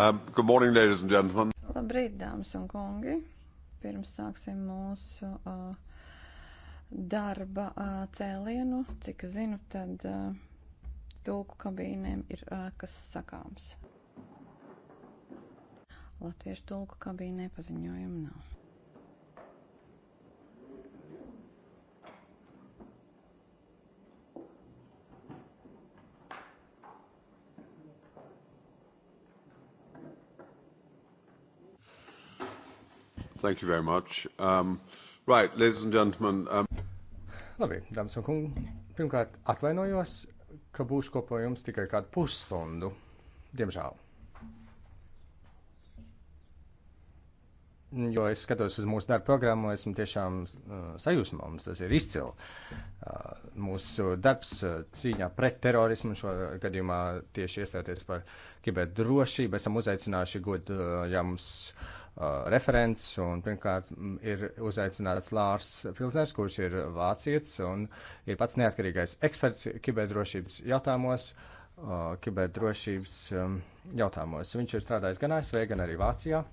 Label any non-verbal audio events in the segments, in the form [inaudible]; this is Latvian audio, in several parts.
Um, good morning, ladies and gentlemen. Labrīt, dāmas un kungi. Pirms sāksim mūsu uh, darba uh, cēlienu, cik zinu, tad uh, tulku kabīnēm ir uh, kas sakāms. Latviešu tulku kabīnē paziņojumu nav. Thank you very much. Um, right, ladies and gentlemen. Um... Labi, dāmas un kungi, pirmkārt atvainojos, ka būšu kopā jums tikai kādu pusstundu. Diemžēl. Jo es skatos uz mūsu darba programmu, esmu tiešām uh, sajūsmā. Mums tas ir izcili. Uh, mūsu darbs uh, cīņā pret terorismu, šo gadījumā tieši iestāties par kiberdrošību, esam uzaicinājuši gudrus uh, Uh, referents, un pirmkārt mm, ir uzaicināts Lārs Pilsners, kurš ir vācietis un ir pats neatkarīgais eksperts kiberdrošības jautājumos, uh, kiberdrošības um, jautājumos. Viņš ir strādājis gan ASV, gan arī Vācijā. Uh,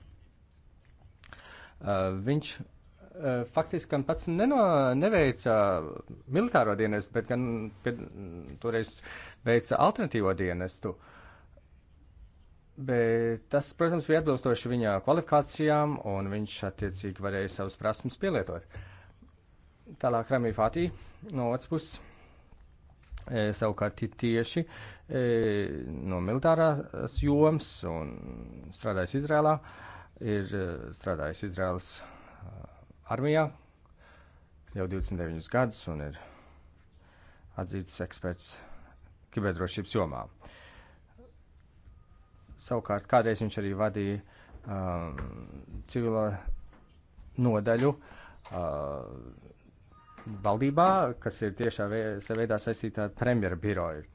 viņš uh, faktiski gan pats neno, neveica militāro dienestu, bet gan pie, toreiz veica alternatīvo dienestu. Uh, Bet tas, protams, bija atbilstoši viņa kvalifikācijām, un viņš attiecīgi varēja savus prasmes pielietot. Tālāk Ramī Fatī no otras puses. E, savukārt tieši e, no militārās joms un strādājis Izrēlā, ir e, strādājis Izrēlas e, armijā jau 29 gadus un ir atzīts eksperts kiberdrošības jomā. E, Savukārt kādreiz viņš arī vadīja um, civilo nodaļu uh, valdībā, kas ir tiešā veidā saistīta ar premjera biroju.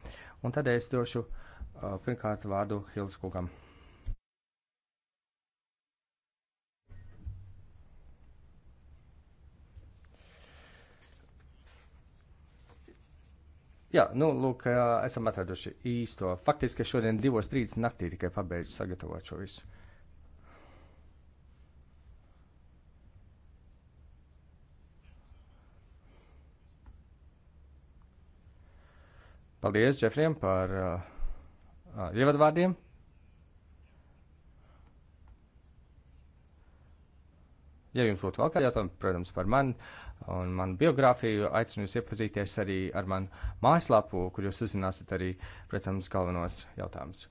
Un tad es došu uh, pirmkārt vārdu Hilskungam. Jā, nu, lūk, esam atraduši īsto. Faktiski šodien divos, trīs naktī tikai pabeidzu sagatavot šo visu. Paldies, Džefriem, par uh, ievadvārdiem. Ja jums būtu vēl kādi jautājumi, protams, par mani, un manu biogrāfiju. Aicinu jūs iepazīties arī ar manu mājaslapu, kur jūs uzzināsiet arī, protams, galvenos jautājumus,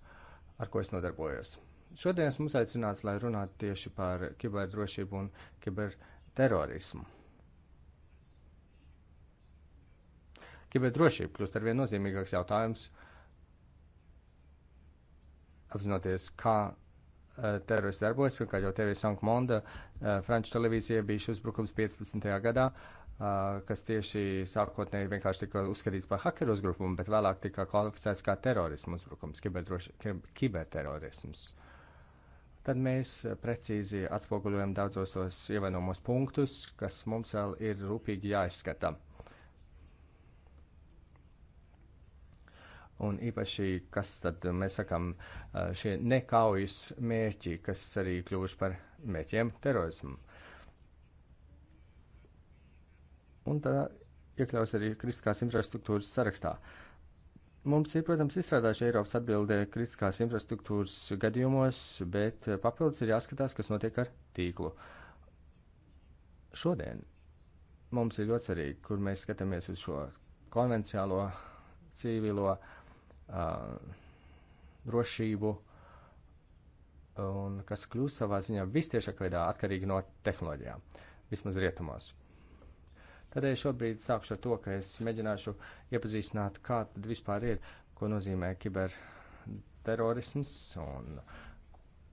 ar ko es nodarbojos. Šodien es mums aicināts, lai runātu tieši par kiberdrošību un kiberterorismu. Kiberdrošība kļūst ar vien nozīmīgāks jautājums, apzinoties, kā Eh, teroristi darbojas. Pirmkārt, jau TV Sankmonda, eh, Franču televīzija bija šis uzbrukums 15. gadā, eh, kas tieši sākotnēji vienkārši tika uzskatīts par hakeru uzbrukumu, bet vēlāk tika kvalificēts kā terorismu uzbrukums, kiberterorisms. Tad mēs precīzi atspoguļojam daudzos tos ievainojumos punktus, kas mums vēl ir rūpīgi jāizskata. Un īpaši, kas tad mēs sakam, šie nekaujas mērķi, kas arī kļuvuši par mērķiem terorismu. Un tā iekļaus arī kritiskās infrastruktūras sarakstā. Mums ir, protams, izstrādājuši Eiropas atbildē kritiskās infrastruktūras gadījumos, bet papildus ir jāskatās, kas notiek ar tīklu. Šodien mums ir ļoti svarīgi, kur mēs skatāmies uz šo konvenciālo, civilo uh, drošību, un kas kļūst savā ziņā vistiešāk veidā atkarīgi no tehnoloģijām, vismaz rietumos. Tādēļ šobrīd sākšu ar to, ka es mēģināšu iepazīstināt, kā tad vispār ir, ko nozīmē kiberterorisms un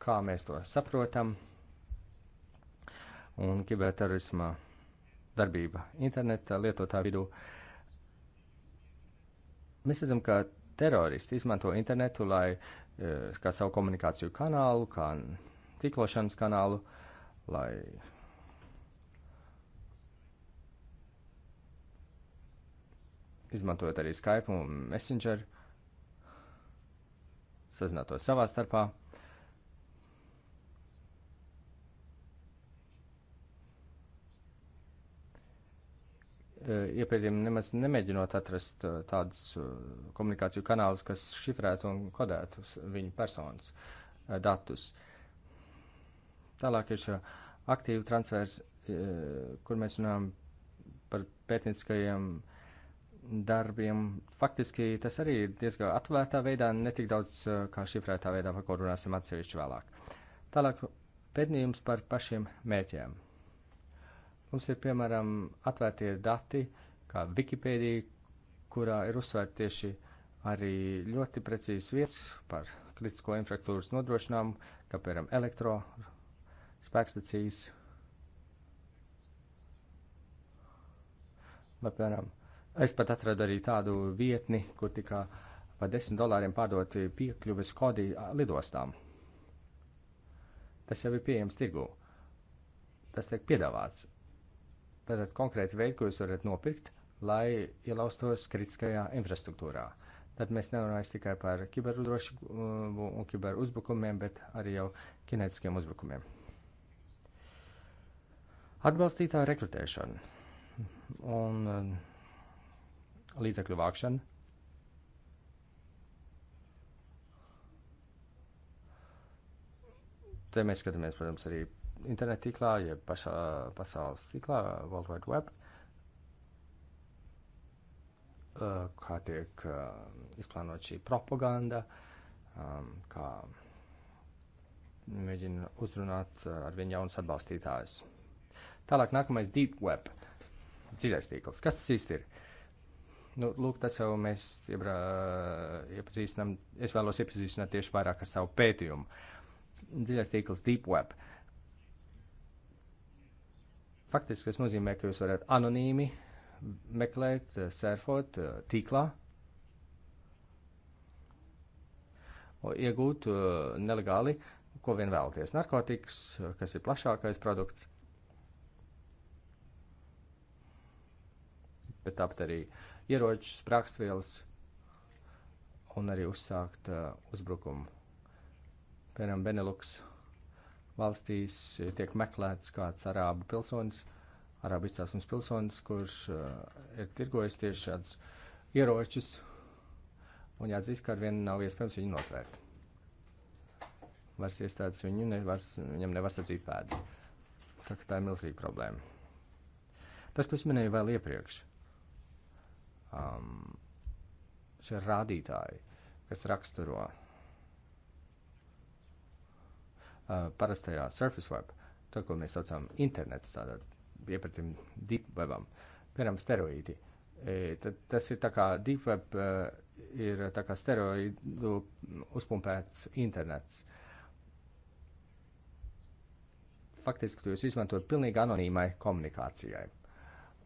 kā mēs to saprotam, un kiberterorisma darbība interneta lietotāju vidū. Mēs redzam, ka teroristi izmanto internetu, lai e, kā savu komunikāciju kanālu, kā tiklošanas kanālu, lai. Izmantojot arī Skype un Messenger, sazinātos savā starpā. E, iepriekšējiem nemaz nemēģinot atrast e, tādus e, komunikāciju kanālus, kas šifrētu un kodētu viņu personas datus. Tālāk ir šī aktīva transfers, kur mēs runājam par pētnieciskajiem darbiem. Faktiski tas arī ir diezgan atvērtā veidā, netik daudz kā šifrētā veidā, par ko runāsim atsevišķi vēlāk. Tālāk pētījums par pašiem mēķiem Mums ir, piemēram, atvērtie dati, kā Wikipēdija, kurā ir uzsvērti tieši arī ļoti precīzes vietas par kritisko infrastruktūras nodrošinājumu, kā, piemēram, elektro spēkstacijas. Vai, piemēram, es pat atradu arī tādu vietni, kur tika par 10 dolāriem pārdoti piekļuves kodi lidostām. Tas jau ir pieejams tirgū. Tas tiek piedāvāts tātad konkrēts veids, ko jūs varat nopirkt, lai ielaustos kritiskajā infrastruktūrā. Tad mēs nerunājam tikai par kiberudrošību un kiberuzbrukumiem, bet arī jau kinētiskiem uzbrukumiem. Atbalstītā rekrutēšana un uh, līdzekļu vākšana. Te mēs skatāmies, protams, arī internet tīklā, jeb pašā pasaules tīklā, World Wide Web, uh, kā tiek uh, izplānot šī propaganda, um, kā mēģina uzrunāt uh, ar vien jaunas atbalstītājas. Tālāk nākamais Deep Web, dziļais tīkls. Kas tas īsti ir? Nu, lūk, tas jau mēs iebra, iepazīstinām, es vēlos iepazīstināt tieši vairāk ar savu pētījumu. Dziļais tīkls Deep Web. Uh, Faktiski tas nozīmē, ka jūs varat anonīmi meklēt, eh, surfot eh, tīklā, iegūt eh, nelegāli, ko vien vēlaties. Narkotikas, kas ir plašākais produkts, bet tāpat arī ieročus, sprākstvielas un arī uzsākt uh, uzbrukumu. Piemēram, Beneluks valstīs tiek meklēts kāds arābu pilsonis, arābu izcelsmes pilsonis, kurš uh, ir tirgojis tieši šādus ieročus, un jāatzīst, ka ar vienu nav iespējams viņu notvērt. Vairs iestādes viņu nevars, viņam nevar sadzīt pēdas. Tā, tā ir milzīga problēma. Tas, ko es minēju vēl iepriekš, um, šie rādītāji, kas raksturo parastajā surface web, to, ko mēs saucam internets, tātad iepratim deep webam, piemēram, steroīdi. Tad tas ir tā kā deep web ir tā kā steroīdu uzpumpēts internets. Faktiski, tu jūs izmantojat pilnīgi anonīmai komunikācijai.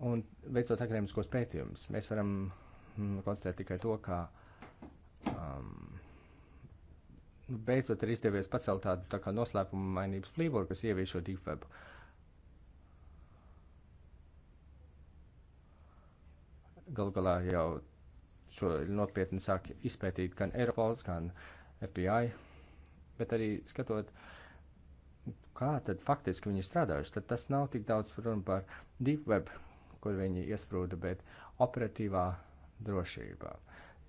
Un veicot akadēmiskos pētījumus, mēs varam mm, konstatēt tikai to, ka um, Nu, beidzot ir izdevies pacelt tādu tā kā noslēpuma mainības plīvuru, kas ievieš šo deepweb. Galu galā jau šo nopietni sāk izpētīt gan Eiropols, gan FBI, bet arī skatot, kā tad faktiski viņi strādājuši, tad tas nav tik daudz runa par deepweb, kur viņi iesprūda, bet operatīvā drošībā.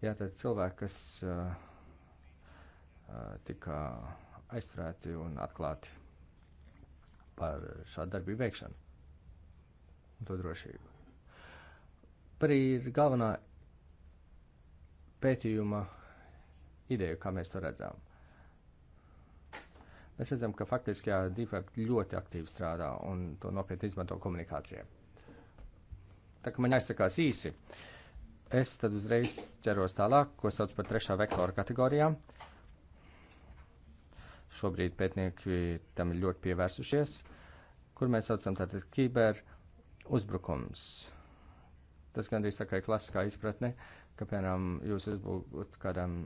Jā, tad cilvēki, kas uh, Eh, tika aizturēti un atklāti par šādu darbību veikšanu un to drošību. Arī ir galvenā pētījuma ideja, kā mēs to redzam. Mēs redzam, ka faktiski DeepWeb ļoti aktīvi strādā un to nopietni izmanto komunikācijai. Tā kā man aizsakās īsi, es tad uzreiz ķeros tālāk, ko sauc par trešā vektora kategorijām. Uh, šobrīd pētnieki tam ir ļoti pievērsušies, kur mēs saucam tātad kiber uzbrukums. Tas gandrīz tā kā ir klasiskā izpratne, ka, piemēram, jūs uzbūvot kādam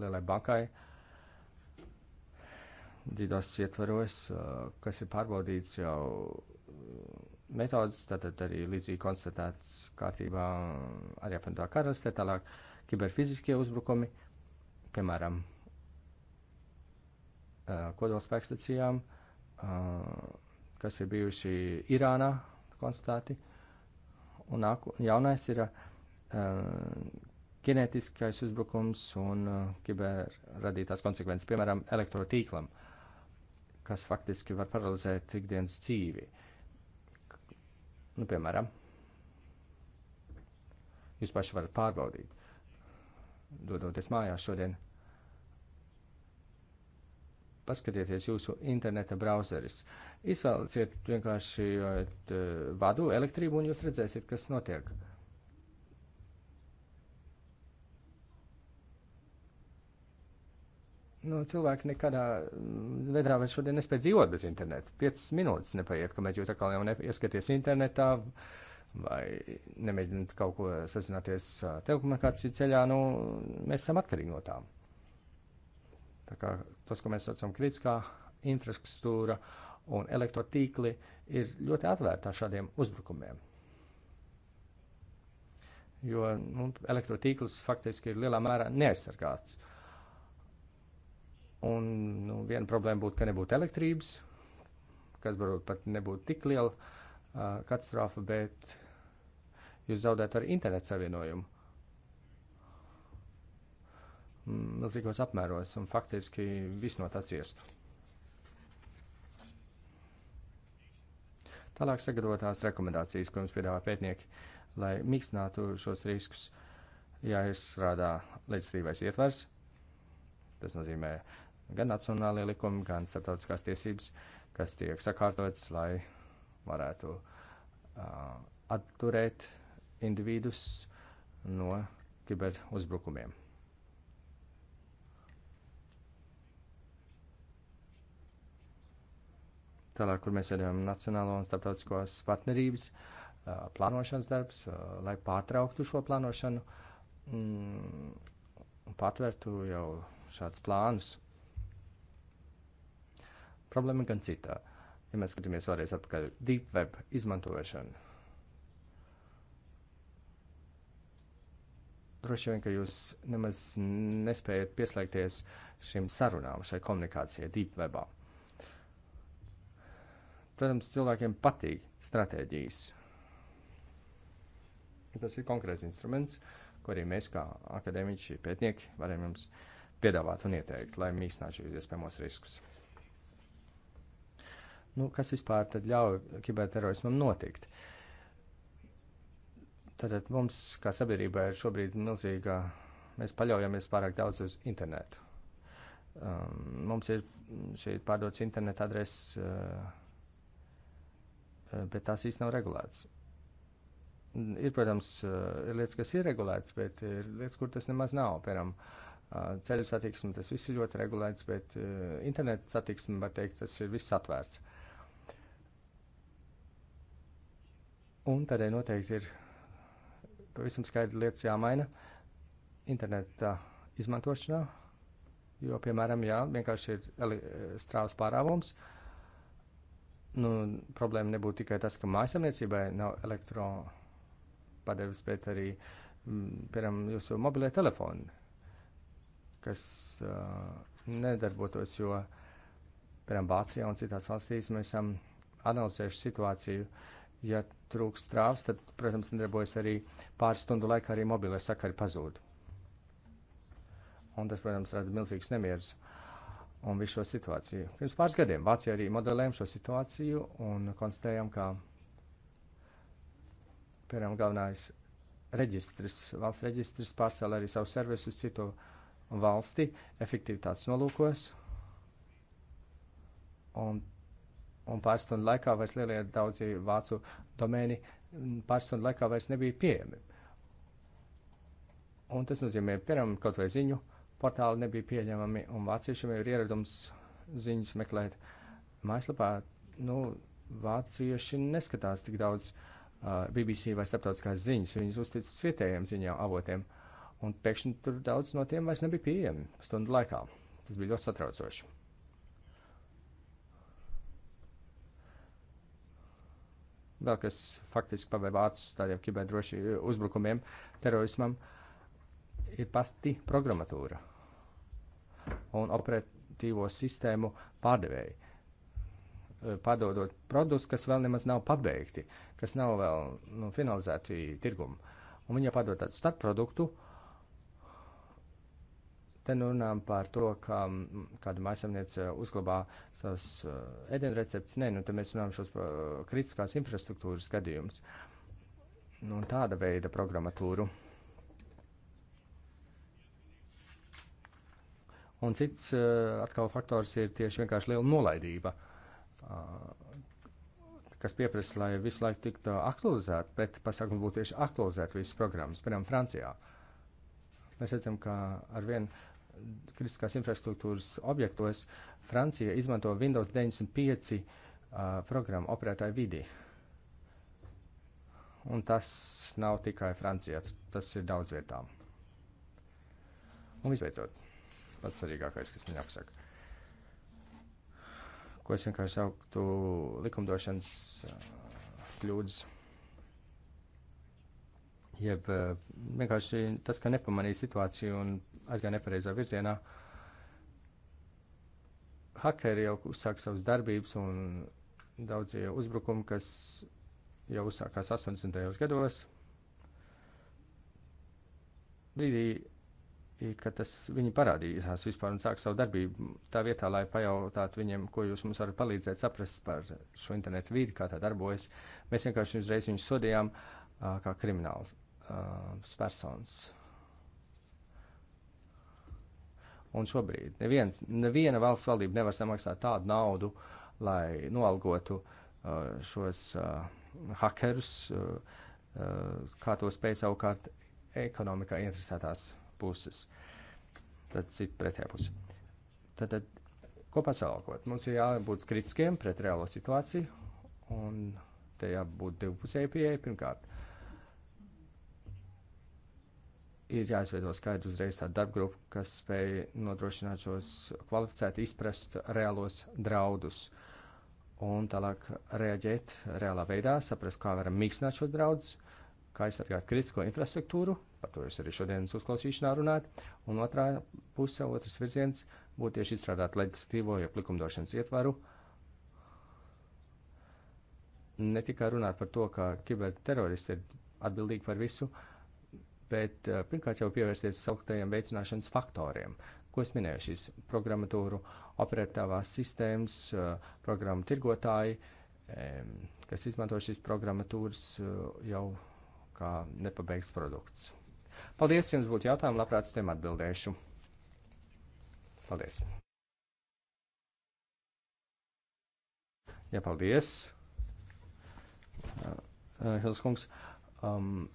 lielai bankai, dīdos ietvaros, kas ir pārbaudīts jau metodas, tātad arī līdzīgi konstatēts kārtībā arī apvienotā karalistē, tālāk kiberfiziskie uzbrukumi, piemēram, Eh, kodolspēkstacijām, eh, kas ir bijuši Irānā konstatēti. Un nāku, jaunais ir eh, kinētiskais uzbrukums un kiberradītās konsekvences, piemēram, elektrotīklam, kas faktiski var paralizēt ikdienas dzīvi. Nu, piemēram, jūs paši varat pārbaudīt, dodoties mājās šodien paskatieties jūsu interneta browseris. Izvēlēsiet vienkārši vadu, elektrību, un jūs redzēsiet, kas notiek. Nu, cilvēki nekādā mm, veidā vairs šodien nespēja dzīvot bez interneta. 5 minūtes nepaiet, kamēr jūs atkal jau neieskaties internetā vai nemēģināt kaut ko sazināties telekomunikāciju ceļā. Nu, mēs esam atkarīgi no tām. Tā kā tas, ko mēs saucam kritiskā infrastruktūra un elektrotīkli, ir ļoti atvērtā šādiem uzbrukumiem. Jo nu, elektrotīkls faktiski ir lielā mērā neaizsargāts. Un nu, viena problēma būtu, ka nebūtu elektrības, kas varbūt pat nebūtu tik liela uh, katastrofa, bet jūs zaudētu arī internetu savienojumu milzīgos apmēros un faktiski viss no tā ciestu. Tālāk sagatavotās rekomendācijas, ko jums piedāvā pētnieki, lai mīkstinātu šos riskus, jāizstrādā leģislīvais ietvers. Tas nozīmē gan nacionālie likumi, gan starptautiskās tiesības, kas tiek sakārtotas, lai varētu uh, atturēt individus no kiberuzbrukumiem. tālāk, kur mēs veidojam nacionālo un starptautiskos partnerības, plānošanas darbs, lai pārtrauktu šo plānošanu mm, un patvērtu jau šādus plānus. Problēma gan citā. Ja mēs skatāmies vēlreiz atpakaļ deep web izmantošanu. Droši vien, ka jūs nemaz nespējat pieslēgties šīm sarunām, šai komunikācijai deep webā. Protams, cilvēkiem patīk stratēģijas. Tas ir konkrēts instruments, ko arī mēs, kā akadēmiķi, pētnieki, varam jums piedāvāt un ieteikt, lai mīkstinātu šīs iespējamos riskus. Nu, kas vispār tad ļauj kiberterorismam notikt? Tātad mums, kā sabiedrībai, ir šobrīd milzīga, mēs paļaujamies pārāk daudz uz internetu. Um, mums ir šī pārdotas interneta adrese. Uh, Eh, bet tās īsti nav regulētas. Ir, protams, eh, ir lietas, kas ir regulētas, bet ir lietas, kur tas nemaz nav. Piemēram, eh, ceļu satiksme, tas viss ir ļoti regulēts, bet internetu satiksme, var teikt, tas ir viss atvērts. Un tādēļ noteikti ir pavisam skaidri lietas jāmaina interneta izmantošanā, jo, piemēram, jā, vienkārši ir strāvas pārāvums, uh, nu, problēma nebūtu tikai tas, ka mājasemniecībai nav elektropadevis, bet arī, mm, piemēram, jūsu mobilē telefoni, kas uh, nedarbotos, jo, piemēram, Vācijā un citās valstīs mēs esam analizējuši situāciju. Ja trūks strāvas, tad, protams, nedarbojas arī pāris stundu laikā arī mobilē sakari pazūd. Un tas, protams, rada milzīgus nemierus un visu šo situāciju. Pirms pāris gadiem Vācijā arī modelējām šo situāciju un konstatējām, ka piemēram galvenais reģistrs, valsts reģistrs pārcēla arī savu servisu uz citu valsti efektivitātes nolūkos. Un, un pāris stundu laikā vairs lielie daudzi vācu domēni pāris stundu laikā vairs nebija pieejami. Un tas nozīmē, piemēram, kaut vai ziņu, uh, portāli nebija pieņemami, un vāciešiem ir ieradums ziņas meklēt. Mājaslapā, nu, vācieši neskatās tik daudz uh, BBC vai starptautiskās ziņas, viņas uzticas vietējiem ziņām avotiem, un pēkšņi tur daudz no tiem vairs nebija pieejami stundu laikā. Tas bija ļoti satraucoši. Vēl kas faktiski pavēr vārdus tādiem kiberdroši uzbrukumiem, terorismam. Uh, ir pati programmatūra un operatīvo sistēmu pārdevēji. Eh, Padodot produktus, kas vēl nemaz nav pabeigti, kas nav vēl nu, finalizēti tirgumu. Un viņi jau padod tādu starpproduktu. Te nu runājam par to, ka mm, kāda maisaimniece uzglabā savas uh, ēdienreceptes. Nē, nu te mēs runājam šos uh, kritiskās infrastruktūras gadījumus. Nu, tāda veida programmatūru. Uh, Un cits eh, atkal faktors ir tieši vienkārši liela nolaidība, eh, kas pieprasa, lai visu laiku tiktu aktualizēta, bet pasākumi būtu tieši aktualizēt visas programmas, piemēram, Francijā. Mēs redzam, ka ar vien kritiskās infrastruktūras objektos Francija izmanto Windows 95 uh, eh, programmu operētāju vidī. Un tas nav tikai Francijā, tas ir daudz vietām. Un visbeidzot, pats svarīgākais, kas man jāpasaka. Ko es vienkārši sauktu likumdošanas kļūdas, jeb vienkārši tas, ka nepamanīja situāciju un aizgāja nepareizā virzienā. Hakeri jau uzsāk savas darbības un daudzie uzbrukumi, kas jau uzsākās 80. gados. Brīdī ka tas viņi parādījās vispār un sāk savu darbību tā vietā, lai pajautātu viņiem, ko jūs mums varat palīdzēt saprast par šo internetu vīdi, kā tā darbojas. Mēs vienkārši uzreiz viņus sodījām kā krimināls personas. Un šobrīd neviens, neviena valsts valdība nevar samaksāt tādu naudu, lai noalgotu šos hakerus, kā to spēj savukārt ekonomikā interesētās puses, tad cita pretējā puse. Tad, tad kopā salākot, mums ir jābūt kritiskiem pret reālo situāciju, un te jābūt divpusēji pieeja pirmkārt. Ir jāizveido skaidrs uzreiz tāda darba grupa, kas spēj nodrošināt šos kvalificēti izprast reālos draudus. Un tālāk reaģēt reālā veidā, saprast, kā varam mīkstināt šos draudus, kā aizsargāt kritisko infrastruktūru, par to jūs arī šodienas uzklausīšanā runāt, un otrā puse, otrs virziens būtu tieši izstrādāt leģislatīvo, jeb likumdošanas ietvaru, ne tikai runāt par to, ka kiberteroristi ir atbildīgi par visu, bet eh, pirmkārt jau pievērsties sauktajiem veicināšanas faktoriem, ko es minēju šīs programmatūru, operatīvās sistēmas, eh, programmu tirgotāji, kas izmanto šīs programmatūras eh, jau kā nepabeigts produkts. Paldies, jums būtu jautājumi, labprāt uz tiem atbildēšu. Paldies! Jā, paldies! Uh, uh, Hils kungs. Um,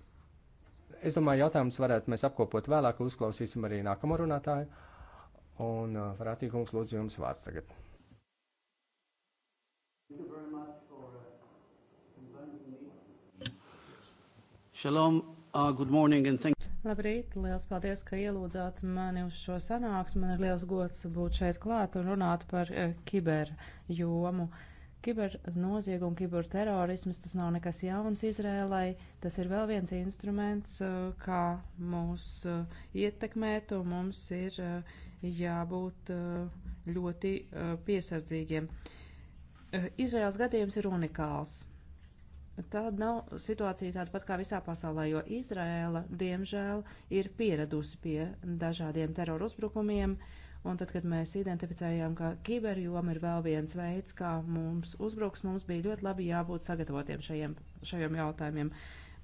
es domāju, jautājums varētu mēs apkopot vēlāk, uzklausīsim arī nākamo runātāju. Un uh, Rātī kungs, lūdzu jums vārds tagad. Uh, Shalom, uh, good morning and thank Labrīt, liels paldies, ka ielūdzāt mani uz šo sanāksmi. Man ir liels gods būt šeit klāt un runāt par uh, kiberjomu. Kibernoziegumu, kiberterorismas, tas nav nekas jauns Izrēlai. Tas ir vēl viens instruments, uh, kā mūs uh, ietekmēt, un mums ir uh, jābūt uh, ļoti uh, piesardzīgiem. Uh, Izrēlas gadījums ir unikāls tad nav situācija tāda pat kā visā pasaulē, jo Izraēla, diemžēl, ir pieradusi pie dažādiem teroru uzbrukumiem, un tad, kad mēs identificējām, ka kiberjoma ir vēl viens veids, kā mums uzbruks, mums bija ļoti labi jābūt sagatavotiem šajiem, šajiem jautājumiem.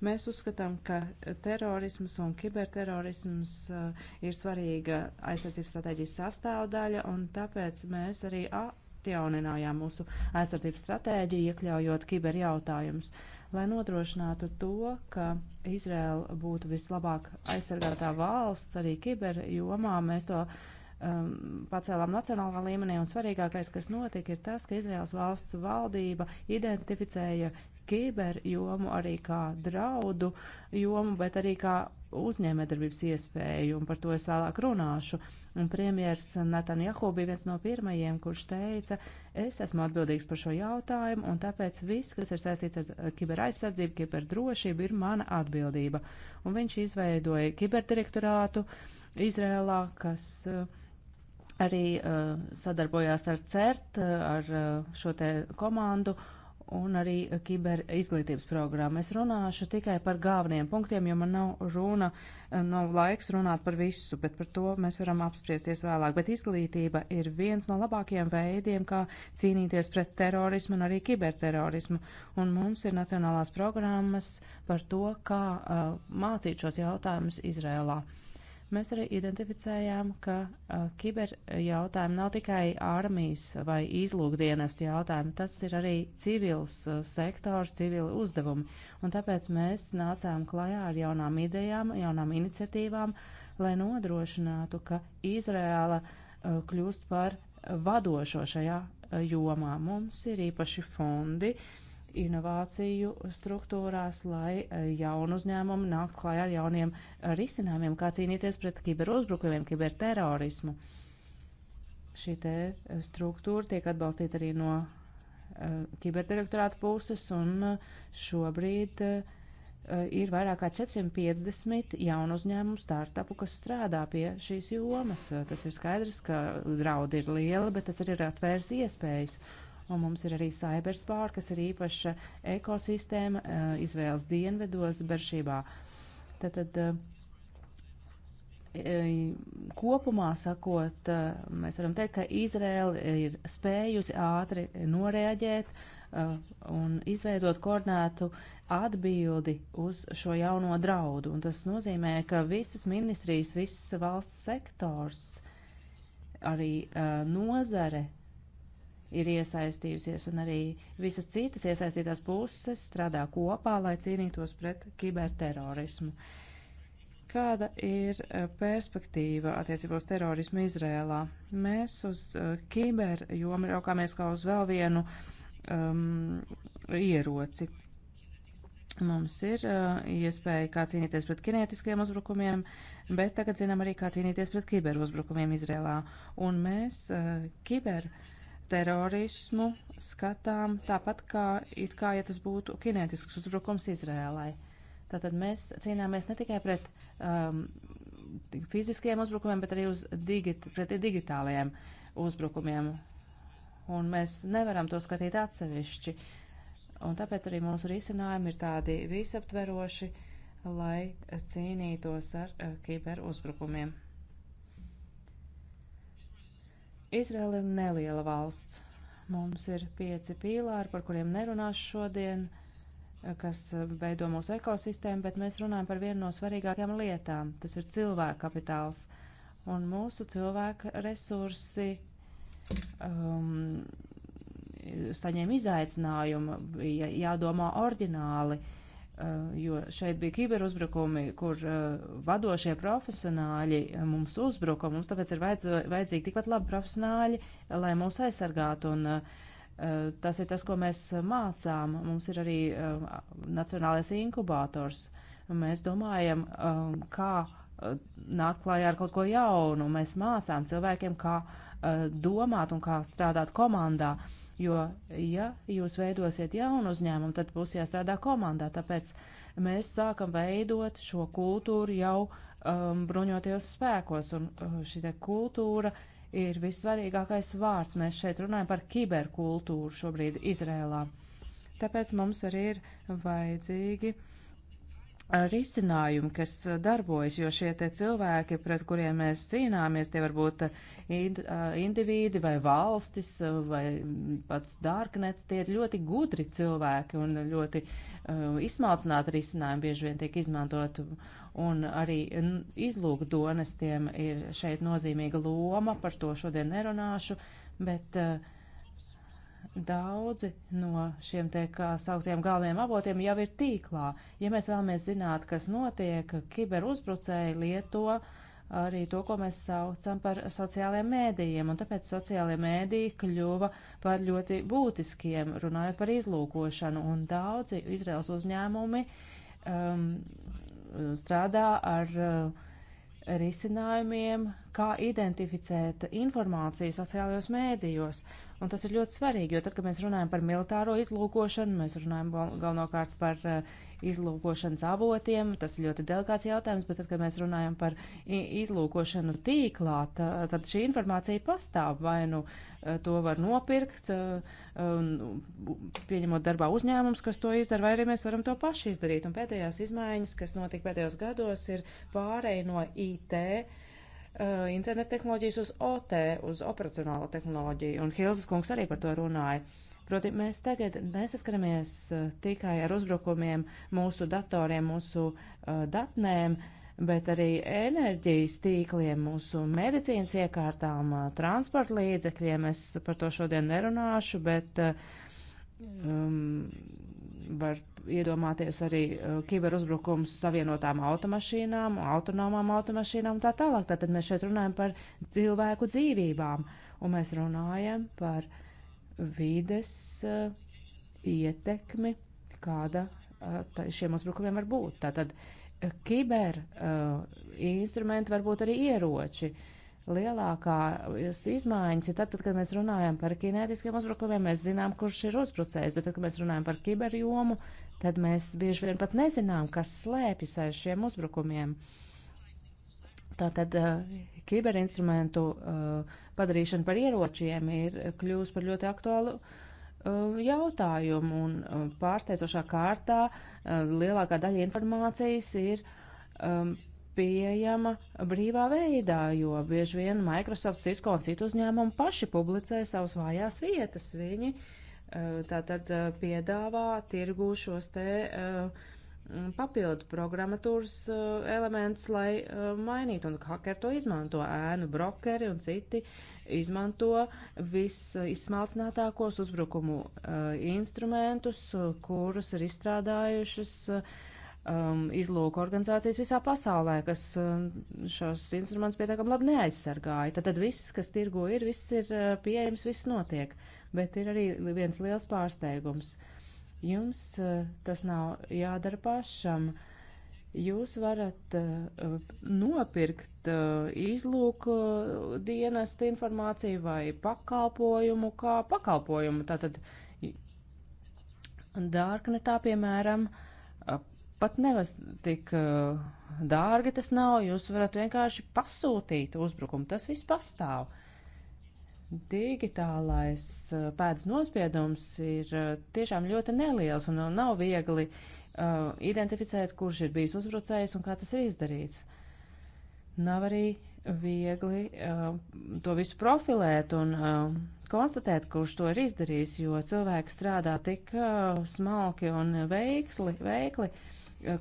Mēs uzskatām, ka terorisms un kiberterorisms uh, ir svarīga aizsardzības stratēģijas sastāvdaļa, un tāpēc mēs arī pastjauninājām mūsu aizsardzības stratēģiju, iekļaujot kiberjautājumus, lai nodrošinātu to, ka Izrēla būtu vislabāk aizsargātā valsts arī kiberjomā. Mēs to um, pacēlām nacionālā līmenī, un svarīgākais, kas notika, ir tas, ka Izraels valsts valdība identificēja kiberjomu arī kā draudu jomu, bet arī kā uzņēmējdarbības iespēju, un par to es vēlāk runāšu. Un premjers Natan Jahu bija viens no pirmajiem, kurš teica, es esmu atbildīgs par šo jautājumu, un tāpēc viss, kas ir saistīts ar kiberaizsardzību, kiberdrošību, ir mana atbildība. Un viņš izveidoja kiberdirektorātu Izrēlā, kas uh, arī uh, sadarbojās ar CERT, eh, ar uh, šo te komandu, uh, un arī kiber izglītības programmu. Es runāšu tikai par galveniem punktiem, jo man nav runa, nav laiks runāt par visu, bet par to mēs varam apspriesties vēlāk. Bet izglītība ir viens no labākajiem veidiem, kā cīnīties pret terorismu un arī kiberterorismu. Un mums ir nacionālās programmas par to, kā uh, mācīt šos jautājumus Izrēlā. Mēs arī identificējām, ka uh, kiber jautājumi nav tikai armijas vai izlūkdienestu jautājumi, tas ir arī civils uh, sektors, civili uzdevumi. Un tāpēc mēs nācām klajā ar jaunām idejām, jaunām iniciatīvām, lai nodrošinātu, ka Izrēla uh, kļūst par vadošo šajā jomā. Mums ir īpaši fondi, uh, inovāciju struktūrās, lai e, jaunu uzņēmumu nāktu klājā ar jauniem e, risinājumiem, kā cīnīties pret kiberuzbrukumiem, kiberterorismu. Šī te e, struktūra tiek atbalstīta arī no kiberdirektorāta puses, un šobrīd ir vairāk kā 450 jaunu uzņēmumu startupu, kas strādā pie šīs jomas. Tas ir skaidrs, ka draudi ir liela, bet tas arī ir atvērs iespējas. Uh, Un mums ir arī Cyberspār, kas ir īpaša ekosistēma uh, Izraels dienvedos Beršībā. Tātad, uh, kopumā sakot, mēs varam teikt, ka Izraela ir spējusi ātri noreaģēt un izveidot koordinētu atbildi uz šo jauno draudu. Un tas nozīmē, ka visas ministrijas, visas valsts sektors, arī nozare ir iesaistījusies, un arī visas citas iesaistītās puses strādā kopā, lai cīnītos pret kiberterorismu. Kāda ir eh, perspektīva attiecībos terorismu Izrēlā? Mēs uz eh, kiber jomu raukāmies kā uz vēl vienu um, ieroci. Mums ir uh, iespēja kā cīnīties pret kinētiskiem uzbrukumiem, bet tagad zinām arī, kā cīnīties pret kiberuzbrukumiem Izrēlā. Un mēs uh, kiber uh, terorismu skatām tāpat kā it kā, ja tas būtu kinētisks uzbrukums Izrēlai. Tātad mēs cīnāmies ne tikai pret um, fiziskiem uzbrukumiem, bet arī uz digit, pret digitālajiem uzbrukumiem. Un mēs nevaram to skatīt atsevišķi. Un tāpēc arī mūsu risinājumi ir tādi visaptveroši, lai cīnītos ar uh, kiberuzbrukumiem. uzbrukumiem. Izraela ir neliela valsts. Mums ir pieci pīlāri, par kuriem nerunāšu šodien, kas eh, veido mūsu ekosistēmu, bet mēs runājam par vienu no svarīgākajām lietām. Tas ir cilvēka kapitāls. Un mūsu cilvēka resursi um, saņēma izaicinājumu, bija jādomā orģināli. Uh, Eh, jo šeit bija kiberuzbrukumi, kur eh, vadošie profesionāļi eh, mums uzbruka, mums tāpēc ir vajadz, vajadzīgi tikpat labi profesionāļi, lai mūs aizsargātu. Un tas ir tas, ko mēs mācām. Mums ir arī nacionālais inkubators. Mēs domājam, kā nākt klājā ar kaut ko jaunu. Mēs mācām cilvēkiem, kā domāt un kā strādāt komandā. Uh, jo, ja jūs veidosiet jaunu uzņēmumu, tad būs jāstrādā komandā, tāpēc mēs sākam veidot šo kultūru jau um, bruņotajos spēkos, un uh, šī te kultūra ir vissvarīgākais vārds. Mēs šeit runājam par kiberkultūru šobrīd Izrēlā. Tāpēc mums arī ir vajadzīgi uh, risinājumi, kas uh, darbojas, jo šie te cilvēki, pret kuriem mēs cīnāmies, tie varbūt uh, uh, individi vai valstis vai mm, pats dārknets, tie ir ļoti gudri cilvēki un ļoti uh, izsmalcināti risinājumi bieži vien tiek izmantot. Un arī izlūkdonestiem ir šeit nozīmīga loma, par to šodien nerunāšu, bet uh, daudzi no šiem te kā sauktiem galvenajiem avotiem jau ir tīklā. Ja mēs vēlamies zināt, kas notiek, kiberuzbrucēji lieto arī to, ko mēs saucam par sociālajiem mēdījiem, un tāpēc sociālajie mēdīji kļuva par ļoti būtiskiem, runājot par izlūkošanu, un daudzi Izraels uzņēmumi um, strādā ar uh, risinājumiem, kā identificēt informāciju sociālajos mēdījos. Uh, Un tas ir ļoti svarīgi, jo tad, kad mēs runājam par militāro izlūkošanu, mēs runājam galvenokārt par eh, izlūkošanas avotiem, tas ir ļoti delikāts jautājums, bet tad, kad mēs runājam par izlūkošanu tīklā, tad šī informācija pastāv vai nu eh, to var nopirkt, eh, pieņemot darbā uzņēmums, kas to izdara, vai arī mēs varam to paši izdarīt. Un pēdējās izmaiņas, kas notika pēdējos gados, ir pārēj no IT Eh, internetu tehnoloģijas uz OT, uz operacionālo tehnoloģiju, un Hilzes kungs arī par to runāja. Proti, mēs tagad nesaskaramies eh, tikai ar uzbrukumiem mūsu datoriem, mūsu uh, datnēm, bet arī enerģijas tīkliem, mūsu medicīnas iekārtām, uh, transporta līdzekļiem. Es par to šodien nerunāšu, bet um, var iedomāties arī uh, kiberuzbrukums savienotām automašīnām, autonomām automašīnām un tā tālāk. Tātad mēs šeit runājam par cilvēku dzīvībām, un mēs runājam par vides uh, ietekmi, kāda uh, šiem uzbrukumiem var būt. Tātad uh, kiber uh, instrumenti var būt arī ieroči. Uh, lielākās izmaiņas ir tad, tad, kad mēs runājam par kinētiskiem uzbrukumiem, mēs zinām, kurš ir uzbrucējs, bet tad, kad mēs runājam par kiberjomu, tad mēs bieži vien pat nezinām, kas slēpjas aiz šiem uzbrukumiem. Tātad eh, kiberinstrumentu eh, padarīšana par ieročiem ir kļūst par ļoti aktuālu eh, jautājumu, un pārsteidzošā kārtā lielākā daļa informācijas ir um, pieejama brīvā veidā, jo bieži vien Microsoft, Cisco un citu uzņēmumu paši publicē savas vājās vietas. Viņi eh, tātad eh, piedāvā tirgū šos te eh, papildu programmatūras elementus, lai mainītu, un hakeri to izmanto, ēnu brokeri un citi izmanto visizsmalcinātākos uzbrukumu instrumentus, kurus ir izstrādājušas uh, um, izlūku organizācijas visā pasaulē, kas um, šos instrumentus pietiekami labi neaizsargāja. Tad, tad viss, kas tirgo ir, viss ir uh, pieejams, viss notiek. Bet ir arī viens liels pārsteigums. Jums uh, tas nav jādara pašam. Jūs varat uh, nopirkt uh, izlūku dienestu informāciju vai pakalpojumu kā pakalpojumu. Tātad, dārknetā, piemēram, uh, pat nevas tik uh, dārgi tas nav, jūs varat vienkārši pasūtīt uzbrukumu, tas viss pastāv. Digitālais uh, pēdas nospiedums ir uh, tiešām ļoti neliels un nav viegli uh, identificēt, kurš ir bijis uzbrucējs un kā tas ir izdarīts. Nav arī viegli uh, to visu profilēt un uh, konstatēt, kurš to ir izdarījis, jo cilvēki strādā tik uh, smalki un veiksli, veikli, veikli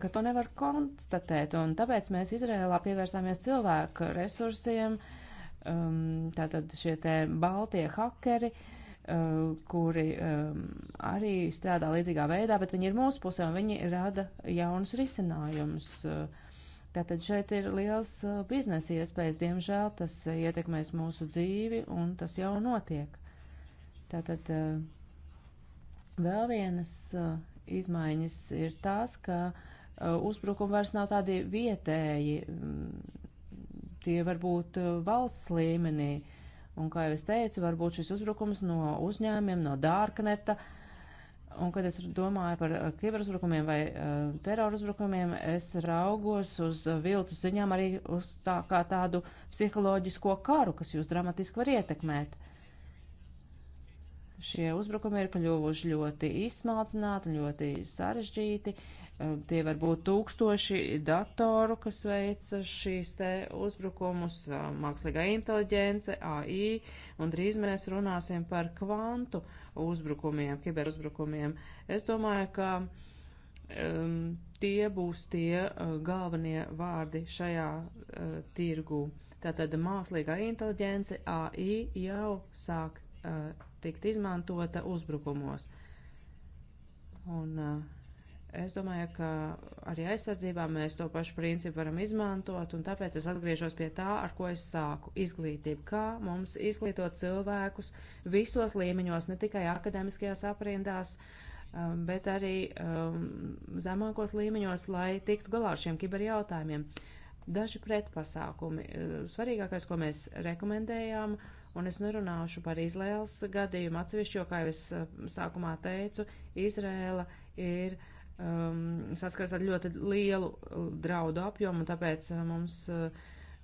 ka to nevar konstatēt, un tāpēc mēs Izrēlā pievērsāmies cilvēku resursiem, um, tātad šie te baltie hakeri, uh, kuri um, arī strādā līdzīgā veidā, bet viņi ir mūsu pusē, un viņi rada jaunus risinājumus. Tātad šeit ir liels uh, biznesa iespējas, diemžēl tas ietekmēs mūsu dzīvi, un tas jau notiek. Tātad uh, vēl vienas uh, izmaiņas ir tās, ka uh, uzbrukumi vairs nav tādi vietēji, mm, tie var būt uh, valsts līmenī. Un, kā jau es teicu, varbūt šis uzbrukums no uzņēmiem, no dārkneta. Un, kad es domāju par uh, kiberuzbrukumiem vai uh, teroruzbrukumiem, es raugos uz viltu ziņām arī uz tā kā tādu psiholoģisko karu, kas jūs dramatiski var ietekmēt. Šie uzbrukumi ir kļuvuši ļoti izsmalcināti, ļoti sarežģīti. Um, tie var būt tūkstoši datoru, kas veica šīs te uzbrukumus, um, mākslīgā inteliģence, AI, un drīz mēs runāsim par kvantu uzbrukumiem, kiberuzbrukumiem. Es domāju, ka um, tie būs tie uh, galvenie vārdi šajā uh, tirgū. Tātad mākslīgā inteliģence, AI jau sāk Eh, tikt izmantota uzbrukumos. Un eh, es domāju, ka arī aizsardzībā mēs to pašu principu varam izmantot, un tāpēc es atgriežos pie tā, ar ko es sāku - izglītību. Kā mums izglītot cilvēkus visos līmeņos, ne tikai akadēmiskajās aprindās, um, bet arī um, zemākos līmeņos, lai tiktu galā ar šiem kiberjautājumiem daži pretpasākumi. Eh, svarīgākais, ko mēs rekomendējām, uh, un es nerunāšu par Izraels gadījumu atsevišķo, kā jau es eh, sākumā teicu, Izraela ir um, saskars ar ļoti lielu uh, draudu apjomu, un tāpēc uh, mums uh,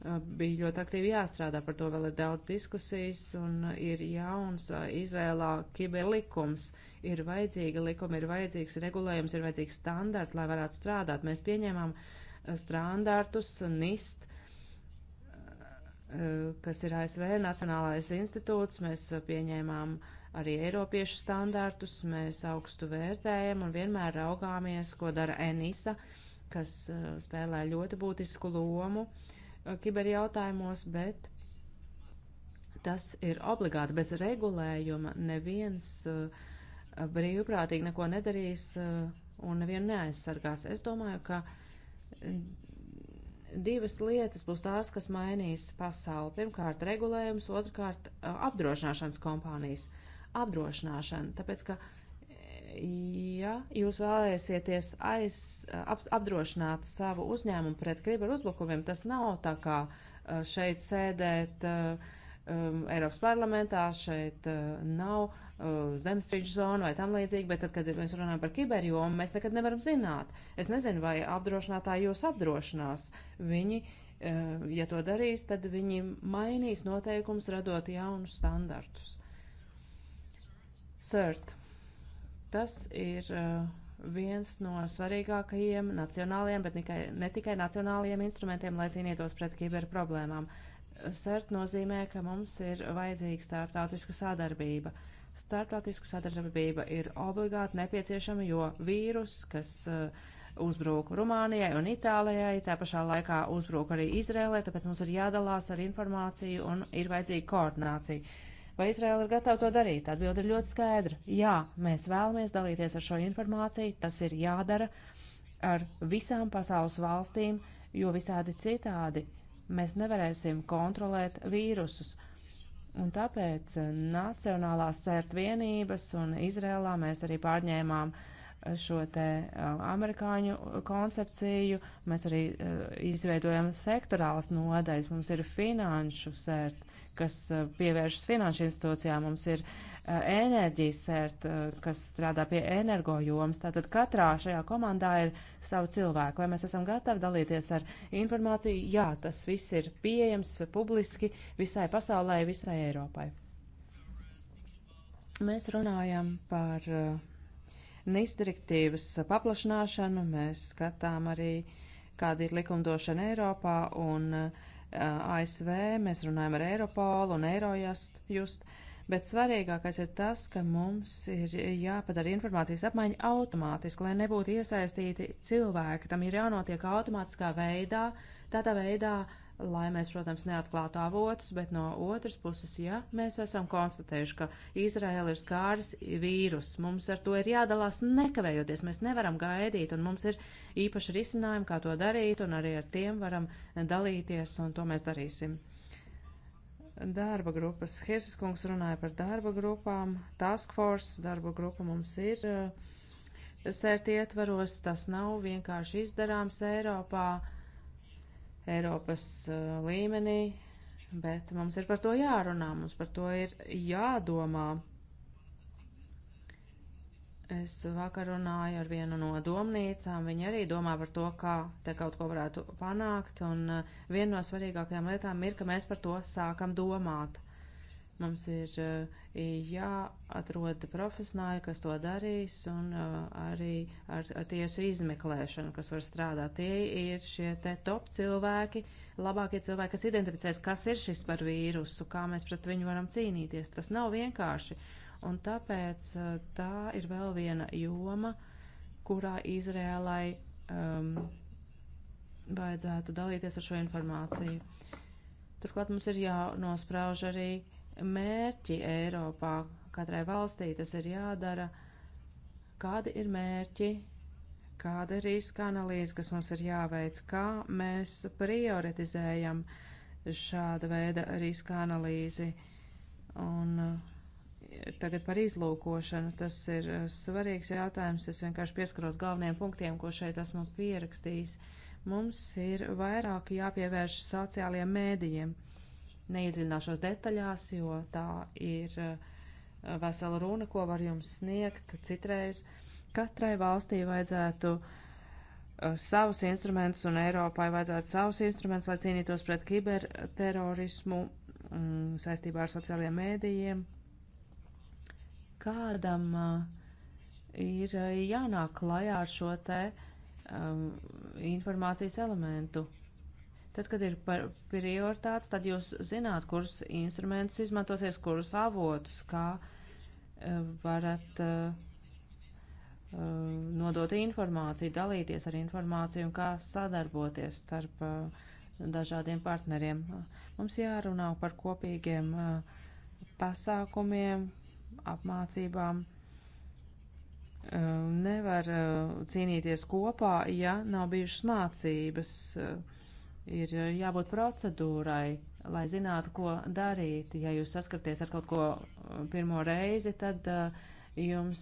uh, bija ļoti aktīvi jāstrādā, par to vēl ir daudz diskusijas, un ir jauns uh, Izrēlā kiberlikums, ir vajadzīga likuma, ir vajadzīgs regulējums, ir vajadzīgs standarts, lai varētu strādāt. Mēs pieņēmām standartus NIST, Eh, kas ir ASV Nacionālais institūts. Mēs eh, pieņēmām arī Eiropiešu standārtus, mēs augstu vērtējam un vienmēr raugāmies, ko dara ENISA, kas eh, spēlē ļoti būtisku lomu kiberjautājumos, bet tas ir obligāti bez regulējuma. Neviens brīvprātīgi neko nedarīs un nevienu neaizsargās. Es domāju, ka divas lietas būs tās, kas mainīs pasauli. Pirmkārt, regulējums, otrkārt, apdrošināšanas kompānijas. Apdrošināšana, tāpēc ka, ja jūs vēlēsieties aiz, ap, apdrošināt savu uzņēmumu pret kriber uzbrukumiem, tas nav tā kā šeit sēdēt um, Eiropas parlamentā, šeit uh, nav Uh, zemestrīču zonu vai tam līdzīgi, bet tad, kad mēs runājam par kiberjomu, mēs nekad nevaram zināt. Es nezinu, vai apdrošinātāji jūs apdrošinās. Viņi, uh, ja to darīs, tad viņi mainīs noteikums, radot jaunus standartus. CERT. Tas ir uh, viens no svarīgākajiem nacionālajiem, bet nekai, ne tikai nacionālajiem instrumentiem, lai cīnītos pret kiberproblēmām. CERT nozīmē, ka mums ir vajadzīga starptautiska sadarbība. Uh, Startautiska sadarbība ir obligāti nepieciešama, jo vīrus, kas uh, uzbrūk Rumānijai un Itālijai, tā pašā laikā uzbrūk arī Izrēlē, tāpēc mums ir jādalās ar informāciju un ir vajadzīga koordinācija. Vai Izraela ir gatava to darīt? Atbilde ir ļoti skaidra. Jā, mēs vēlamies dalīties ar šo informāciju, tas ir jādara ar visām pasaules valstīm, jo visādi citādi mēs nevarēsim kontrolēt vīrusus. Uh, Un tāpēc eh, Nacionālās sērt vienības un Izrēlā mēs arī pārņēmām eh, šo te eh, amerikāņu koncepciju, mēs arī izveidojam sektorālas nodaļas, mums ir finanšu sērt kas eh, pievēršas finanšu institūcijām. Mums ir eh, enerģijas sērt, eh, kas strādā pie energojomas. Tātad katrā šajā komandā ir savu cilvēku. Vai mēs esam gatavi dalīties ar informāciju? Jā, tas viss ir pieejams publiski visai pasaulē, visai Eiropai. Mēs runājam par NIS direktīvas paplašināšanu, mēs skatām arī, kāda ir likumdošana Eiropā un uh, Eh, ASV, mēs runājam ar Eiropolu un Eirojust, just, bet svarīgākais ir tas, ka mums ir jāpadara informācijas apmaiņa automātiski, lai nebūtu iesaistīti cilvēki. Tam ir jānotiek automātiskā veidā, tādā veidā, uh, lai mēs, protams, neatklātu avotus, bet no otras puses, ja mēs esam konstatējuši, ka Izraēla ir skāris vīrus, mums ar to ir jādalās nekavējoties, mēs nevaram gaidīt, un mums ir īpaši risinājumi, kā to darīt, un arī ar tiem varam dalīties, un to mēs darīsim. Darba grupas. Hirsis kungs runāja par darba grupām. Task force darba grupa mums ir. Uh, Sērti ietvaros tas nav vienkārši izdarāms Eiropā. Uh, Eiropas eh, līmenī, bet mums ir par to jārunā, mums par to ir jādomā. Es vakar runāju ar vienu no domnīcām, viņi arī domā par to, kā te kaut ko varētu panākt, un eh, viena no svarīgākajām lietām ir, ka mēs par to sākam domāt. Mums ir eh, jāatrod profesionāļi, kas to darīs, un eh, arī ar, ar tiesu izmeklēšanu, kas var strādāt. Tie ir šie te top cilvēki, labākie cilvēki, kas identificēs, kas ir šis par vīrusu, kā mēs pret viņu varam cīnīties. Tas nav vienkārši. Un tāpēc eh, tā ir vēl viena joma, kurā Izrēlai um, vajadzētu dalīties ar šo informāciju. Turklāt mums ir jānosprauž arī mērķi Eiropā katrai valstī, tas ir jādara, kādi ir mērķi, kāda ir riska analīze, kas mums ir jāveic, kā mēs prioritizējam šāda veida riska analīzi. Un eh, tagad par izlūkošanu, tas ir eh, svarīgs jautājums, es vienkārši pieskaros galvenajiem punktiem, ko šeit esmu pierakstījis. Mums ir vairāk jāpievērš sociālajiem mēdījiem. Uh, neiedziļināšos detaļās, jo tā ir eh, vesela runa, ko var jums sniegt citreiz. Katrai valstī vajadzētu eh, savus instrumentus un Eiropai vajadzētu savus instrumentus, lai cīnītos pret kiberterorismu mm, saistībā ar sociālajiem mēdījiem. Kādam eh, ir jānāk klajā ar šo te um, informācijas elementu, Tad, kad ir prioritāts, tad jūs zināt, kurus instrumentus izmantosies, kurus avotus, kā eh, varat uh, nodot informāciju, dalīties ar informāciju un kā sadarboties starp uh, dažādiem partneriem. Mums jārunā par kopīgiem uh, pasākumiem, apmācībām. Nevar cīnīties kopā, ja nav bijušas mācības Ir eh, jābūt procedūrai, lai zinātu, ko darīt. Ja jūs saskaties ar kaut ko eh, pirmo reizi, tad eh, jums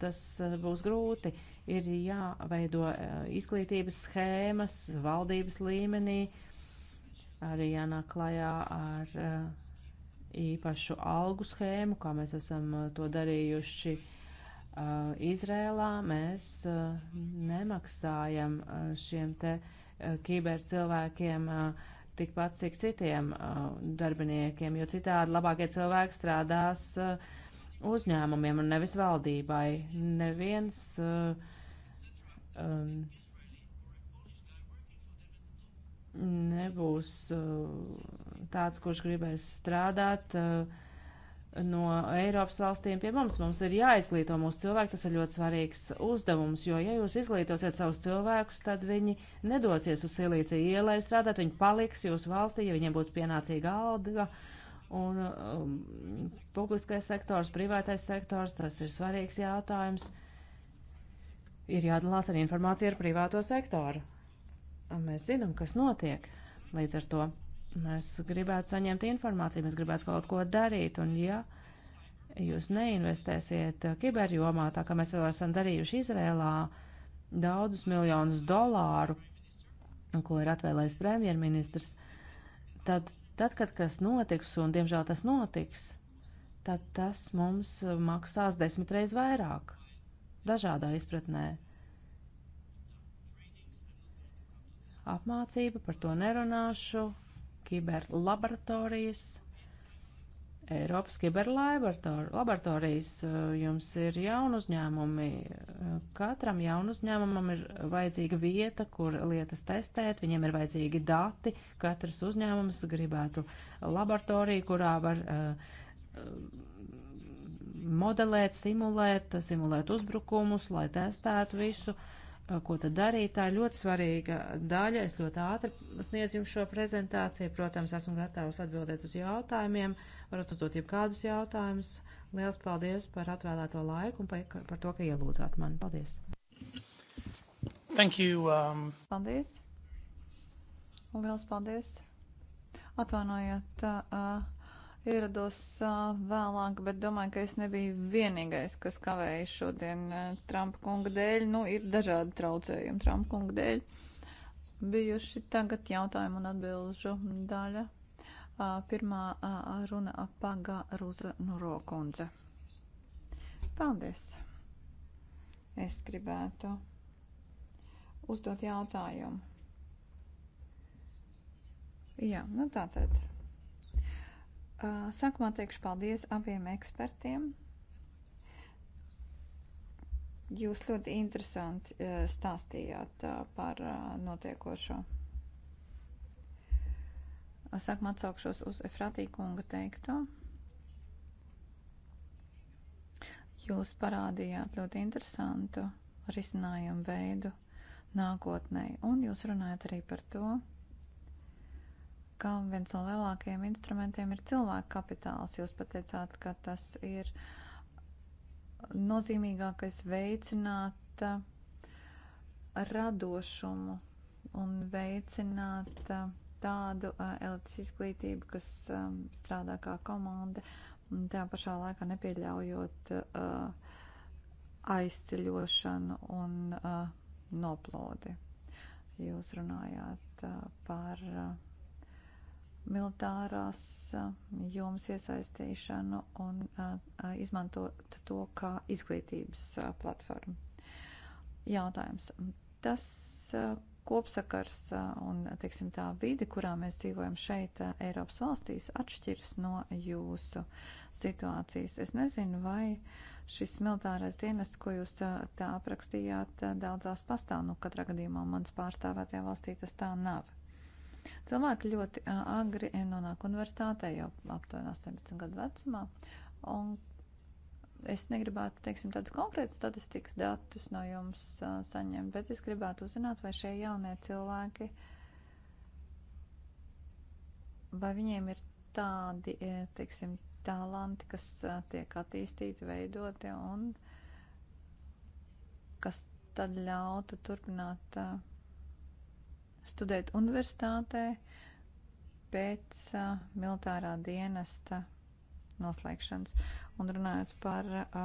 tas būs grūti. Ir jāveido izglītības schēmas valdības līmenī, arī jānāk klajā ar īpašu algu schēmu, kā mēs esam to darījuši uh, Izrēlā. Mēs uh, nemaksājam uh, šiem te uh, Eh, kibercilvēkiem eh, tikpat cik citiem eh, darbiniekiem, jo citādi labākie cilvēki strādās uzņēmumiem un nevis valdībai. Neviens um, nebūs tāds, kurš gribēs strādāt. Uh, no Eiropas valstīm pie mums. Mums ir jāizglīto mūsu cilvēki, tas ir ļoti svarīgs uzdevums, jo ja jūs izglītosiet savus cilvēkus, tad viņi nedosies uz Silīciju ielai strādāt, viņi paliks jūsu valstī, ja viņiem būtu pienācīga alga. Un um, publiskais sektors, privātais sektors, tas ir svarīgs jautājums. Ir jādalās ar informāciju ar privāto sektoru. Mēs zinām, kas notiek līdz ar to. Mēs gribētu saņemt informāciju, mēs gribētu kaut ko darīt, un ja jūs neinvestēsiet kiberjomā, tā kā mēs jau esam darījuši Izrēlā daudzus miljonus dolāru, ko ir atvēlējis premjerministrs, tad, tad, kad kas notiks, un diemžēl tas notiks, tad tas mums maksās desmitreiz vairāk, dažādā izpratnē. Apmācība par to nerunāšu, kiberlaboratorijas. Eiropas kiberlaboratorijas eh, jums ir jaunu uzņēmumi. Eh, katram jaunu uzņēmumam ir vajadzīga vieta, kur lietas testēt, viņiem ir vajadzīgi dati. Katrs uzņēmums gribētu laboratoriju, kurā var uh, modelēt, simulēt, simulēt uzbrukumus, lai testētu visu. Uh, ko tad darīt. Tā ir ļoti svarīga daļa. Es ļoti ātri sniedzu jums šo prezentāciju. Protams, esmu gatavs atbildēt uz jautājumiem. Varat uzdot jebkādus jautājumus. Liels paldies par atvēlēto laiku un par to, ka ielūdzāt mani. Paldies! Thank you. Um... Paldies! Liels paldies! Atvainojiet! Uh, uh ierados vēlāk, bet domāju, ka es nebiju vienīgais, kas kavēja šodien Trumpa kunga dēļ. Nu, ir dažādi traucējumi Trumpa kunga dēļ. Bijuši tagad jautājumu un atbilžu daļa. Pirmā runa paga Rūza Nuro kundze. Paldies! Es gribētu uzdot jautājumu. Jā, nu tā tad. Sākumā teikšu paldies abiem ekspertiem. Jūs ļoti interesanti stāstījāt par notiekošo. Sākumā atsaukšos uz Efratī kunga teikto. Jūs parādījāt ļoti interesantu risinājumu veidu nākotnē, un jūs runājat arī par to, ka viens no lielākajiem instrumentiem ir cilvēka kapitāls. Jūs pateicāt, ka tas ir nozīmīgākais veicināt uh, radošumu un veicināt uh, tādu uh, elites izglītību, kas um, strādā kā komanda, un tā pašā laikā nepieļaujot aizceļošanu un noplodi. Jūs runājāt par uh, militārās jomas iesaistīšanu un izmantot to kā izglītības platformu. Jautājums. Tas kopsakars un, teiksim, tā vide, kurā mēs dzīvojam šeit, Eiropas valstīs, atšķiras no jūsu situācijas. Es nezinu, vai šis militārais dienests, ko jūs tā aprakstījāt, daudzās pastāv. Nu, katrā gadījumā mans pārstāvētajā valstī tas tā nav. Cilvēki ļoti agri nonāk universitātē, jau aptuveni 18 gadu vecumā, un es negribētu, teiksim, tādas konkrētas statistikas datus no jums uh, saņemt, bet es gribētu uzzināt, vai šie jaunie cilvēki, vai viņiem ir tādi, teiksim, talanti, kas uh, tiek attīstīti, veidoti un kas tad ļautu turpināt uh, studēt universitātē pēc uh, militārā dienesta noslēgšanas. Un runājot par uh,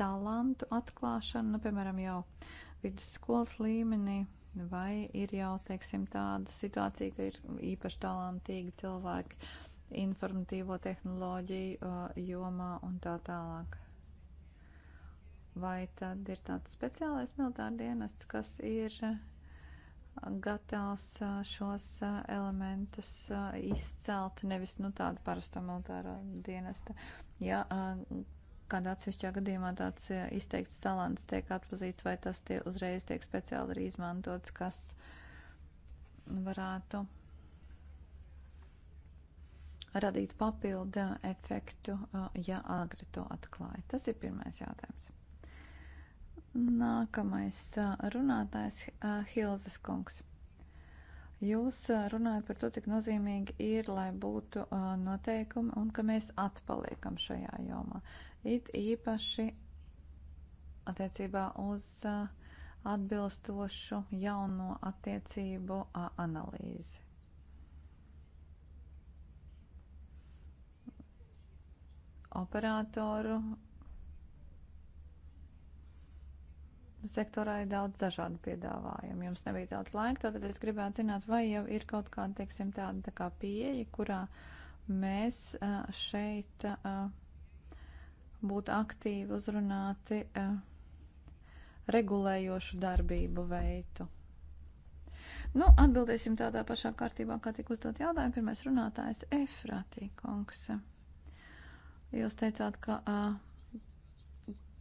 talantu atklāšanu, nu, piemēram, jau vidusskolas līmenī, vai ir jau, teiksim, tāda situācija, ka ir īpaši talantīgi cilvēki informatīvo tehnoloģiju uh, jomā un tā tālāk. Vai tad ir tāds speciālais militārdienests, kas ir uh, gatavs šos elementus izcelt, nevis nu, tādu parasto militāro dienestu. Ja kādā atsevišķā gadījumā tāds izteikts talants tiek atpazīts, vai tas tie uzreiz tiek speciāli arī izmantots, kas varētu radīt papildu efektu, ja agri to atklāja. Tas ir pirmais jautājums. Nākamais runātājs Hilzes kungs. Jūs runājat par to, cik nozīmīgi ir, lai būtu noteikumi un ka mēs atpaliekam šajā jomā. It īpaši attiecībā uz atbilstošu jauno attiecību analīzi. Operatoru sektorā ir daudz dažādu piedāvājumu. Jums nebija daudz laika, tātad es gribētu zināt, vai jau ir kaut kāda, teiksim, tāda tā kā pieeja, kurā mēs šeit būtu aktīvi uzrunāti regulējošu darbību veitu. Nu, atbildēsim tādā pašā kārtībā, kā tika uzdot jautājumu. Pirmais runātājs Efratī Kongs. Jūs teicāt, ka uh,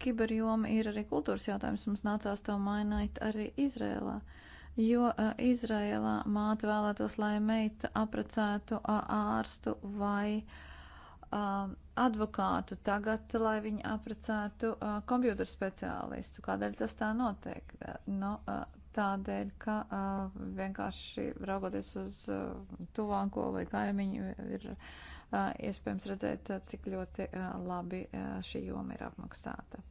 kiberjoma ir arī kultūras jautājums. Mums nācās to mainīt arī Izrēlā. Jo uh, Izrēlā māte vēlētos, lai meita aprecētu uh, ārstu vai uh, advokātu. Tagad, lai viņa aprecētu uh, kompjūtera speciālistu. Kādēļ tas tā notiek? No, nu, uh, tādēļ, ka uh, vienkārši raugoties uz uh, tuvāko vai kaimiņu ir. Uh, iespējams redzēt, cik ļoti labi šī joma ir apmaksāta.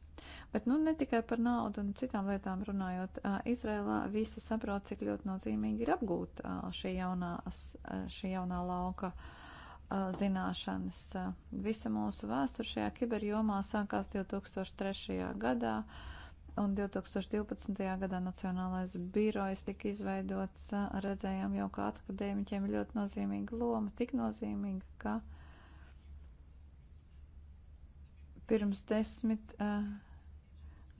Bet nu, ne tikai par naudu un citām lietām runājot, Izrēlā visi saprot, cik ļoti nozīmīgi ir apgūt šī jaunā, šī jaunā lauka zināšanas. Visa mūsu vēsture šajā kiberjomā sākās 2003. gadā, un 2012. gadā Nacionālais birojs tika izveidots. Redzējām jau, ka akadēmiķiem ir ļoti nozīmīga loma, tik nozīmīga, ka Pirms desmit uh,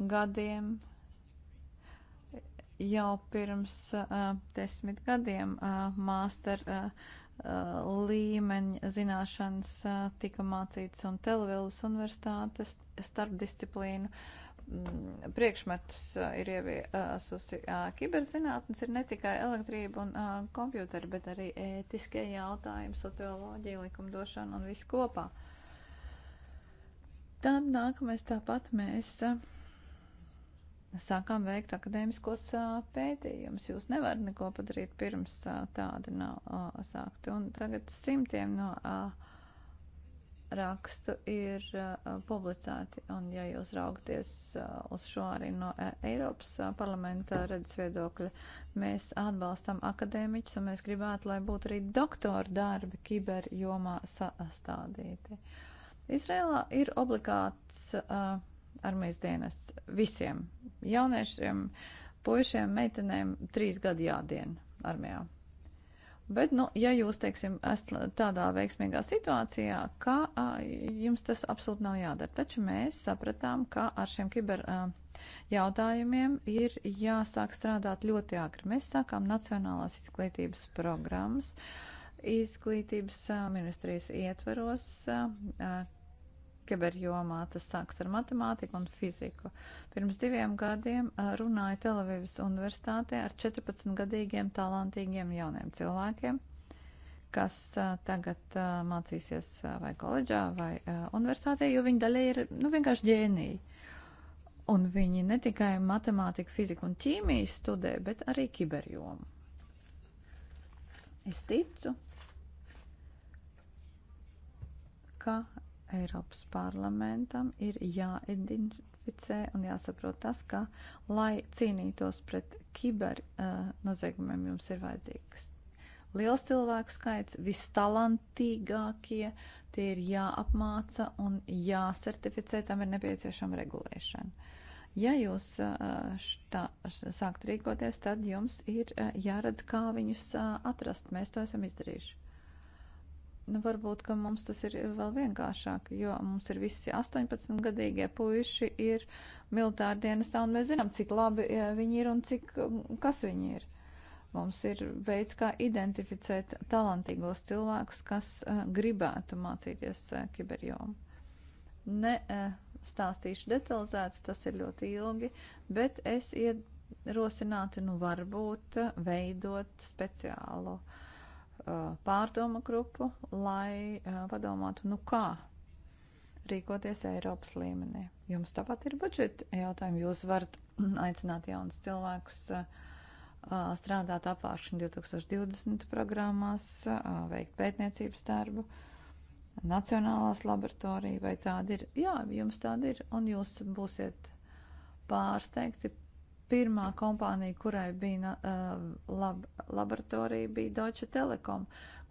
gadiem, jau pirms uh, desmit gadiem, uh, māster uh, uh, līmeņa zināšanas uh, tika mācītas un Televīlas universitātes starpdisciplīnu uh, priekšmetus ir ieviesusi kiberzinātnes, ir ne tikai elektrība un kompjūteri, bet arī ētiskie jautājumi, socioloģija, likumdošana un viss kopā. Tad nākamais tāpat mēs sākām veikt akadēmiskos pētījumus. Jūs nevarat neko padarīt pirms tāda nav sākta. Un tagad simtiem no rakstu ir publicēti. Un ja jūs raugties uz šo arī no Eiropas parlamenta redzes viedokļa, mēs atbalstam akadēmiķus un mēs gribētu, lai būtu arī doktora darbi kiberjomā sastādīti. Uh, Izrēlā ir obligāts uh, armijas dienests visiem jauniešiem, puišiem, meitenēm trīs gadu jādien armijā. Bet, nu, ja jūs, teiksim, esat tādā veiksmīgā situācijā, ka a, jums tas absolūti nav jādara, taču mēs sapratām, ka ar šiem kiber a, jautājumiem ir jāsāk strādāt ļoti agri. Mēs sākām Nacionālās izglītības programmas. A, izglītības ministrijas ietveros. Kiberjomā tas sāks ar matemātiku un fiziku. Pirms diviem gadiem runāju Telavivas universitātē ar 14-gadīgiem talantīgiem jauniem cilvēkiem, kas tagad mācīsies vai koledžā vai universitātē, jo viņi daļai ir nu, vienkārši ģēniji. Un viņi ne tikai matemātiku, fiziku un ķīmiju studē, bet arī kiberjomu. Es ticu, ka Eiropas parlamentam ir jāidentificē un jāsaprot tas, ka, lai cīnītos pret kiber uh, noziegumiem, jums ir vajadzīgs liels cilvēku skaits, vistalantīgākie, tie ir jāapmāca un jāsertificē, tam ir nepieciešama regulēšana. Ja jūs eh, tā, sākt rīkoties, tad jums ir eh, jāredz, kā viņus atrast. Mēs to esam izdarījuši. Nu, varbūt, ka mums tas ir vēl vienkāršāk, jo mums ir visi 18-gadīgie puiši ir militāri dienestā, un mēs zinām, cik labi e, viņi ir un cik, kas viņi ir. Mums ir veids, kā identificēt talantīgos cilvēkus, kas uh, gribētu mācīties uh, e, kiberjomu. Ne uh, stāstīšu detalizēti, tas ir ļoti ilgi, bet es ierosinātu, nu varbūt, veidot speciālu uh, Uh, pārdomu grupu, lai uh, padomātu, nu kā rīkoties Eiropas līmenī. Jums tāpat ir budžeta jautājumi. Jūs varat [clears throat] aicināt jaunus cilvēkus uh, strādāt apvāršana 2020 programmās, veikt pētniecības darbu, nacionālās laboratorija vai tāda ir. Jā, jums tāda ir, un jūs būsiet pārsteigti pirmā kompānija, kurai bija uh, lab, laboratorija, bija Deutsche Telekom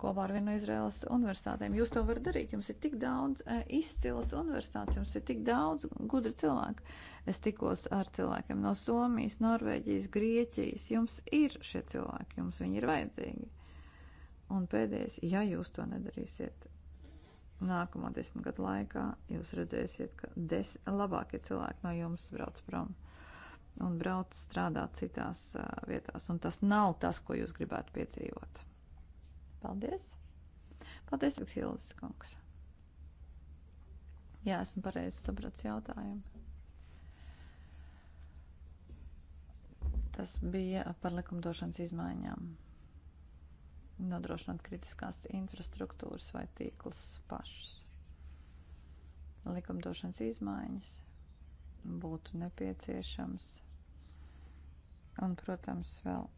kopā ar vienu no Izraels universitātēm. Jūs to varat darīt, jums ir tik daudz uh, izcilas universitātes, jums ir tik daudz gudri cilvēku. Es tikos ar cilvēkiem no Somijas, Norvēģijas, Grieķijas. Jums ir šie cilvēki, jums viņi ir vajadzīgi. Un pēdējais, ja jūs to nedarīsiet, nākamo desmit gadu laikā jūs redzēsiet, ka des, labākie cilvēki no jums brauc prom. Uh, un brauc strādāt citās uh, vietās. Un tas nav tas, ko jūs gribētu piedzīvot. Paldies! Paldies, Hildes kungs! Jā, esmu pareizi sapratis jautājumu. Tas bija par likumdošanas izmaiņām. Nodrošinot kritiskās infrastruktūras vai tīklus pašus. Likumdošanas izmaiņas būtu nepieciešams. Un, protams, vēl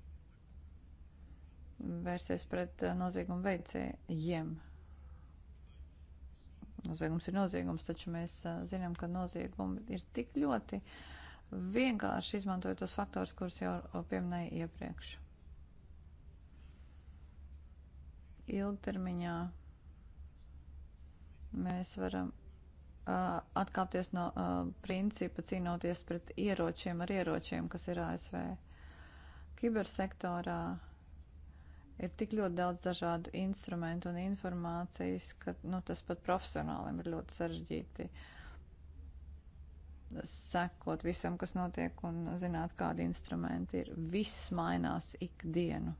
vērsties pret eh, noziegumu veicējiem. Noziegums ir noziegums, taču mēs eh, zinām, ka noziegumi ir tik ļoti vienkārši izmantojot tos faktors, kurus jau pieminēju iepriekš. Ilgtermiņā mēs varam atkāpties no principa cīnoties pret ieročiem ar ieročiem, kas ir ASV. Kibersektorā ir tik ļoti daudz dažādu instrumentu un informācijas, ka nu, tas pat profesionālim ir ļoti sarežģīti sekot visam, kas notiek un zināt, kādi instrumenti ir. Viss mainās ikdienu.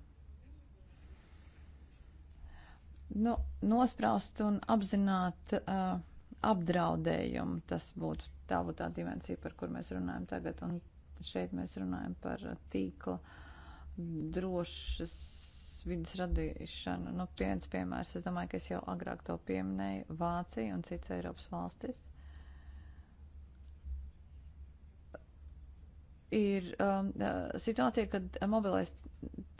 Nu, nospraust un apzināt uh, apdraudējumu. Tas būtu tā, būtu tā dimensija, par kur mēs runājam tagad. Un šeit mēs runājam par tīkla drošas vidas radīšanu. Nu, viens piemērs, es domāju, ka es jau agrāk to pieminēju, Vācija un cits Eiropas valstis. ir um, uh, situācija, kad mobilais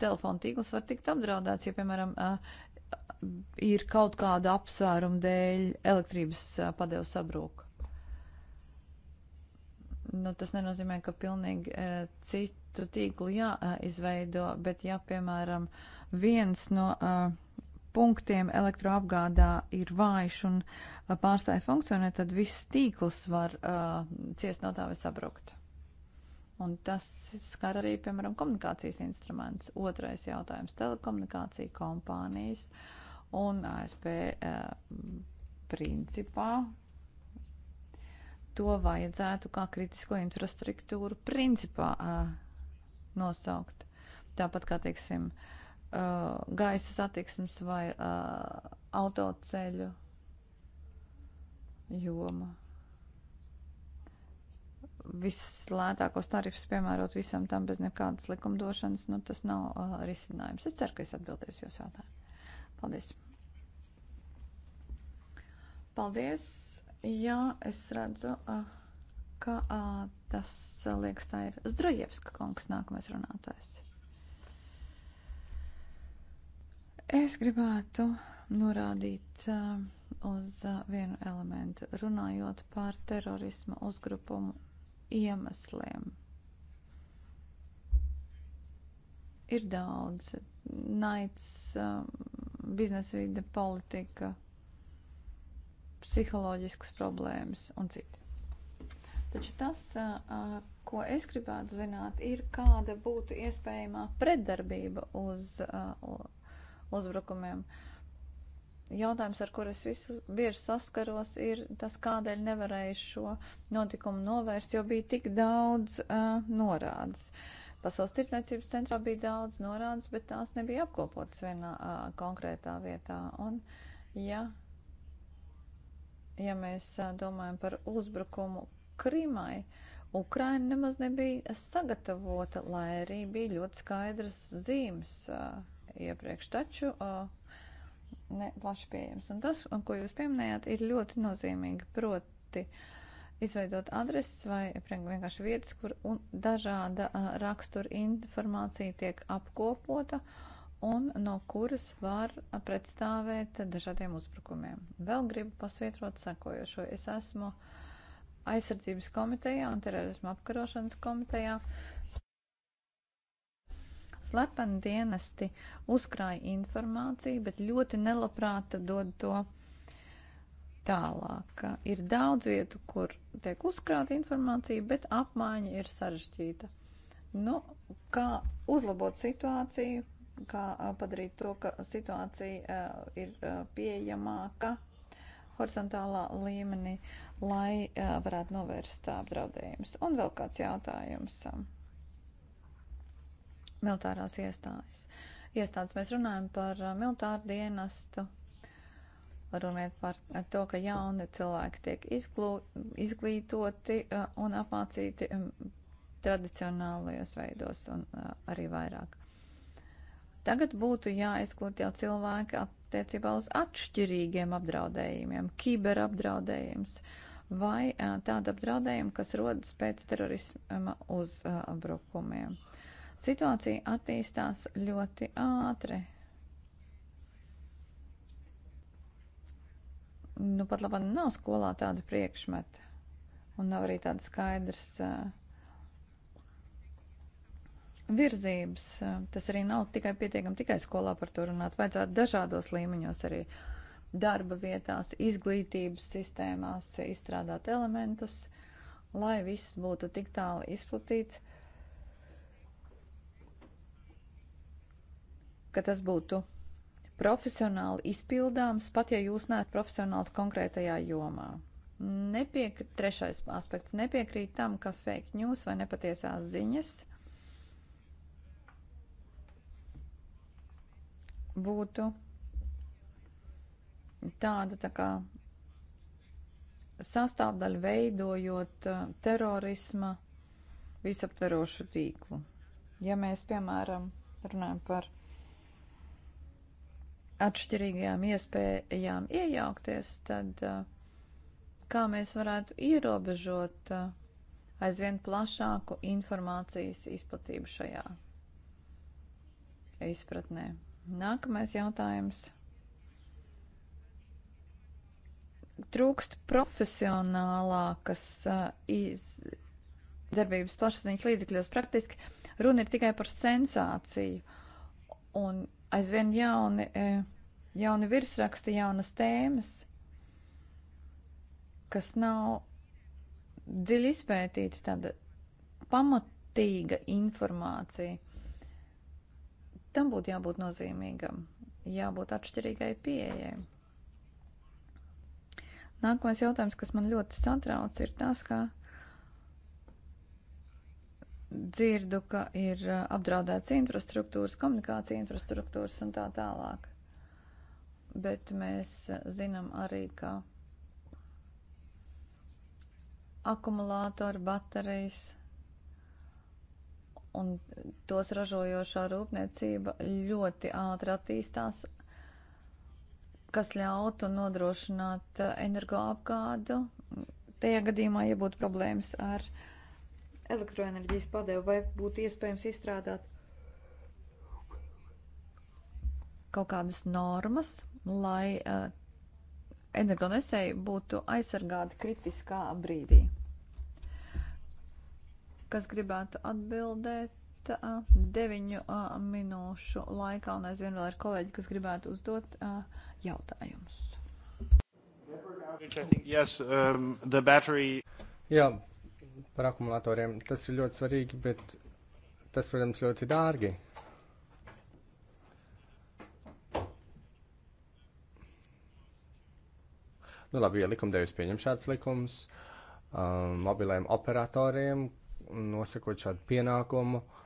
telefona tīkls var tikt apdraudēts, ja, piemēram, uh, ir kaut kāda apsvēruma dēļ elektrības padevu sabrūk. Nu, tas nenozīmē, ka pilnīgi uh, citu tīklu jāizveido, bet ja, piemēram, viens no uh, punktiem elektroapgādā ir vājš un pārstāja funkcionēt, tad viss tīkls var uh, ciest no tā vai sabrukt. Un tas skar arī, piemēram, komunikācijas instruments. Otrais jautājums - telekomunikācija kompānijas un ASV eh, principā. To vajadzētu kā kritisko infrastruktūru principā eh, nosaukt. Tāpat kā, teiksim, eh, gaisa satiksmes vai eh, autoceļu joma vislētākos tarifus piemērot visam tam bez nekādas likumdošanas, nu, tas nav uh, risinājums. Es ceru, ka es atbildēšu jūs jautājumu. Paldies. Paldies. Jā, es redzu, uh, ka uh, tas uh, liekas tā ir Zdrojevska kungs nākamais runātājs. Es gribētu norādīt uh, uz uh, vienu elementu, runājot par terorisma uzgrupumu iemesliem. Ir daudz naids, um, biznesvīda politika, psiholoģiskas problēmas un citi. Taču tas, uh, uh, ko es gribētu zināt, ir kāda būtu iespējamā predarbība uz uh, uzbrukumiem. Uh, jautājums, ar kur es visu bieži saskaros, ir tas, kādēļ nevarēju šo notikumu novērst, jo bija tik daudz uh, norādes. Pasaules tirdzniecības centrā bija daudz norādes, bet tās nebija apkopotas vienā uh, konkrētā vietā. Un, ja, ja mēs uh, domājam par uzbrukumu Krimai, Ukraina nemaz nebija sagatavota, lai arī bija ļoti skaidras zīmes uh, iepriekš. Taču uh, ne plaši pieejams. Un tas, ko jūs pieminējāt, ir ļoti nozīmīgi, proti izveidot adreses vai vienkārši vietas, kur dažāda rakstura informācija tiek apkopota un no kuras var pretstāvēt dažādiem uzbrukumiem. Vēl gribu pasvietrot sekojošo. Es esmu aizsardzības komitejā un terorismu apkarošanas komitejā. Uh, Slepeni dienesti uzkrāja informāciju, bet ļoti nelabprāt dod to tālāk. Ir daudz vietu, kur tiek uzkrāta informācija, bet apmaiņa ir sarežģīta. Nu, kā uzlabot situāciju, kā padarīt to, ka situācija uh, ir uh, pieejamāka horizontālā līmenī, lai uh, varētu novērst apdraudējumus. Un vēl kāds jautājums. Uh, militārās iestādes. Iestādes mēs runājam par uh, militāru dienestu, runiet par to, ka jauni cilvēki tiek izglū, izglītoti uh, un apmācīti um, tradicionālajos veidos un uh, arī vairāk. Tagad būtu jāizglīt jau cilvēki attiecībā uz atšķirīgiem apdraudējumiem, kiberapdraudējums vai tāda apdraudējuma, kas rodas pēc terorisma uzbrukumiem. Uh, Situācija attīstās ļoti ātri. Nu, pat labi, nav skolā tāda priekšmeta. Un nav arī tāda skaidrs uh, virzības. Tas arī nav tikai pietiekami tikai skolā par to runāt. Vajadzētu dažādos līmeņos arī darba vietās, izglītības sistēmās izstrādāt elementus, lai viss būtu tik tālu izplatīts, ka tas būtu profesionāli izpildāms, pat ja jūs neesat profesionāls konkrētajā jomā. Nepiek, trešais aspekts nepiekrīt tam, ka fake news vai nepatiesās ziņas būtu tāda tā kā sastāvdaļa veidojot uh, terorisma visaptverošu tīklu. Ja mēs, piemēram, runājam par atšķirīgajām iespējām iejaukties, tad uh, kā mēs varētu ierobežot uh, aizvien plašāku informācijas izplatību šajā izpratnē. Nākamais jautājums. Trūkst profesionālākas uh, iz, darbības plašsaziņas līdzekļos praktiski runa ir tikai par sensāciju. Un aizvien jauni, e, jauni virsraksti, jaunas tēmas, kas nav dziļi izpētīti, tāda pamatīga informācija. Tam būtu jābūt nozīmīgam, jābūt atšķirīgai pieejai. Nākamais jautājums, kas man ļoti satrauc, ir tas, ka dzirdu, ka ir apdraudēts infrastruktūras, komunikācija infrastruktūras un tā tālāk. Bet mēs zinām arī, ka akumulātori, baterijas un tos ražojošā rūpniecība ļoti ātri attīstās, kas ļautu nodrošināt energoapgādu. Tajā gadījumā, ja būtu problēmas ar uh, elektroenerģijas padevu, vai būtu iespējams izstrādāt kaut kādas normas, lai uh, energonesēji būtu aizsargāti kritiskā brīdī. Kas gribētu atbildēt uh, deviņu uh, minūšu laikā, un aizvien vēl ir kolēģi, kas gribētu uzdot uh, jautājumus. Yes, um, Jā, par akumulatoriem. Tas ir ļoti svarīgi, bet tas, protams, ļoti dārgi. Nu, labi, ja likumdevējs pieņem šāds likums, um, mobiliem operatoriem nosakot šādu pienākumu, uh,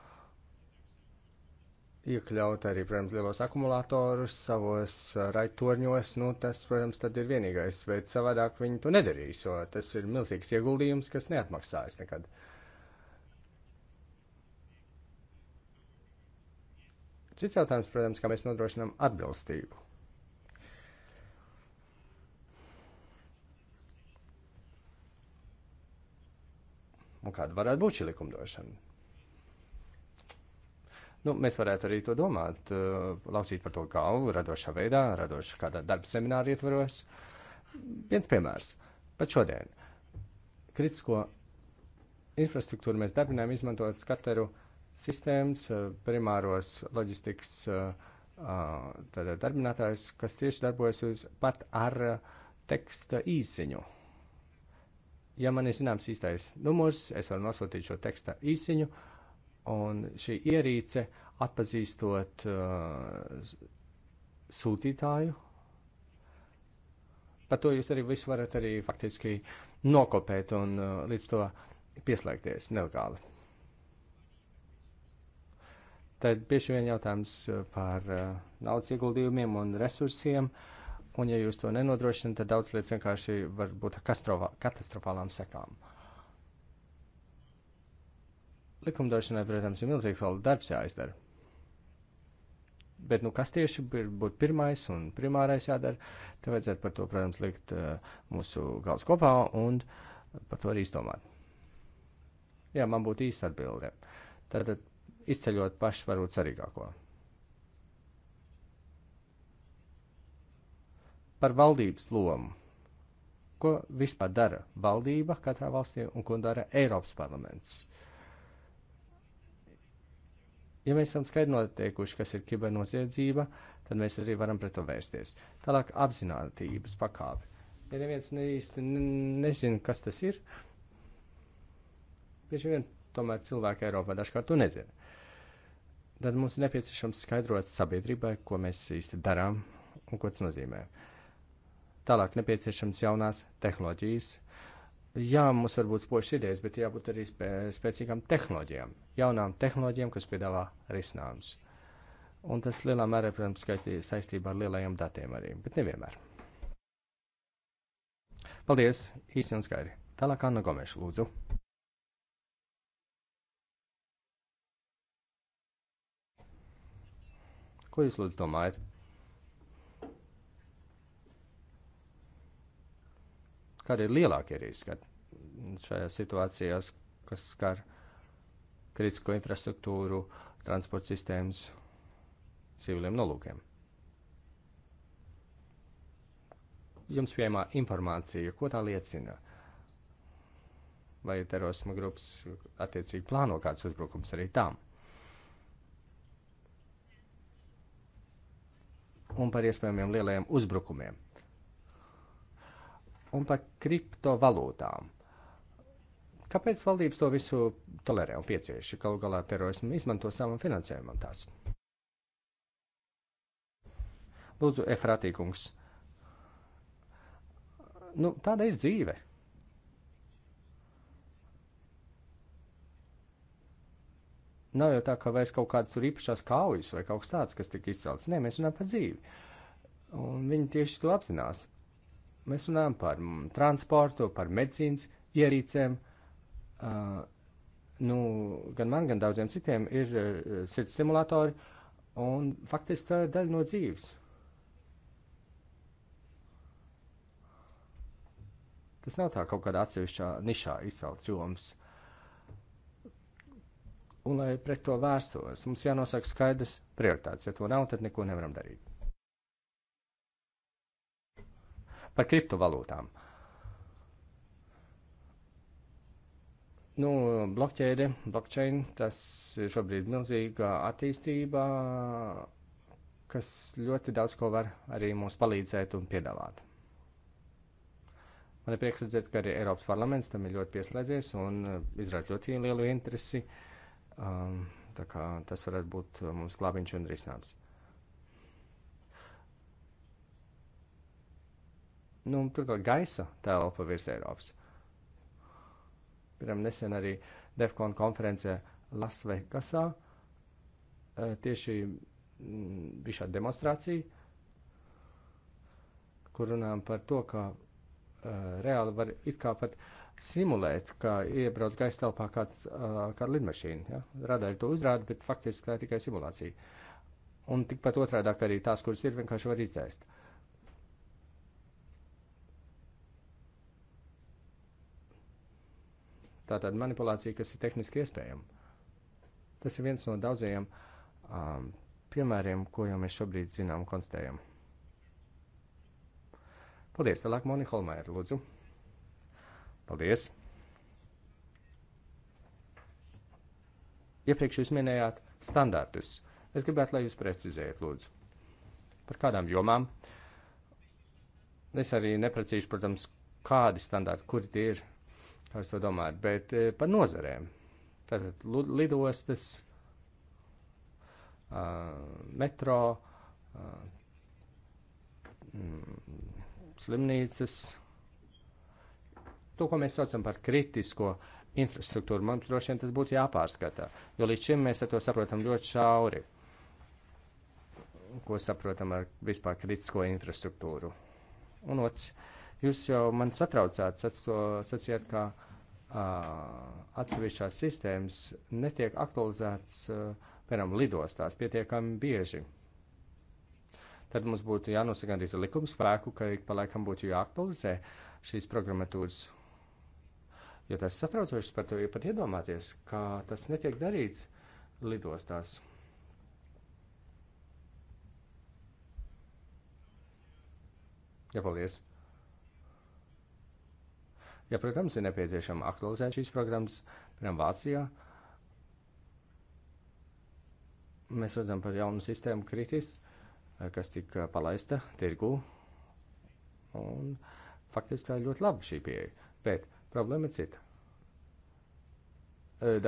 iekļaut arī, protams, lielos akumulatorus savos raittorņos, nu tas, protams, tad ir vienīgais veids, savādāk viņi to nedarīs, jo tas ir milzīgs ieguldījums, kas neatmaksājas nekad. Cits jautājums, protams, kā mēs nodrošinām atbilstību. Un kāda varētu būt šī likumdošana? Nu, mēs varētu arī to domāt, eh, lasīt par to galvu, radošā veidā, radošā kādā darba semināra ietvaros. Viens piemērs pat šodien. Kritisko infrastruktūru mēs darbinām izmantojot skateru sistēmas, eh, primāros loģistikas eh, darbinātājus, kas tieši darbojas uz, pat ar teksta īsiņu. Ja man ir zināms īstais numurs, es varu nosūtīt šo teksta īsiņu, uh, Un šī ierīce, atpazīstot uh, sūtītāju, par to jūs arī visu varat arī faktiski nokopēt un uh, līdz to pieslēgties nelegāli. Tad bieži vien jautājums uh, par uh, naudas ieguldījumiem un resursiem, un ja jūs to nenodrošināt, tad daudz lietas vienkārši var būt katastrofālām sekām. Uh, likumdošanai, protams, ir milzīgi vēl darbs jāizdara. Bet nu, kas tieši ir, būtu pirmais un primārais jādara, te vajadzētu par to, protams, likt eh, mūsu galds kopā un par to arī izdomāt. Jā, man būtu īsta atbilde. Tad izceļot pašu varbūt svarīgāko. Par valdības lomu. Ko vispār dara valdība katrā valstī un ko dara Eiropas parlaments? Ja mēs esam skaidri noteikuši, kas ir kibernoziedzība, tad mēs arī varam pret to vērsties. Tālāk apzinātības pakāpe. Ja neviens ne īsti nezina, kas tas ir, bieži vien tomēr cilvēki Eiropā dažkārt to nezina. Tad mums ir nepieciešams skaidrot sabiedrībai, ko mēs īsti darām un ko tas nozīmē. Tālāk nepieciešams jaunās tehnoloģijas, uh, Jā, mums var būt spožas idejas, bet jābūt arī spē, spēcīgām tehnoloģijām, jaunām tehnoloģijām, kas piedāvā risinājumus. Un tas lielā mērā, protams, skaistī, saistībā ar lielajiem datiem arī, bet nevienmēr. Paldies, īsi un skaidri. Tālāk Anna Gomeša, lūdzu. Ko jūs lūdzu domājat? kāda ir lielākie riski šajās situācijās, kas skar kritisko infrastruktūru, transporta sistēmas civiliem nolūkiem. Jums pieejamā informācija, ko tā liecina? Vai terorisma grupas attiecīgi plāno kāds uzbrukums arī tām? Un par iespējamiem lielajiem uzbrukumiem un par kriptovalūtām. Kāpēc valdības to visu tolerē un piecieši? Galu galā terorismu izmanto savam finansējumam tās. Lūdzu, Efrātīkungs. Nu, tāda ir dzīve. Nav jau tā, ka vairs kaut kādas tur īpašās kaujas vai kaut kas tāds, kas tika izcelts. Nē, mēs runājam par dzīvi. Un viņi tieši to apzinās. Mēs runājam par mm, transportu, par medicīnas ierīcēm. Uh, nu, gan man, gan daudziem citiem ir uh, sirds simulatori, un faktiski tā ir daļa no dzīves. Tas nav tā kaut kādā atsevišķā nišā izcelts joms. Un, lai pret to vērstos, mums jānosaka skaidrs prioritātes. Ja to nav, tad neko nevaram darīt. par kriptovalūtām. Nu, blokķēde, blockchain, tas ir šobrīd milzīga attīstība, kas ļoti daudz ko var arī mums palīdzēt un piedāvāt. Man ir prieks redzēt, ka arī Eiropas parlaments tam ir ļoti pieslēdzies un uh, izrāda ļoti lielu interesi. Um, tā kā tas varētu būt uh, mums glābiņš un risinājums. nu, turklāt gaisa telpa virs Eiropas. Piemēram, nesen arī Defkon konferencē Lasvegasā e, tieši mm, bija šāda demonstrācija, kur runājam par to, ka e, reāli var it kā pat simulēt, ka iebrauc gaisa telpā kāds, e, kāda lidmašīna. Ja? Radari to uzrāda, bet faktiski tā ir tikai simulācija. Un tikpat otrādāk arī tās, kuras ir, vienkārši var izdzēst. Uh, Tātad manipulācija, kas ir tehniski iespējama. Tas ir viens no daudzajiem um, piemēriem, ko jau mēs šobrīd zinām un konstatējam. Paldies, tālāk Monika Holmēra, lūdzu. Paldies! Iepriekš jūs minējāt standartus. Es gribētu, lai jūs precizējat, lūdzu, par kādām jomām. Es arī neprecīšu, protams, kādi standarti, kuri tie ir Kā jūs to domājat? Bet eh, par nozarēm. Tātad lidostas, metro, mm, slimnīcas. To, ko mēs saucam par kritisko infrastruktūru, man droši vien tas būtu jāpārskatā, jo līdz šim mēs ar to saprotam ļoti šauri, ko saprotam ar vispār kritisko infrastruktūru. Un otrs Jūs jau man satraucāt, sacījāt, ka uh, atsevišķās sistēmas netiek aktualizētas, uh, piemēram, lidostās pietiekami bieži. Tad mums būtu jānosaka arī likums spēku, ka ik pa laikam būtu jāaktualizē šīs programmatūras. Jo tas satraucošs par to ir pat iedomāties, ka tas netiek darīts lidostās. Jā, paldies! Ja, protams, ir nepieciešama aktualizēt šīs programmas, piemēram, Vācijā. Mēs redzam par jaunu sistēmu kritis, kas tika palaista tirgu. Un faktiski tā ir ļoti laba šī pieeja, bet problēma ir cita.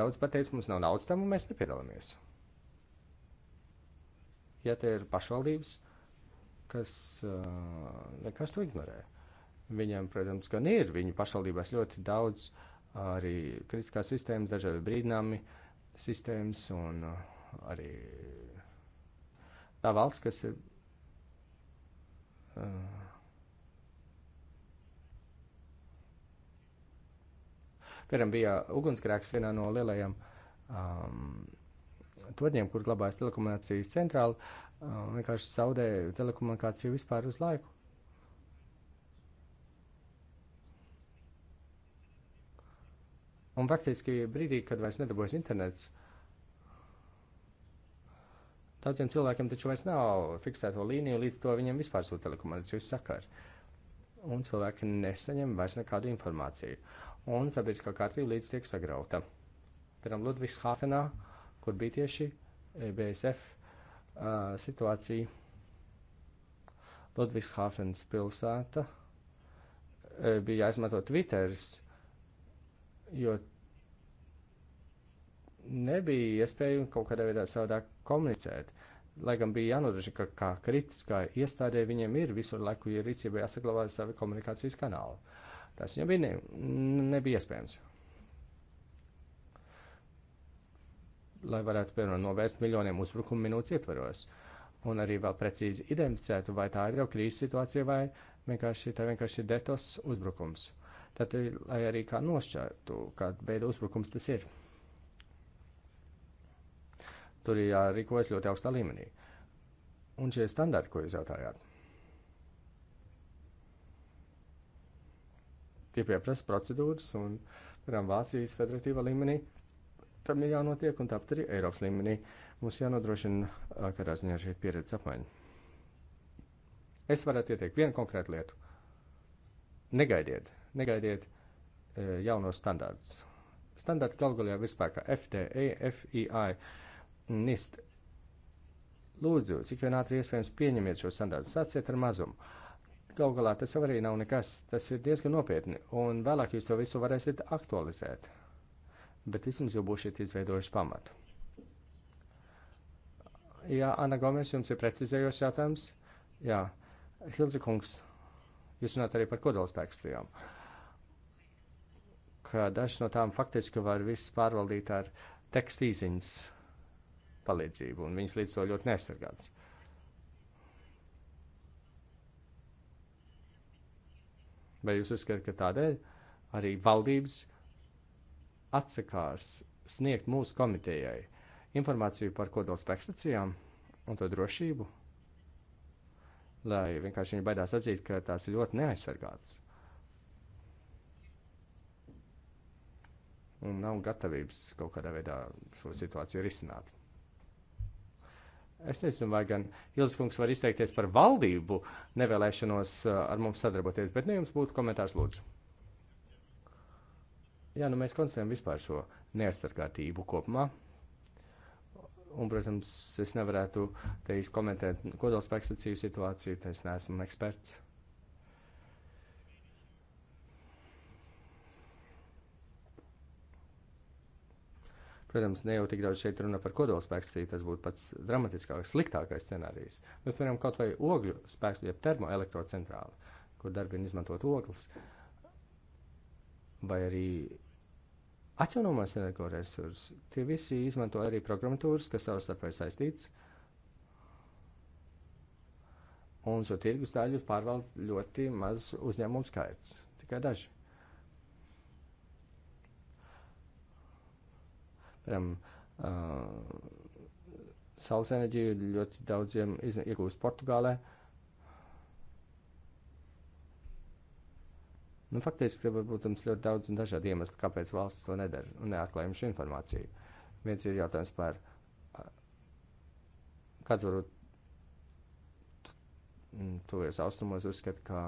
Daudz pateica, mums nav naudas tam, un mēs nepiedalāmies. Ja te ir pašvaldības, kas nekas to ignorē. Uh, Viņam, protams, gan ir viņu pašvaldībās ļoti daudz arī kritiskās sistēmas, dažādi brīdinājumi sistēmas un uh, arī tā valsts, kas ir. Uh, Piemēram, bija ugunsgrēks vienā no lielajām um, torņiem, kur glabājas telekomunikācijas centrāla, um, uh, vienkārši zaudēja telekomunikāciju vispār uz laiku. Un faktiski brīdī, kad vairs nedarbojas internets, daudziem cilvēkiem taču vairs nav fiksēto līniju, līdz to viņiem vispār sūta telekomunikācijas sakars. Un cilvēki nesaņem vairs nekādu informāciju. Un sabiedriskā kārtība līdz tiek sagrauta. Piemēram, Ludvigs Hāfenā, kur bija tieši e BSF uh, situācija. Ludvigs Hāfens pilsēta uh, bija jāizmanto Twitteris. Uh, jo nebija iespēja kaut kādā veidā savādāk komunicēt. Lai gan bija jānodrošina, ka kā kritiskā iestādē viņiem ir visur laiku, ja rīcībā jāsaglabā savi komunikācijas kanāli. Tas viņam bija ne, nebija iespējams. Lai varētu, piemēram, novērst miljoniem uzbrukumu minūtes ietvaros. Un arī vēl precīzi identificētu, vai tā ir jau krīzes situācija vai vienkārši tā vienkārši ir detos uzbrukums. Tad, eh, lai arī kā nošķērtu, kāda veida uzbrukums tas ir. Tur ir jārīkojas ļoti augstā līmenī. Un šie standarti, ko jūs jautājāt, tie pieprasa procedūras un, piemēram, Vācijas federatīva līmenī tam ir jānotiek, un tāpat arī Eiropas līmenī mums jānodrošina, eh, kādā ziņā šī pieredze apmaiņa. Es varētu ieteikt vienu konkrētu lietu. Negaidiet, negaidiet e, jaunos standārts. Standārti galu galā ir spēkā FTA, e, FEI, NIST. Lūdzu, cik vien ātri iespējams pieņemiet šo standārtu, sāciet ar mazumu. Galu galā tas arī nav nekas, tas ir diezgan nopietni, un vēlāk jūs to visu varēsiet aktualizēt. Bet vismaz jau būsiet izveidojuši pamatu. Jā, Anna Gomes, jums ir precizējošs jautājums? Jā, Hilzikungs, jūs runājat arī par kodolspēkstījām. Uh, dažas no tām faktiski var viss pārvaldīt ar tekstīziņas palīdzību, un viņas līdz to ļoti nesargāts. Vai jūs uzskatāt, ka tādēļ arī valdības atsakās sniegt mūsu komitejai informāciju par kodolspēkstacijām un to drošību? Lai vienkārši viņi baidās atzīt, ka tās ir ļoti neaizsargātas. un nav gatavības kaut kādā veidā šo situāciju risināt. Es nezinu, vai gan Ilskungs var izteikties par valdību nevēlēšanos uh, ar mums sadarboties, bet nu jums būtu komentārs lūdzu. Jā, nu mēs konstatējam vispār šo neaizsargātību kopumā. Un, protams, es nevarētu te izkomentēt kodolspēkstacīju situāciju, tas neesmu eksperts. Protams, ne jau tik daudz šeit runa par kodolspēkstaciju, tas būtu pats dramatiskākais, sliktākais scenārijs, bet, piemēram, kaut vai ogļu spēkstaciju, jeb termoelektrocentrāli, kur darbina izmantot ogles, vai arī atjaunojumās energoresursi, tie visi izmanto arī programmatūras, kas savstarpēji saistīts, un šo tirgus daļu pārvalda ļoti maz uzņēmumu skaits, tikai daži. Piemēram, uh, saules enerģiju ļoti daudziem iegūst Portugālē. Nu, faktiski, var, protams, ļoti daudz un dažādi iemesli, kāpēc valsts to nedara un neatklājam šo informāciju. Viens ir jautājums par, kāds varbūt tuvies austrumos uzskat, ka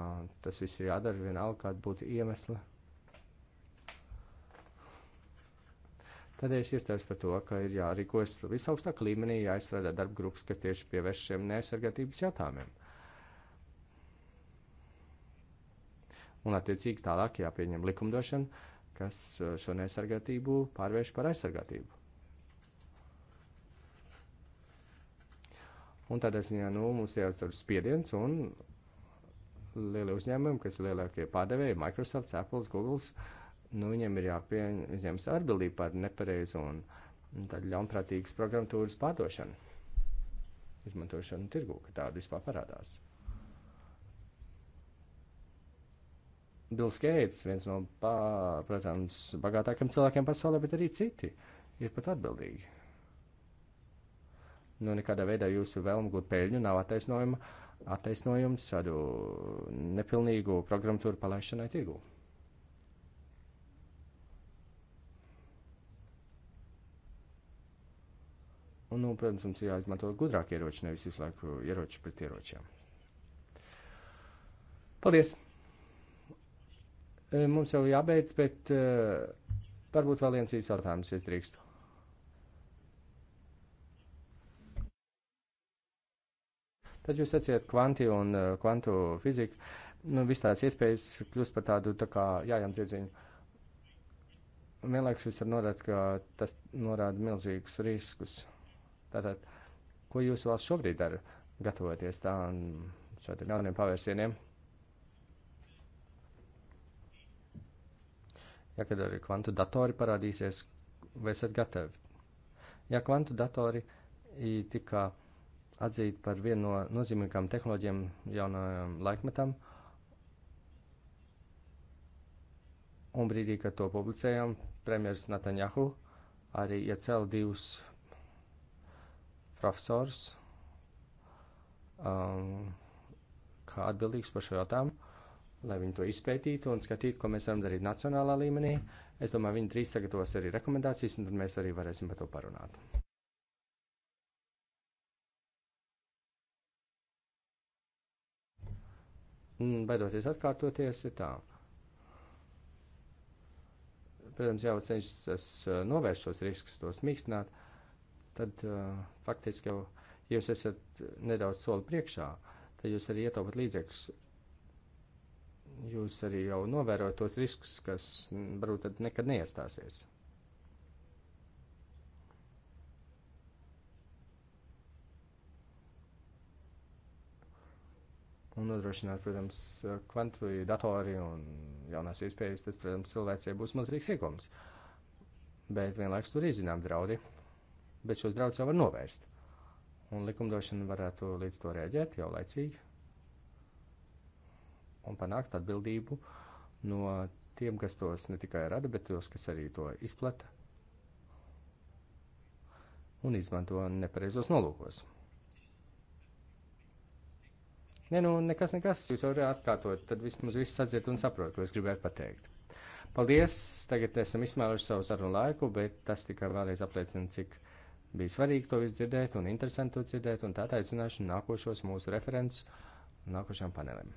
tas viss ir jādara vienalga, kāda būtu iemesla. Tādēļ es iestājos par to, ka ir jārīkojas visaugstākā līmenī, jāizstrādā darba grupas, kas tieši pievērš šiem neaizsargātības jautājumiem. Un, attiecīgi, tālāk jāpieņem likumdošana, kas uh, šo neaizsargātību pārvērš par aizsargātību. Un tādā ziņā nu, mums jāuztur spiediens un lielie uzņēmumi, kas ir lielākie pārdevēji, Microsoft, Apple, Google nu, viņiem ir jāpieņems atbildība par nepareizu un, un tad ļaunprātīgas programmatūras pārdošanu, izmantošanu tirgu, ka tāda vispār parādās. Bills Gates, viens no, pā, protams, bagātākiem cilvēkiem pasaulē, bet arī citi ir pat atbildīgi. Nu, nekādā veidā jūsu vēlmu gūt peļņu nav attaisnojuma, attaisnojums tādu nepilnīgu programmatūru palaišanai tirgū. Un, nu, protams, mums ir jāizmanto gudrāk ieroči, nevis visu laiku ieroči pret ieročiem. Paldies! E, mums jau jābeidz, bet uh, varbūt vēl viens īsts jautājums, ja drīkstu. Tad jūs atsiet kvanti un uh, kvantu fiziku. Nu, viss tās iespējas kļūst par tādu tā kā jājām dzirdziņu. Vienlaikus jūs varat norādīt, ka tas norāda milzīgus riskus. Tātad, ko jūs vēl šobrīd darat, gatavoties tādiem šādiem jauniem pavērsieniem? Ja kad arī kvantu datori parādīsies, vai esat gatavi? Ja kvantu datori tika atzīti par vienu no nozīmīgākām tehnoloģijām jaunajam laikmetam, un brīdī, kad to publicējām, premjeras Netanjahu arī iecēla divus profesors, um, kā atbildīgs par šo jautājumu, lai viņi to izpētītu un skatītu, ko mēs varam darīt nacionālā līmenī. Es domāju, viņi drīz sagatavos arī rekomendācijas, un tad mēs arī varēsim par to parunāt. Baidoties atkārtoties, ir tā. Protams, jau cenšas novērst šos riskus, tos mīkstināt, uh, tad uh, faktiski jau jūs esat nedaudz soli priekšā, tad jūs arī ietaupat līdzekļus. Jūs arī jau novērojat tos riskus, kas varbūt tad nekad neiestāsies. un nodrošināt, protams, kvantu datori un jaunās iespējas, tas, protams, cilvēcei būs mazrīgs iegums. Bet vienlaikus tur ir zinām draudi bet šos draudus jau var novērst. Un likumdošana varētu līdz to rēģēt jau laicīgi un panākt atbildību no tiem, kas tos ne tikai rada, bet tos, kas arī to izplata un izmanto nepareizos nolūkos. Nē, nu, nekas, nekas, jūs varat atkārtot, tad vismaz viss sadzird un saprot, ko es gribētu pateikt. Paldies! Tagad esam izsmēluši savu sarunu laiku, bet tas tikai vēlreiz apliecina, cik Bija svarīgi to visu dzirdēt un interesanti to dzirdēt, un tā aicināšu nākošos mūsu referents nākošām panelēm.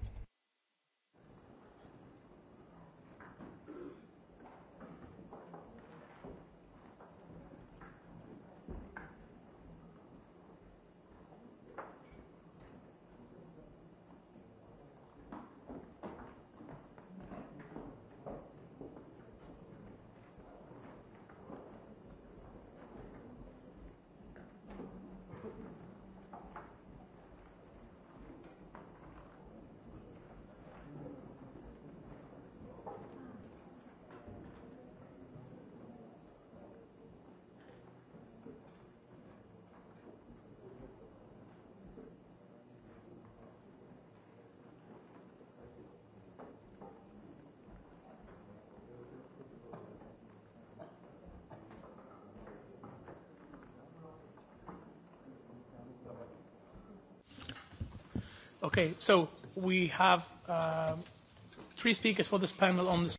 Okay, so we have uh, three speakers for this panel on this.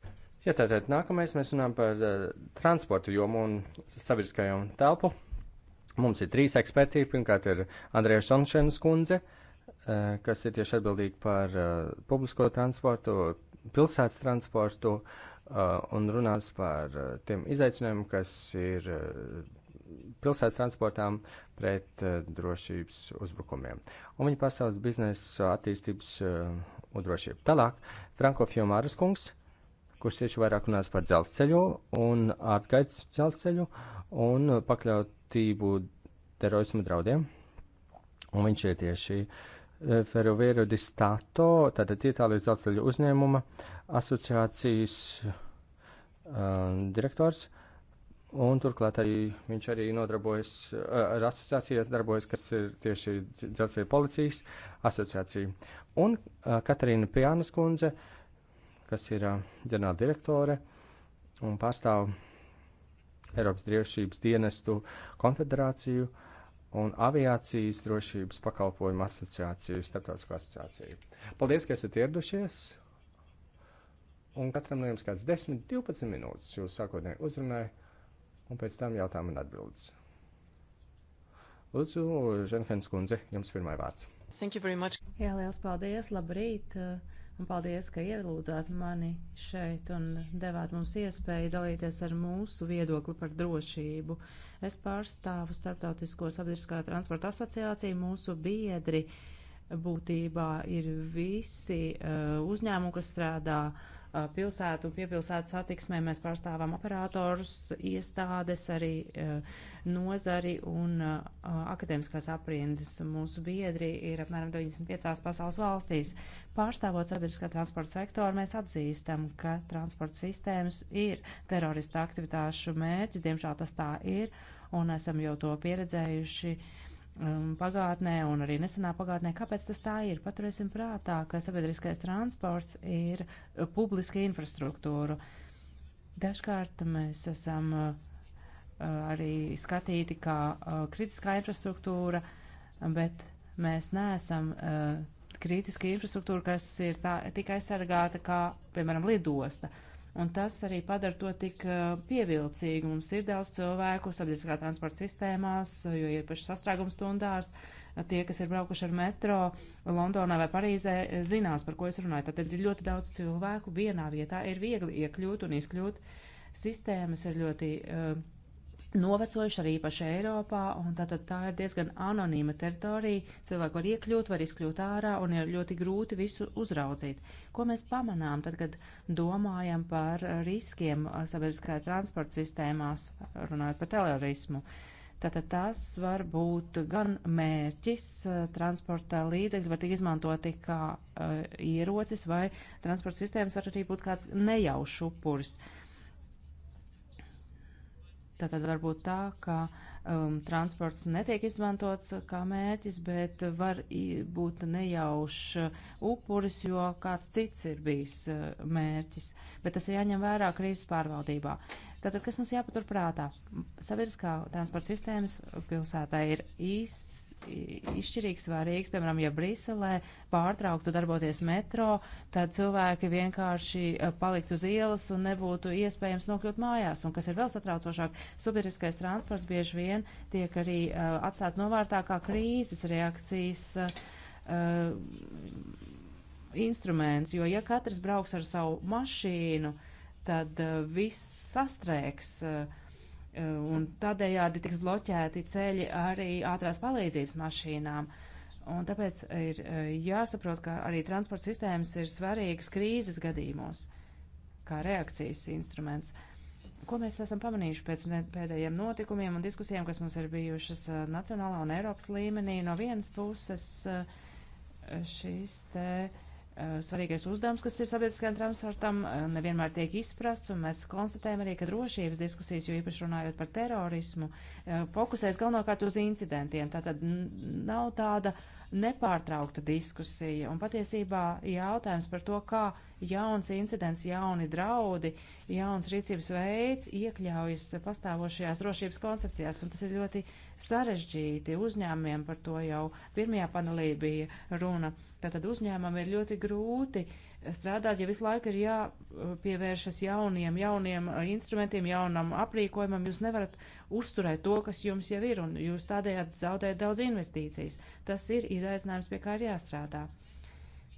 Ja, tātad nākamais mēs runājam par uh, transportu jomu un sabiedriskajām telpu. Mums ir trīs eksperti. Pirmkārt ir Andrēja Šonšenas kundze, uh, kas ir tieši atbildīga par uh, publisko transportu, pilsētas transportu uh, un runās par uh, tiem izaicinājumiem, kas ir uh, pilsētas transportām pret uh, drošības uzbrukumiem. Un viņi pasauc biznesa attīstības uh, un drošību. Tālāk, Franko Fjomāras kungs, kurš tieši vairāk runās par dzelzceļu un atgaidas dzelzceļu un pakļautību terorismu draudiem. Un viņš ir tieši uh, eh, Ferroviero di Stato, tātad Itālijas dzelzceļu uzņēmuma asociācijas uh, direktors. Uh, Un turklāt arī viņš arī nodarbojas ar asociācijas darbojas, kas ir tieši dzelzceļa policijas asociācija. Un Katarīna Pjānas kundze, kas ir ģenerāla direktore un pārstāv Eiropas drošības dienestu konfederāciju un aviācijas drošības pakalpojumu asociāciju, starptautisko asociāciju. Paldies, ka esat ieradušies! Un katram no jums kāds 10, 12 minūtes jūs sākotnēji uzrunājāt un pēc tam jautājumu un atbildes. Lūdzu, Ženhens kundze, jums pirmā vārds. Jā, liels paldies, labrīt, un paldies, ka ielūdzāt mani šeit un devāt mums iespēju dalīties ar mūsu viedokli par drošību. Es pārstāvu Startautisko sabiedriskā transporta asociāciju, mūsu biedri būtībā ir visi uh, uzņēmumi, kas strādā uh, pilsētu un piepilsētu satiksmē mēs pārstāvam operatorus, iestādes, arī nozari un akadēmiskās aprindas. Mūsu biedri ir apmēram 95. pasaules valstīs. Pārstāvot sabiedriskā transporta sektoru, mēs atzīstam, ka transporta sistēmas ir terorista aktivitāšu mērķis, diemžēl tas tā ir, un esam jau to pieredzējuši. Uh, um, pagātnē un arī nesenā pagātnē. Kāpēc tas tā ir? Paturēsim prātā, ka sabiedriskais transports ir uh, publiska infrastruktūra. Dažkārt mēs esam uh, uh, arī skatīti kā uh, kritiskā infrastruktūra, bet mēs neesam uh, kritiska infrastruktūra, kas ir tā, tik aizsargāta kā, piemēram, lidosta. Uh, Un tas arī padara to tik pievilcīgu. Mums ir daudz cilvēku sabiedriskā transporta sistēmās, jo īpaši sastrēgums stundās. Tie, kas ir braukuši ar metro Londonā vai Parīzē, zinās, par ko es runāju. Tad ir ļoti daudz cilvēku vienā vietā. Ir viegli iekļūt un izkļūt. Sistēmas ir ļoti uh, novecojuši arī paši Eiropā, un tātad tā ir diezgan anonīma teritorija, cilvēku var iekļūt, var izkļūt ārā, un ir ļoti grūti visu uzraudzīt. Ko mēs pamanām, tad, kad domājam par riskiem sabiedriskā transporta sistēmās, runājot par terorismu? Tātad tas var būt gan mērķis, eh, transporta līdzekļi var tik izmantoti kā uh, ierocis, vai transporta sistēmas var arī būt kāds nejaušs upuris. Uh, Tātad var būt tā, ka um, transports netiek izmantots kā mērķis, bet var būt nejaušs upuris, jo kāds cits ir bijis uh, mērķis. Bet tas ir jāņem vērā krīzes pārvaldībā. Tātad, kas mums jāpatur prātā? Savirskā transporta sistēmas pilsētā ir īsts izšķirīgi svarīgs, piemēram, ja Briselē pārtrauktu darboties metro, tad cilvēki vienkārši eh, paliktu uz ielas un nebūtu iespējams nokļūt mājās. Un kas ir vēl satraucošāk, sabiedriskais transports bieži vien tiek arī uh, eh, atstāts novārtā kā krīzes reakcijas. Uh, instruments, jo ja katrs brauks ar savu mašīnu, tad uh, viss sastrēgs. Uh, Eh, un tādējādi tiks bloķēti ceļi arī ātrās palīdzības mašīnām. Un tāpēc ir eh, jāsaprot, ka arī transporta sistēmas ir svarīgas krīzes gadījumos, kā reakcijas instruments. Ko mēs esam pamanījuši pēc pēdējiem notikumiem un diskusijām, kas mums ir bijušas eh, nacionālā un Eiropas līmenī? No vienas puses šīs te uh, Eh, svarīgais uzdevums, kas ir sabiedriskajam transportam, eh, nevienmēr tiek izprasts, un mēs konstatējam arī, ka drošības diskusijas, jo īpaši runājot par terorismu, eh, fokusēs galvenokārt uz incidentiem. Tātad nav tāda nepārtraukta diskusija un patiesībā jautājums par to, kā jauns incidents, jauni draudi, jauns rīcības veids iekļaujas pastāvošajās drošības koncepcijās, un tas ir ļoti sarežģīti uzņēmumiem par to jau pirmajā panelī bija runa. Tātad uzņēmumam ir ļoti grūti uh, strādāt, ja visu laiku ir jāpievēršas jauniem, jauniem eh, instrumentiem, jaunam aprīkojumam, jūs nevarat uzturēt to, kas jums jau ir, un jūs tādējādi zaudējat daudz investīcijas. Tas ir izaicinājums, pie kā ir jāstrādā.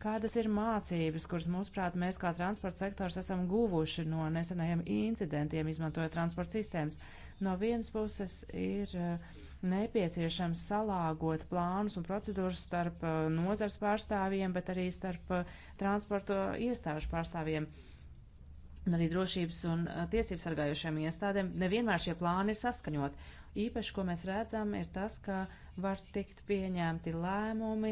Kādas ir mācības, kuras, mūsuprāt, mēs kā transporta sektors esam guvuši no nesenajiem incidentiem, izmantojot transporta sistēmas? No vienas puses ir uh, nepieciešams salāgot plānus un procedūras starp uh, nozars pārstāvjiem, bet arī starp uh, transporta iestāžu pārstāvjiem un arī drošības un uh, tiesības sargājošiem iestādēm. Nevienmēr šie plāni ir saskaņot. Īpaši, ko mēs redzam, ir tas, ka var tikt pieņemti lēmumi,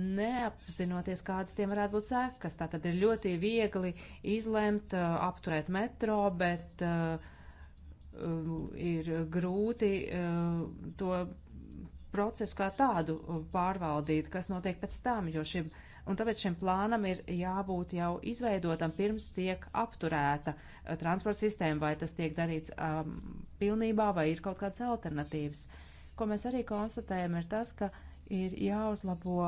neapzinoties, kādas tiem varētu būt sekas. Tātad ir ļoti viegli izlemt, apturēt metro, bet uh, Um, ir grūti uh, to procesu kā tādu uh, pārvaldīt, kas notiek pēc tam, jo šim, un tāpēc šim plānam ir jābūt jau izveidotam pirms tiek apturēta uh, transporta sistēma, vai tas tiek darīts um, pilnībā, vai ir kaut kādas alternatīvas. Ko mēs arī konstatējam, ir tas, ka ir jāuzlabo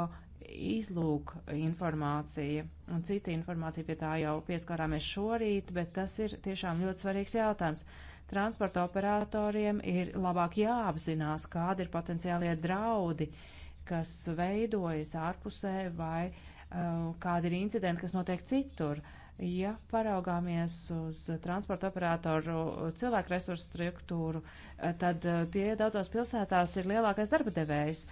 izlūk informācija un cita informācija pie tā jau pieskārāmies šorīt, bet tas ir tiešām ļoti svarīgs jautājums. Uh, Transporta operatoriem ir labāk jāapzinās, kādi ir potenciālie draudi, kas veidojas ārpusē vai uh, kādi ir incidenti, kas notiek citur. Ja paraugāmies uz transporta operatoru cilvēku resursu struktūru, uh, tad uh, tie daudzos pilsētās ir lielākais darba devējs.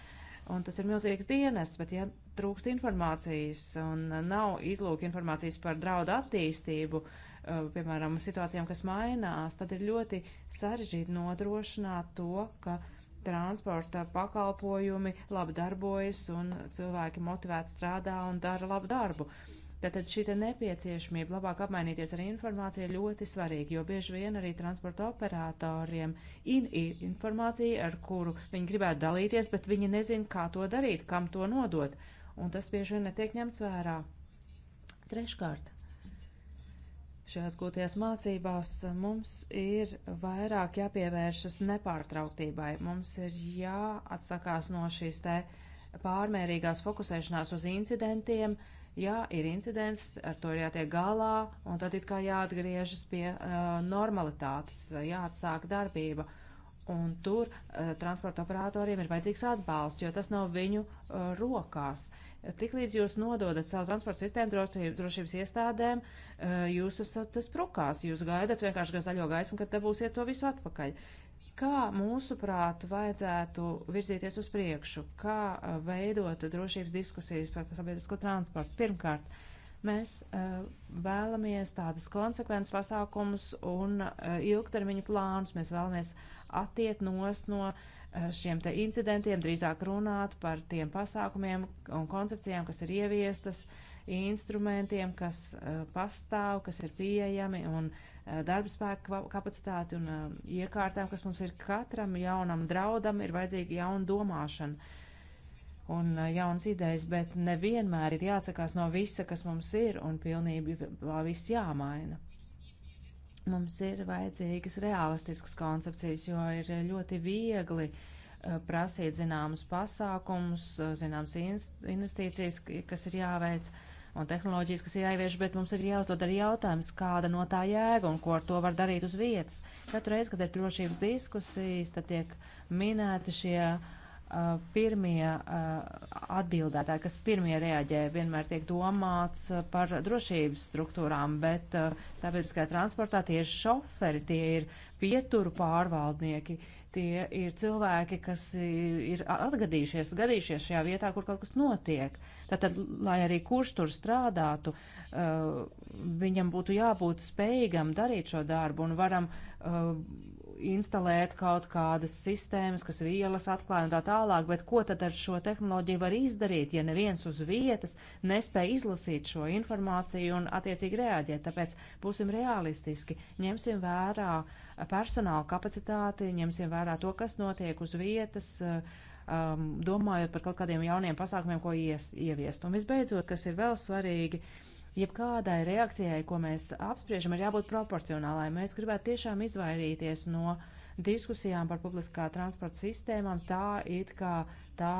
Un tas ir milzīgs dienests, bet ja trūkst informācijas un nav izlūk informācijas par draudu attīstību, uh, Eh, piemēram, situācijām, kas mainās, tad ir ļoti sarežģīti nodrošināt to, ka transporta pakalpojumi labi darbojas un cilvēki motivēti strādā un dara labu darbu. Tātad šī nepieciešamība labāk apmainīties ar informāciju ir ļoti svarīga, jo bieži vien arī transporta operatoriem ir informācija, ar kuru viņi gribētu dalīties, bet viņi nezin, kā to darīt, kam to nodot, un tas bieži vien netiek ņemts vērā. Treškārt, šajās gūtajās mācībās mums ir vairāk jāpievēršas nepārtrauktībai. Mums ir jāatsakās no šīs te pārmērīgās fokusēšanās uz incidentiem. Jā, ir incidents, ar to ir jātiek galā, un tad it kā jāatgriežas pie uh, normalitātes, jāatsāk darbība. Un tur uh, transporta operatoriem ir vajadzīgs atbalsts, jo tas nav viņu uh, rokās. Uh, Tiklīdz jūs nododat savu transporta sistēmu drošības iestādēm, eh, jūs esat sprukās, jūs gaidat vienkārši zaļo gaismu, kad dabūsiet to visu atpakaļ. Kā mūsuprāt vajadzētu virzīties uz priekšu? Kā eh, veidot drošības diskusijas par sabiedrisko transportu? Pirmkārt, mēs uh, vēlamies tādas konsekventas pasākumus un uh, ilgtermiņu plānus. Mēs vēlamies attiet nos no uh, Eh, šiem te incidentiem, drīzāk runāt par tiem pasākumiem un koncepcijām, kas ir ieviestas, instrumentiem, kas uh, pastāv, kas ir pieejami un uh, eh, darbspēku kapacitāti un uh, iekārtām, kas mums ir katram jaunam draudam, ir vajadzīga jauna domāšana un jaunas idejas, bet nevienmēr ir jāatsakās no visa, kas mums ir, un pilnībā viss jāmaina. Mums ir vajadzīgas realistiskas koncepcijas, jo ir ļoti viegli uh, prasīt zināmus pasākumus, eh, zināmas investīcijas, kas ir jāveic, un tehnoloģijas, kas ir jāievieš, bet mums ir jāuzdod arī jautājums, kāda no tā jēga un ko ar to var darīt uz vietas. Katru reizi, kad ir drošības diskusijas, tad tiek minēti šie uh, pirmie eh, atbildētāji, kas pirmie reaģē, vienmēr tiek domāts eh, par drošības struktūrām, bet eh, sabiedriskajā transportā tie ir šoferi, tie ir pieturu pārvaldnieki, tie ir cilvēki, kas ir atgadījušies, gadījušies šajā vietā, kur kaut kas notiek. Tātad, lai arī kurš tur strādātu, viņam būtu jābūt spējīgam darīt šo darbu un varam instalēt kaut kādas sistēmas, kas vielas atklāja un tā tālāk, bet ko tad ar šo tehnoloģiju var izdarīt, ja neviens uz vietas nespēja izlasīt šo informāciju un attiecīgi reaģēt? Tāpēc būsim realistiski, ņemsim vērā personāla kapacitāti, ņemsim vērā to, kas notiek uz vietas. Um, domājot par kaut kādiem jauniem pasākumiem, ko ies, ieviest. Un visbeidzot, kas ir vēl svarīgi, uh, jebkādai reakcijai, ko mēs apspriežam, ir jābūt proporcionālai. Mēs gribētu tiešām izvairīties no diskusijām par publiskā transporta sistēmām tā it kā tā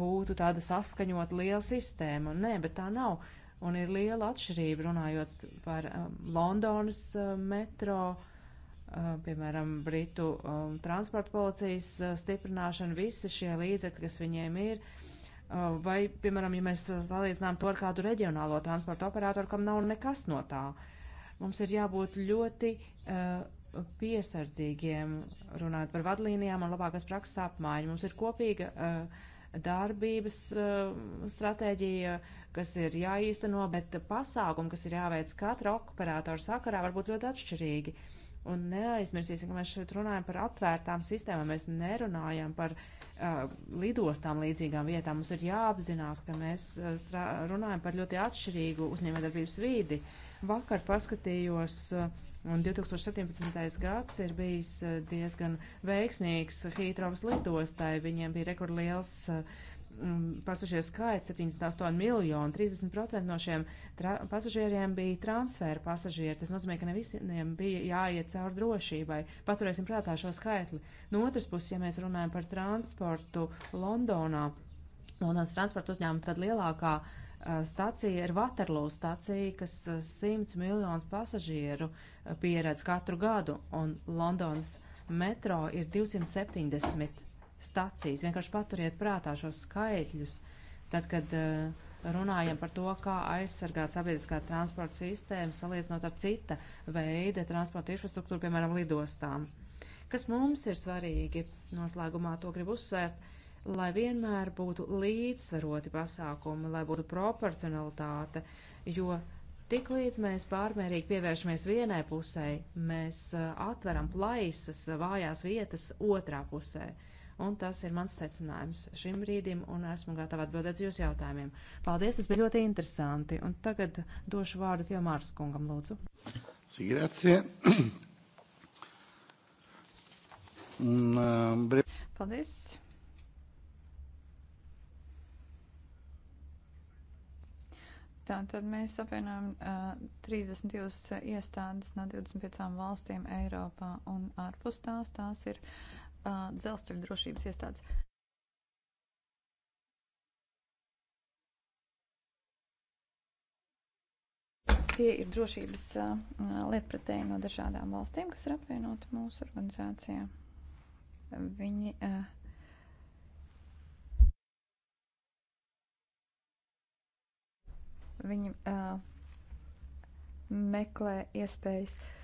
būtu tāda saskaņot liela sistēma. Nē, bet tā nav. Un ir liela atšķirība runājot par um, Londonas uh, metro, uh, piemēram, Britu um, transporta policijas uh, stiprināšanu, visi šie līdzekļi, kas viņiem ir. Uh, Uh, vai, piemēram, ja mēs uh, salīdzinām to ar kādu reģionālo transporta operatoru, kam nav nekas no tā, mums ir jābūt ļoti uh, piesardzīgiem runājot par vadlīnijām un labākas prakses apmaiņu. Mums ir kopīga uh, darbības uh, stratēģija, kas ir jāīsteno, bet pasākumi, kas ir jāveic katra operatora sakarā, var būt ļoti atšķirīgi. Uh, Un neaizmirsīsim, ka mēs šeit runājam par atvērtām sistēmām, mēs nerunājam par uh, lidostām līdzīgām vietām. Mums ir jāapzinās, ka mēs uh, strā, runājam par ļoti atšķirīgu uzņēmējdarbības vīdi. Vakar paskatījos, uh, un 2017. gads ir bijis uh, diezgan veiksmīgs Hītrovas lidostai. Viņiem bija rekordliels. Uh, Um, pasažieru skaits 78 miljoni, 30% no šiem pasažieriem bija transfēra pasažieri. Tas nozīmē, ka ne visiem bija jāiet cauri drošībai. Paturēsim prātā šo skaitli. No otras puses, ja mēs runājam par transportu Londonā, Londonas transporta uzņēmuma, tad lielākā uh, stacija ir Waterloo stacija, kas 100 uh, miljonus pasažieru uh, pieredz katru gadu, un Londonas metro ir 270 stacijas. Vienkārši paturiet prātā šos skaitļus, tad, kad uh, runājam par to, kā aizsargāt sabiedriskā transporta sistēmu, salīdzinot ar cita veida transporta infrastruktūru, piemēram, lidostām. Kas mums ir svarīgi, noslēgumā to gribu uzsvērt, lai vienmēr būtu līdzsvaroti pasākumi, lai būtu proporcionalitāte, jo tik līdz mēs pārmērīgi pievēršamies vienai pusē, mēs eh, atveram plaisas, vājās vietas otrā pusē. Uh, Un tas ir mans secinājums šim brīdim, un esmu gatava atbildēt uz jūsu jautājumiem. Paldies, tas bija ļoti interesanti. Un tagad došu vārdu Fjomārs kungam, lūdzu. Sigrācija. Eh, Paldies. Tā tad mēs apvienojam uh, eh, 32 iestādes no 25 valstīm Eiropā un ārpus tās. Tās ir uh, uh, dzelzceļa drošības iestādes. Tie ir drošības uh, lietpratēji no dažādām valstīm, kas ir apvienoti mūsu organizācijā. Viņi uh, viņi uh, meklē iespējas uh,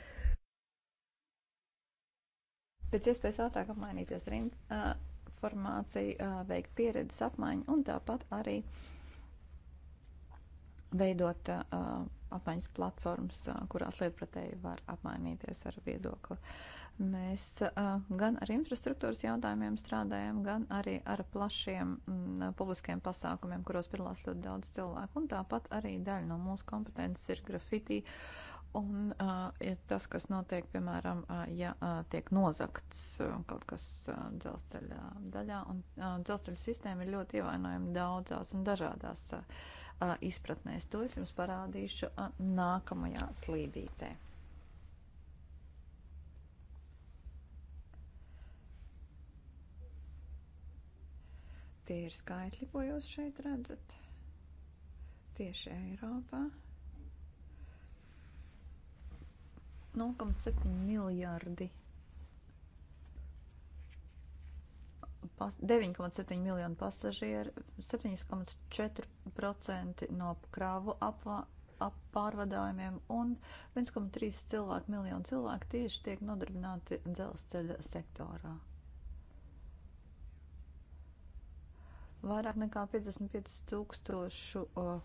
pēc iespējas ātrāk apmainīties ar informāciju, veikt pieredzes apmaiņu un tāpat arī veidot apmaiņas platformas, kurās lietpratēji var apmainīties ar viedokli. Mēs gan ar infrastruktūras jautājumiem strādājam, gan arī ar plašiem m, publiskiem pasākumiem, kuros piedalās ļoti daudz cilvēku. Un tāpat arī daļa no mūsu kompetences ir grafitī. Uh, Un uh, ja tas, kas notiek, piemēram, uh, ja uh, tiek nozakts uh, kaut kas uh, dzelzceļa daļā, un uh, dzelzceļa sistēma ir ļoti ievainojama daudzās un dažādās uh, uh, izpratnēs. To es jums parādīšu uh, nākamajā slīdītē. Tie ir skaitļi, ko jūs šeit redzat. Tieši Eiropā. 0,7 miljardi. 9,7 miljonu pasažieru, 7,4% no krāvu apvā, ap pārvadājumiem un 1,3 cilvēku miljonu cilvēku tieši tiek nodarbināti dzelzceļa sektorā. Vairāk nekā 55 tūkstošu uh,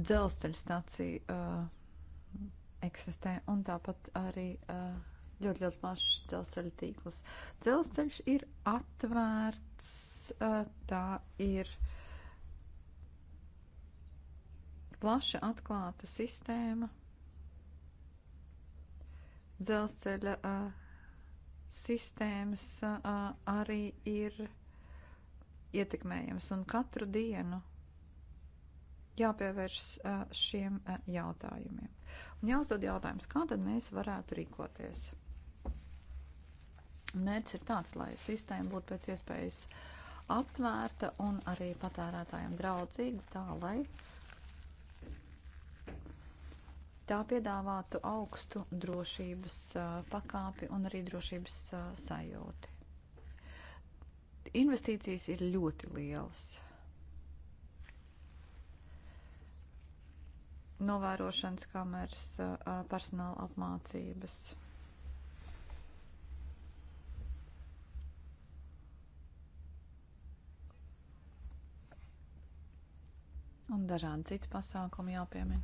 dzelzceļa staciju uh, eksistē, un tāpat arī uh, ļoti, ļoti plašs dzelzceļa tīkls. Dzelzceļš ir atvērts, uh, tā ir plaša atklāta sistēma. Dzelzceļa uh, sistēmas uh, arī ir ietekmējams, un katru dienu jāpievērš uh, šiem uh, jautājumiem. Un jāuzdod jautājums, kā tad mēs varētu rīkoties? Mērķis ir tāds, lai sistēma būtu pēc iespējas atvērta un arī patērētājiem draudzīga, tā lai tā piedāvātu augstu drošības pakāpi un arī drošības sajūti. Investīcijas ir ļoti lielas. novērošanas kameras, personāla apmācības. Un dažādi citi pasākumi jāpiemina.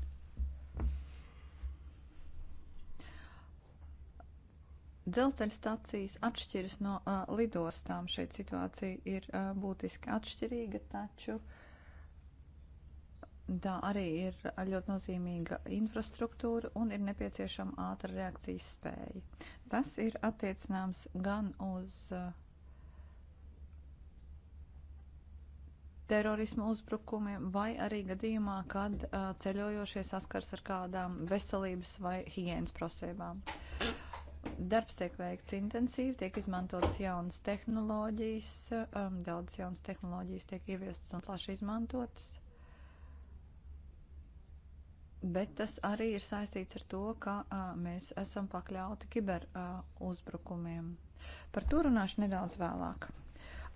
Dzelzceļa stācijas atšķiras no uh, lidostām. Šeit situācija ir uh, būtiski atšķirīga, taču uh, tā arī ir ļoti nozīmīga infrastruktūra un ir nepieciešama ātra reakcijas spēja. Tas ir attiecināms gan uz uh, terorismu uzbrukumiem vai arī gadījumā, kad uh, ceļojošie saskars ar kādām veselības vai higienas prasībām. Darbs tiek veikts intensīvi, tiek izmantotas jaunas tehnoloģijas, um, daudz jaunas tehnoloģijas tiek ieviestas un plaši izmantotas bet tas arī ir saistīts ar to, ka a, mēs esam pakļauti kiber a, uzbrukumiem. Par to runāšu nedaudz vēlāk.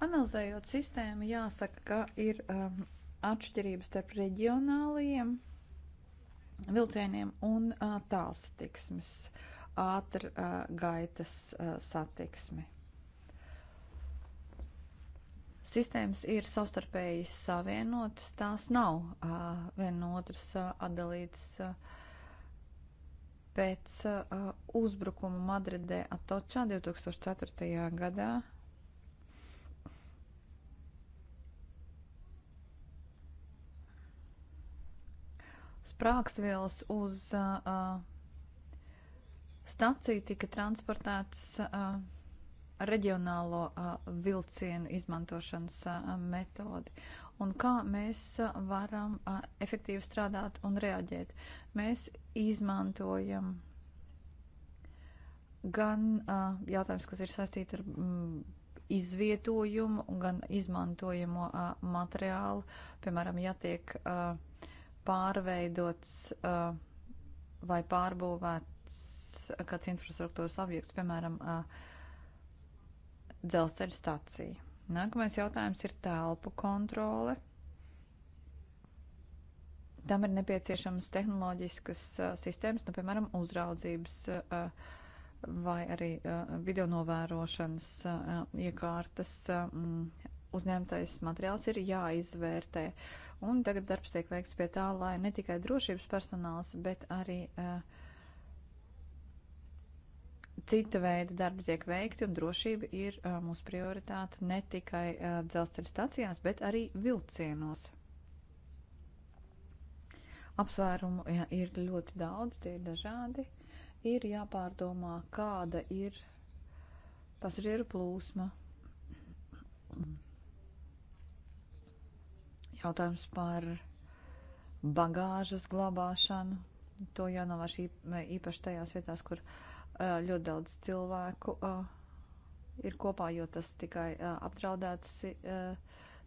Analizējot sistēmu, jāsaka, ka ir a, atšķirības starp reģionālajiem vilcieniem un a, tālsatiksmes, ātrgaitas satiksmi. Sistēmas ir savstarpēji savienotas, tās nav uh, viena otras uh, atdalītas. Uh, pēc uh, uzbrukuma Madridē Atočā 2004. gadā sprākstvielas uz uh, staciju tika transportētas uh, reģionālo vilcienu izmantošanas metodi un kā mēs varam efektīvi strādāt un reaģēt. Mēs izmantojam gan jautājums, kas ir saistīti ar izvietojumu, gan izmantojamo materiālu, piemēram, ja tiek pārveidots vai pārbūvēts kāds infrastruktūras objekts, piemēram, uh, dzelzceļa staciju. Nākamais jautājums ir telpu kontrole. Tam ir nepieciešamas tehnoloģiskas uh, sistēmas, nu, piemēram, uzraudzības uh, vai arī uh, video novērošanas uh, iekārtas. Uh, uzņemtais materiāls ir jāizvērtē. Un tagad darbs tiek veikts pie tā, lai ne tikai drošības personāls, bet arī uh, cita veida darbi tiek veikti, un drošība ir uh, mūsu prioritāte ne tikai uh, dzelzceļa stacijās, bet arī vilcienos. Apsvērumu jā, ir ļoti daudz, tie ir dažādi. Ir jāpārdomā, kāda ir pasažieru plūsma. Jautājums par bagāžas glabāšanu. To jau nav īpaši tajās vietās, kur uh, ļoti daudz cilvēku ir kopā, jo tas tikai apdraudētas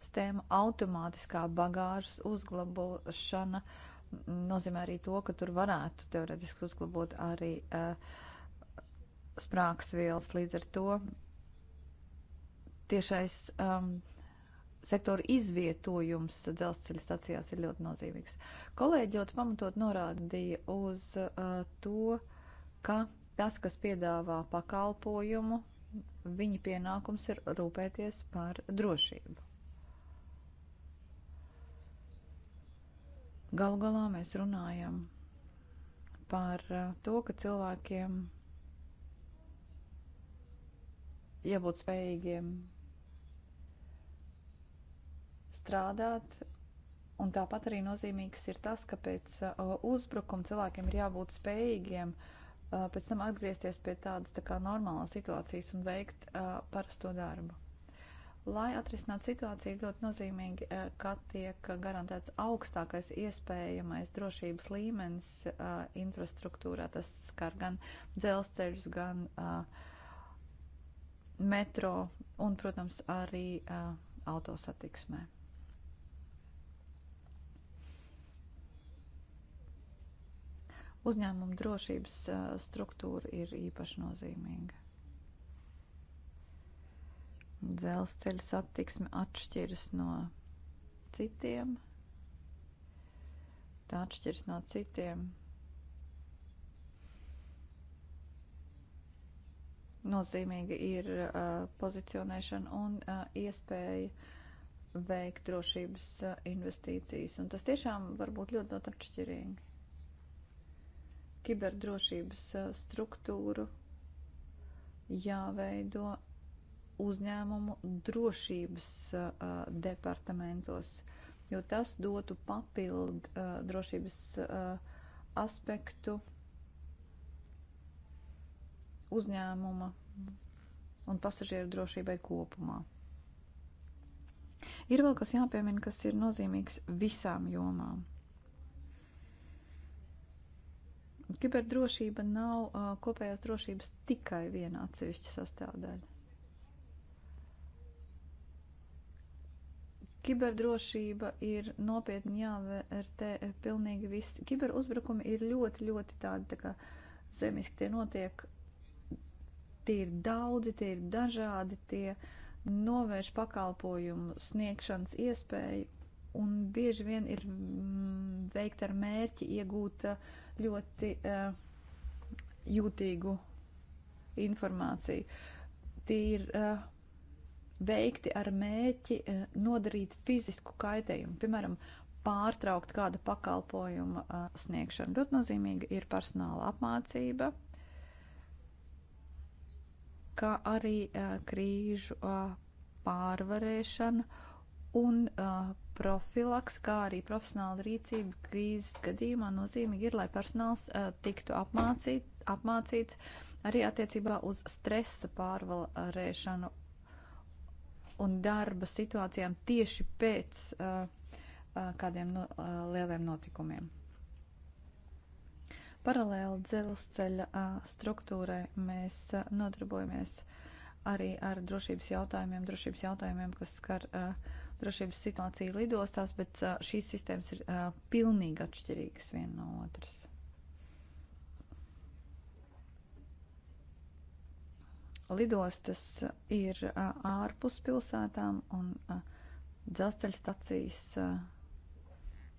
stēma automātiskā bagāžas uzglabošana nozīmē arī to, ka tur varētu teoretiski uzglabot arī sprākstvielas. Līdz ar to tiešais um, sektora izvietojums dzelzceļa stacijās ir ļoti nozīmīgs. Kolēģi ļoti pamatot norādīja uz uh, to, ka Tas, kas piedāvā pakalpojumu, viņa pienākums ir rūpēties par drošību. Galu galā mēs runājam par uh, to, ka cilvēkiem jābūt spējīgiem strādāt. Un tāpat arī nozīmīgs ir tas, ka pēc uh, uzbrukuma cilvēkiem ir jābūt spējīgiem uh, Uh, pēc tam atgriezties pie tādas tā kā normālās situācijas un veikt uh, parasto darbu. Lai atrisinātu situāciju, ir ļoti nozīmīgi, uh, ka tiek garantēts augstākais iespējamais drošības līmenis uh, infrastruktūrā. Tas skar gan dzelzceļus, gan uh, metro un, protams, arī uh, autosatiksmē. uzņēmuma drošības struktūra ir īpaši nozīmīga. Dzelzceļa satiksme atšķiras no citiem. Tā atšķiras no citiem. Nozīmīga ir uh, pozicionēšana un uh, iespēja uh, veikt drošības investīcijas. Un tas tiešām var būt ļoti, ļoti atšķirīgi kiberdrošības struktūru jāveido uzņēmumu drošības departamentos, jo tas dotu papildu drošības aspektu uzņēmuma un pasažieru drošībai kopumā. Ir vēl kas jāpiemina, kas ir nozīmīgs visām jomām. Kiberdrošība nav uh, kopējās drošības tikai viena atsevišķa sastāvdaļa. Kiberdrošība ir nopietni jāvērtē pilnīgi viss. Kiberuzbrukumi ir ļoti, ļoti tādi tā kā zemiski tie notiek. Tie ir daudzi, tie ir dažādi, tie novērš pakalpojumu sniegšanas iespēju un bieži vien ir mm, veikt ar mērķi iegūt uh, ļoti uh, jūtīgu informāciju. Tie ir uh, veikti ar mēķi uh, eh, nodarīt fizisku kaitējumu, piemēram, pārtraukt kāda pakalpojuma uh, sniegšanu. Ļoti nozīmīga ir personāla apmācība, kā arī uh, krīžu uh, pārvarēšana un uh, profilaks, kā arī profesionāla rīcība krīzes gadījumā nozīmīgi ir, lai personāls uh, tiktu apmācīt, apmācīts arī attiecībā uz stresa pārvarēšanu un darba situācijām tieši pēc uh, uh, kādiem no, uh, lieliem notikumiem. Paralēli dzelzceļa uh, struktūrai mēs uh, nodarbojamies arī ar drošības jautājumiem, drošības jautājumiem, kas skar uh, drošības situācija lidostās, bet šīs sistēmas ir pilnīgi atšķirīgas viena no otras. Lidostas ir ārpus pilsētām un dzelzceļa stacijas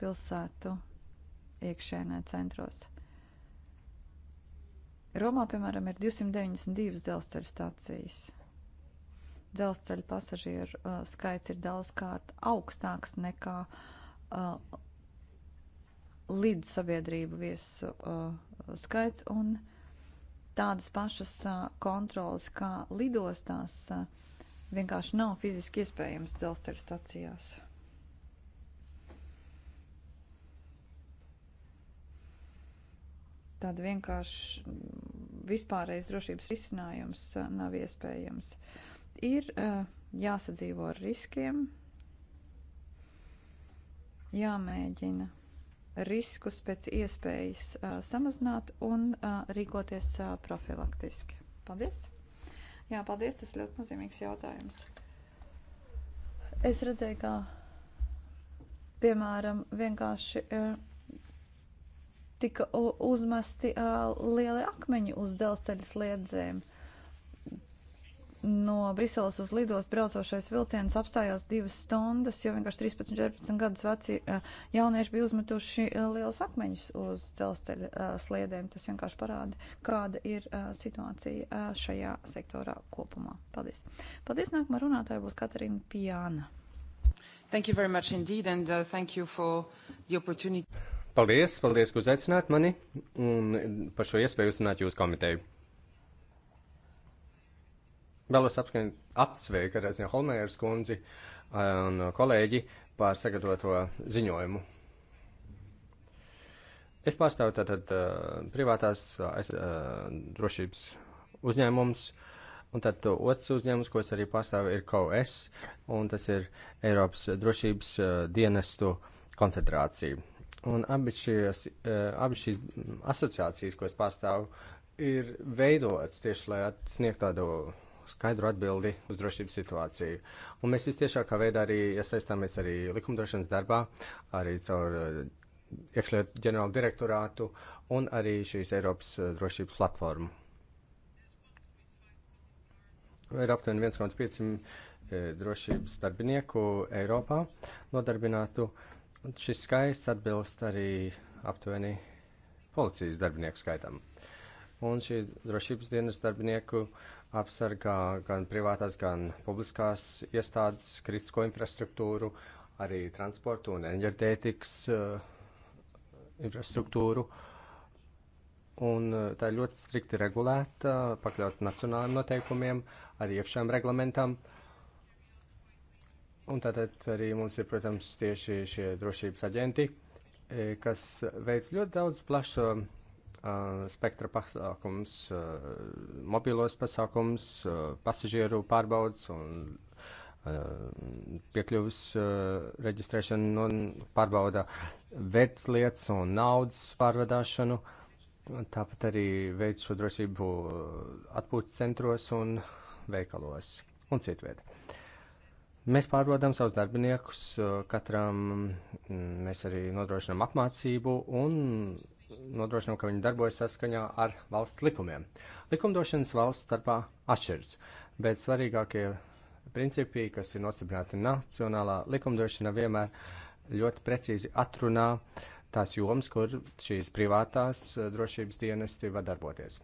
pilsētu iekšēnē centros. Romā, piemēram, ir 292 dzelzceļa stācijas dzelzceļa pasažieru uh, skaits ir daudzkārt augstāks nekā uh, līdz sabiedrību viesu uh, skaits un tādas pašas uh, kontrolas kā lidostās uh, vienkārši nav fiziski iespējams dzelzceļa stacijās. Tāda vienkārši mm, vispārējais drošības risinājums uh, nav iespējams. Uh, Ir eh, jāsadzīvo ar riskiem, jāmēģina riskus pēc iespējas eh, samazināt un eh, rīkoties profilaktiski. Paldies! Jā, paldies, tas ļoti nozīmīgs jautājums. Es redzēju, kā piemēram vienkārši tika uzmesti lielie akmeņi uz dzelzceļa sliedzēm. Uh, no Briseles uz lidostu braucošais vilciens apstājās divas stundas, jo vienkārši 13, 14 gadus veci eh, jaunieši bija uzmetuši eh, lielus akmeņus uz dzelzceļa eh, sliedēm. Tas vienkārši parāda, kāda ir situācija šajā sektorā kopumā. Paldies. Paldies. Nākamā runātāja būs Katarina Pijāna. Thank you very much indeed and uh, thank you for the opportunity. Paldies, paldies, ka uzaicināt mani un par šo iespēju uzrunāt jūsu komiteju. Vēlos apsveikt Rezņa Holmēras kundzi eh, un kolēģi par sagatavoto ziņojumu. Es pārstāvu tātad eh, privātās aiz, eh, drošības uzņēmums, un tad otrs uzņēmums, ko es arī pārstāvu, ir KOS, un tas ir Eiropas drošības dienestu konfederācija. Un abi, šies, abi šīs asociācijas, ko es pārstāvu, ir veidotas tieši, lai sniegtu tādu skaidru atbildi uz drošības situāciju. Un mēs vistiešākā veidā arī iesaistāmies arī likumdošanas darbā, arī caur eh, iekšļietu ģenerālu direktorātu un arī šīs Eiropas eh, drošības platformu. Ir aptuveni 1,5 eh, drošības darbinieku Eiropā nodarbinātu. Šis skaits atbilst arī aptuveni policijas darbinieku skaitam un šī drošības dienas darbinieku apsargā gan privātās, gan publiskās iestādes, kritisko infrastruktūru, arī transportu un enerģētikas uh, infrastruktūru. Un eh, tā ir ļoti strikti regulēta, pakļauta nacionālajiem noteikumiem, arī iekšējiem reglamentam. Un tātad arī mums ir, protams, tieši šie drošības aģenti, eh, kas veic ļoti daudz plašu spektra pasākums, mobilos pasākums, pasažieru pārbaudas un piekļuvis reģistrēšanu un pārbauda vērts lietas un naudas pārvadāšanu. Tāpat arī veic šo drošību atpūtas centros un veikalos un citviet. Mēs pārbaudām savus darbiniekus, katram mēs arī nodrošinām apmācību un nodrošinām, ka viņi darbojas saskaņā ar valsts likumiem. Likumdošanas valsts starpā atšķiras, bet svarīgākie principi, kas ir nostiprināti nacionālā likumdošana, vienmēr ļoti precīzi atrunā tās jomas, kur šīs privātās eh, drošības dienesti var darboties.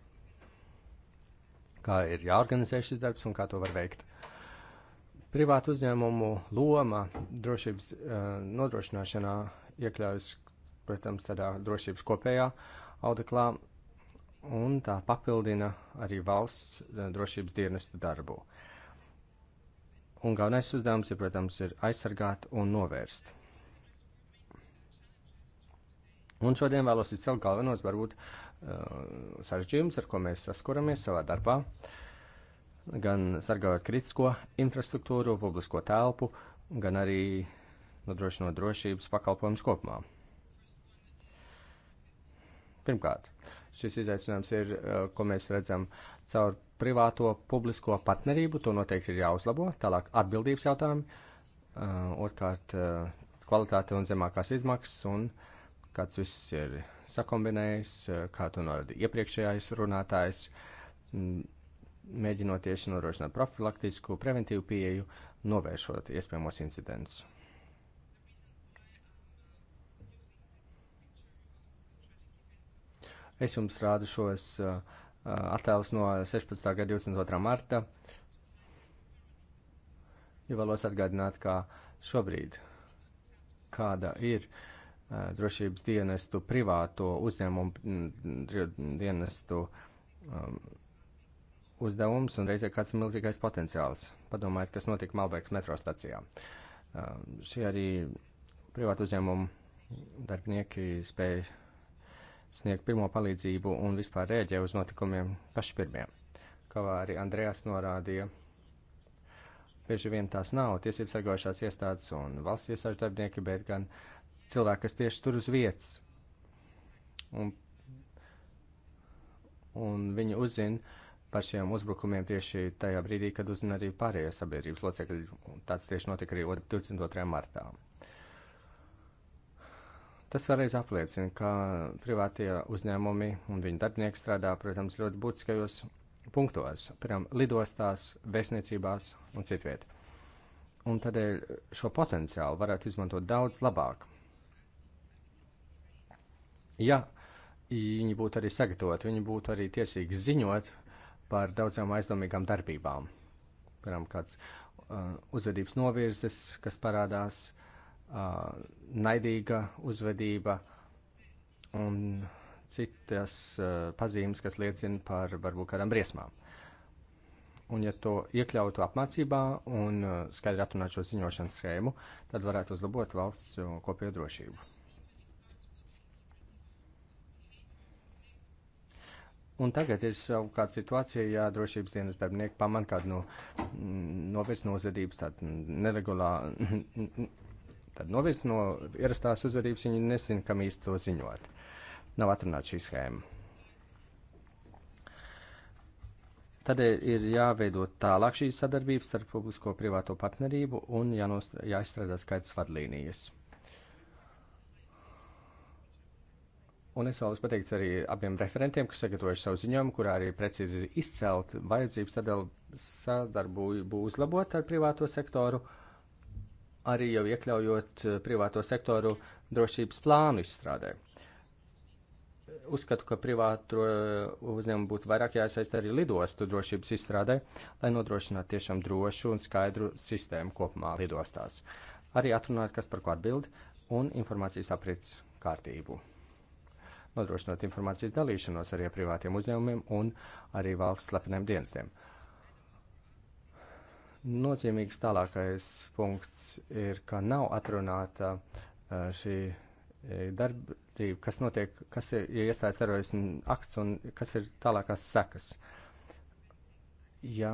Kā ir jāorganizē šis darbs un kā to var veikt. Privātu uzņēmumu loma drošības uh, nodrošināšanā iekļaujas protams, tādā drošības kopējā audeklā, un tā papildina arī valsts eh, drošības dienestu darbu. Un galvenais uzdevums, ir, protams, ir aizsargāt un novērst. Un šodien vēlos izcelt galvenos, varbūt, eh, sarežģījumus, ar ko mēs saskaramies savā darbā, gan sargājot kritisko infrastruktūru, publisko telpu, gan arī nodrošinot drošības pakalpojumus kopumā. Pirmkārt, šis izaicinājums ir, eh, ko mēs redzam caur privāto publisko partnerību, to noteikti ir jāuzlabo, tālāk atbildības jautājumi, eh, otrkārt eh, kvalitāte un zemākās izmaksas un kāds viss ir sakombinējis, kā to norādīja iepriekšējais runātājs, mm, mēģinot tieši norošināt profilaktisku, preventīvu pieeju, novēršot iespējamos incidentus. Es jums rādu šos uh, attēlus no 16. gada 22. marta. Ja vēlos atgādināt, kā šobrīd, kāda ir uh, drošības dienestu privāto uzņēmumu dienestu um, uzdevums un reizē kāds milzīgais potenciāls. Padomājiet, kas notika Malbēkas metro stacijā. Uh, šie arī privātu uzņēmumu darbinieki spēja sniegt pirmo palīdzību un vispār rēģē uz notikumiem paši pirmie. Kā arī Andrējas norādīja, bieži vien tās nav tiesības sargojušās iestādes un valsts iestāžu darbinieki, bet gan cilvēki, kas tieši tur uz vietas. Un, un viņi uzzina par šiem uzbrukumiem tieši tajā brīdī, kad uzzina arī pārējie sabiedrības locekļi. Tāds tieši notika arī 22. martā. Tas vēlreiz apliecina, ka privātie uzņēmumi un viņu darbinieki strādā, protams, ļoti būtiskajos punktos, piemēram, lidostās, vēstniecībās un citviet. Un tādēļ šo potenciālu varētu izmantot daudz labāk. Ja viņi būtu arī sagatavoti, viņi būtu arī tiesīgi ziņot par daudzām aizdomīgām darbībām. Piemēram, kāds uh, uzvedības novirzes, kas parādās uh, uh, naidīga uzvedība un citas uh, pazīmes, kas liecina par varbūt kādām briesmām. Un, ja to iekļautu apmācībā un uh, skaidri atrunātu šo ziņošanas schēmu, tad varētu uzlabot valsts kopējo drošību. Un tagad ir savukārt situācija, ja drošības dienas darbinieki pamana kādu no novirs mm, nozadības, tādu neregulā, tad novirs no ierastās uzvedības, viņi nezina, kam īsti to ziņot. Nav atrunāta šī schēma. Tādēļ ir jāveido tālāk šī sadarbības starp publisko-privāto partnerību un jānost, jāizstrādā skaidrs vadlīnijas. Un es vēlos pateikt arī abiem referentiem, kas sagatavojuši savu ziņojumu, kurā arī precīzi ir izcelt vajadzību sadarbību uzlabot ar privāto sektoru. Uh, arī jau iekļaujot eh, privāto sektoru drošības plānu izstrādē. Uzskatu, ka privāto eh, uzņēmumu būtu vairāk jāiesaist arī lidostu drošības izstrādē, lai nodrošinātu tiešām drošu un skaidru sistēmu kopumā lidostās. Arī atrunāt, kas par ko atbild, un informācijas aprits kārtību. Nodrošinot informācijas dalīšanos arī privātiem uzņēmumiem un arī valsts slepeniem dienestiem. Uh, Nozīmīgs tālākais punkts ir, ka nav atrunāta šī darbība, kas notiek, kas ir ja iestājas terorismu akts un kas ir tālākās sekas. Ja,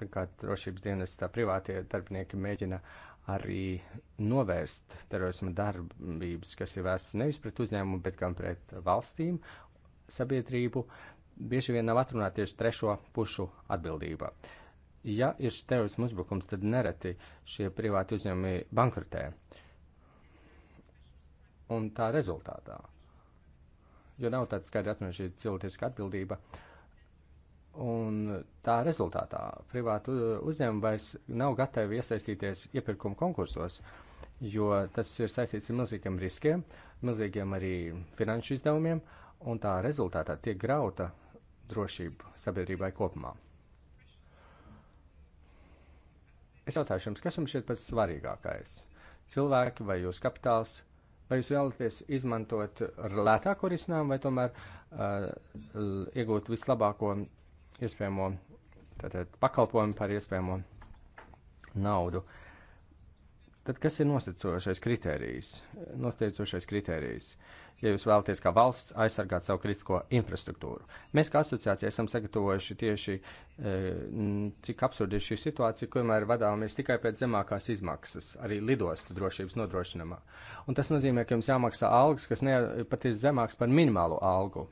pirmkārt, drošības dienestā privātie darbinieki mēģina arī novērst terorismu darbības, kas ir vēstas nevis pret uzņēmumu, bet gan pret valstīm, sabiedrību, bieži vien nav atrunāta tieši trešo pušu atbildība. Uh, ja ir terorismu uzbrukums, tad nereti šie privāti uzņēmumi bankrotē. Un tā rezultātā, jo nav tāda skaidra atmiņa cilvēciska atbildība, un tā rezultātā privātu uzņēmumu vairs nav gatavi iesaistīties iepirkuma konkursos, jo tas ir saistīts ar milzīgiem riskiem, milzīgiem arī finanšu izdevumiem, un tā rezultātā tiek grauta drošība sabiedrībai kopumā. Es jautāšu jums, kas jums šķiet pats svarīgākais? Cilvēki vai jūsu kapitāls, vai jūs vēlaties izmantot lētāko risinājumu, vai tomēr uh, iegūt vislabāko iespējamo tātad, pakalpojumu par iespējamo naudu? Uh, Tad kas ir nosacījošais kritērijs? Nosteicošais kritērijs, ja jūs vēlaties kā valsts aizsargāt savu kritisko infrastruktūru. Mēs kā asociācija esam sagatavojuši tieši, e, cik absurdi ir šī situācija, kamēr vadāmies tikai pēc zemākās izmaksas, arī lidostu drošības nodrošinamā. Un tas nozīmē, ka jums jāmaksā algas, kas ne, pat ir zemāks par minimālo algu.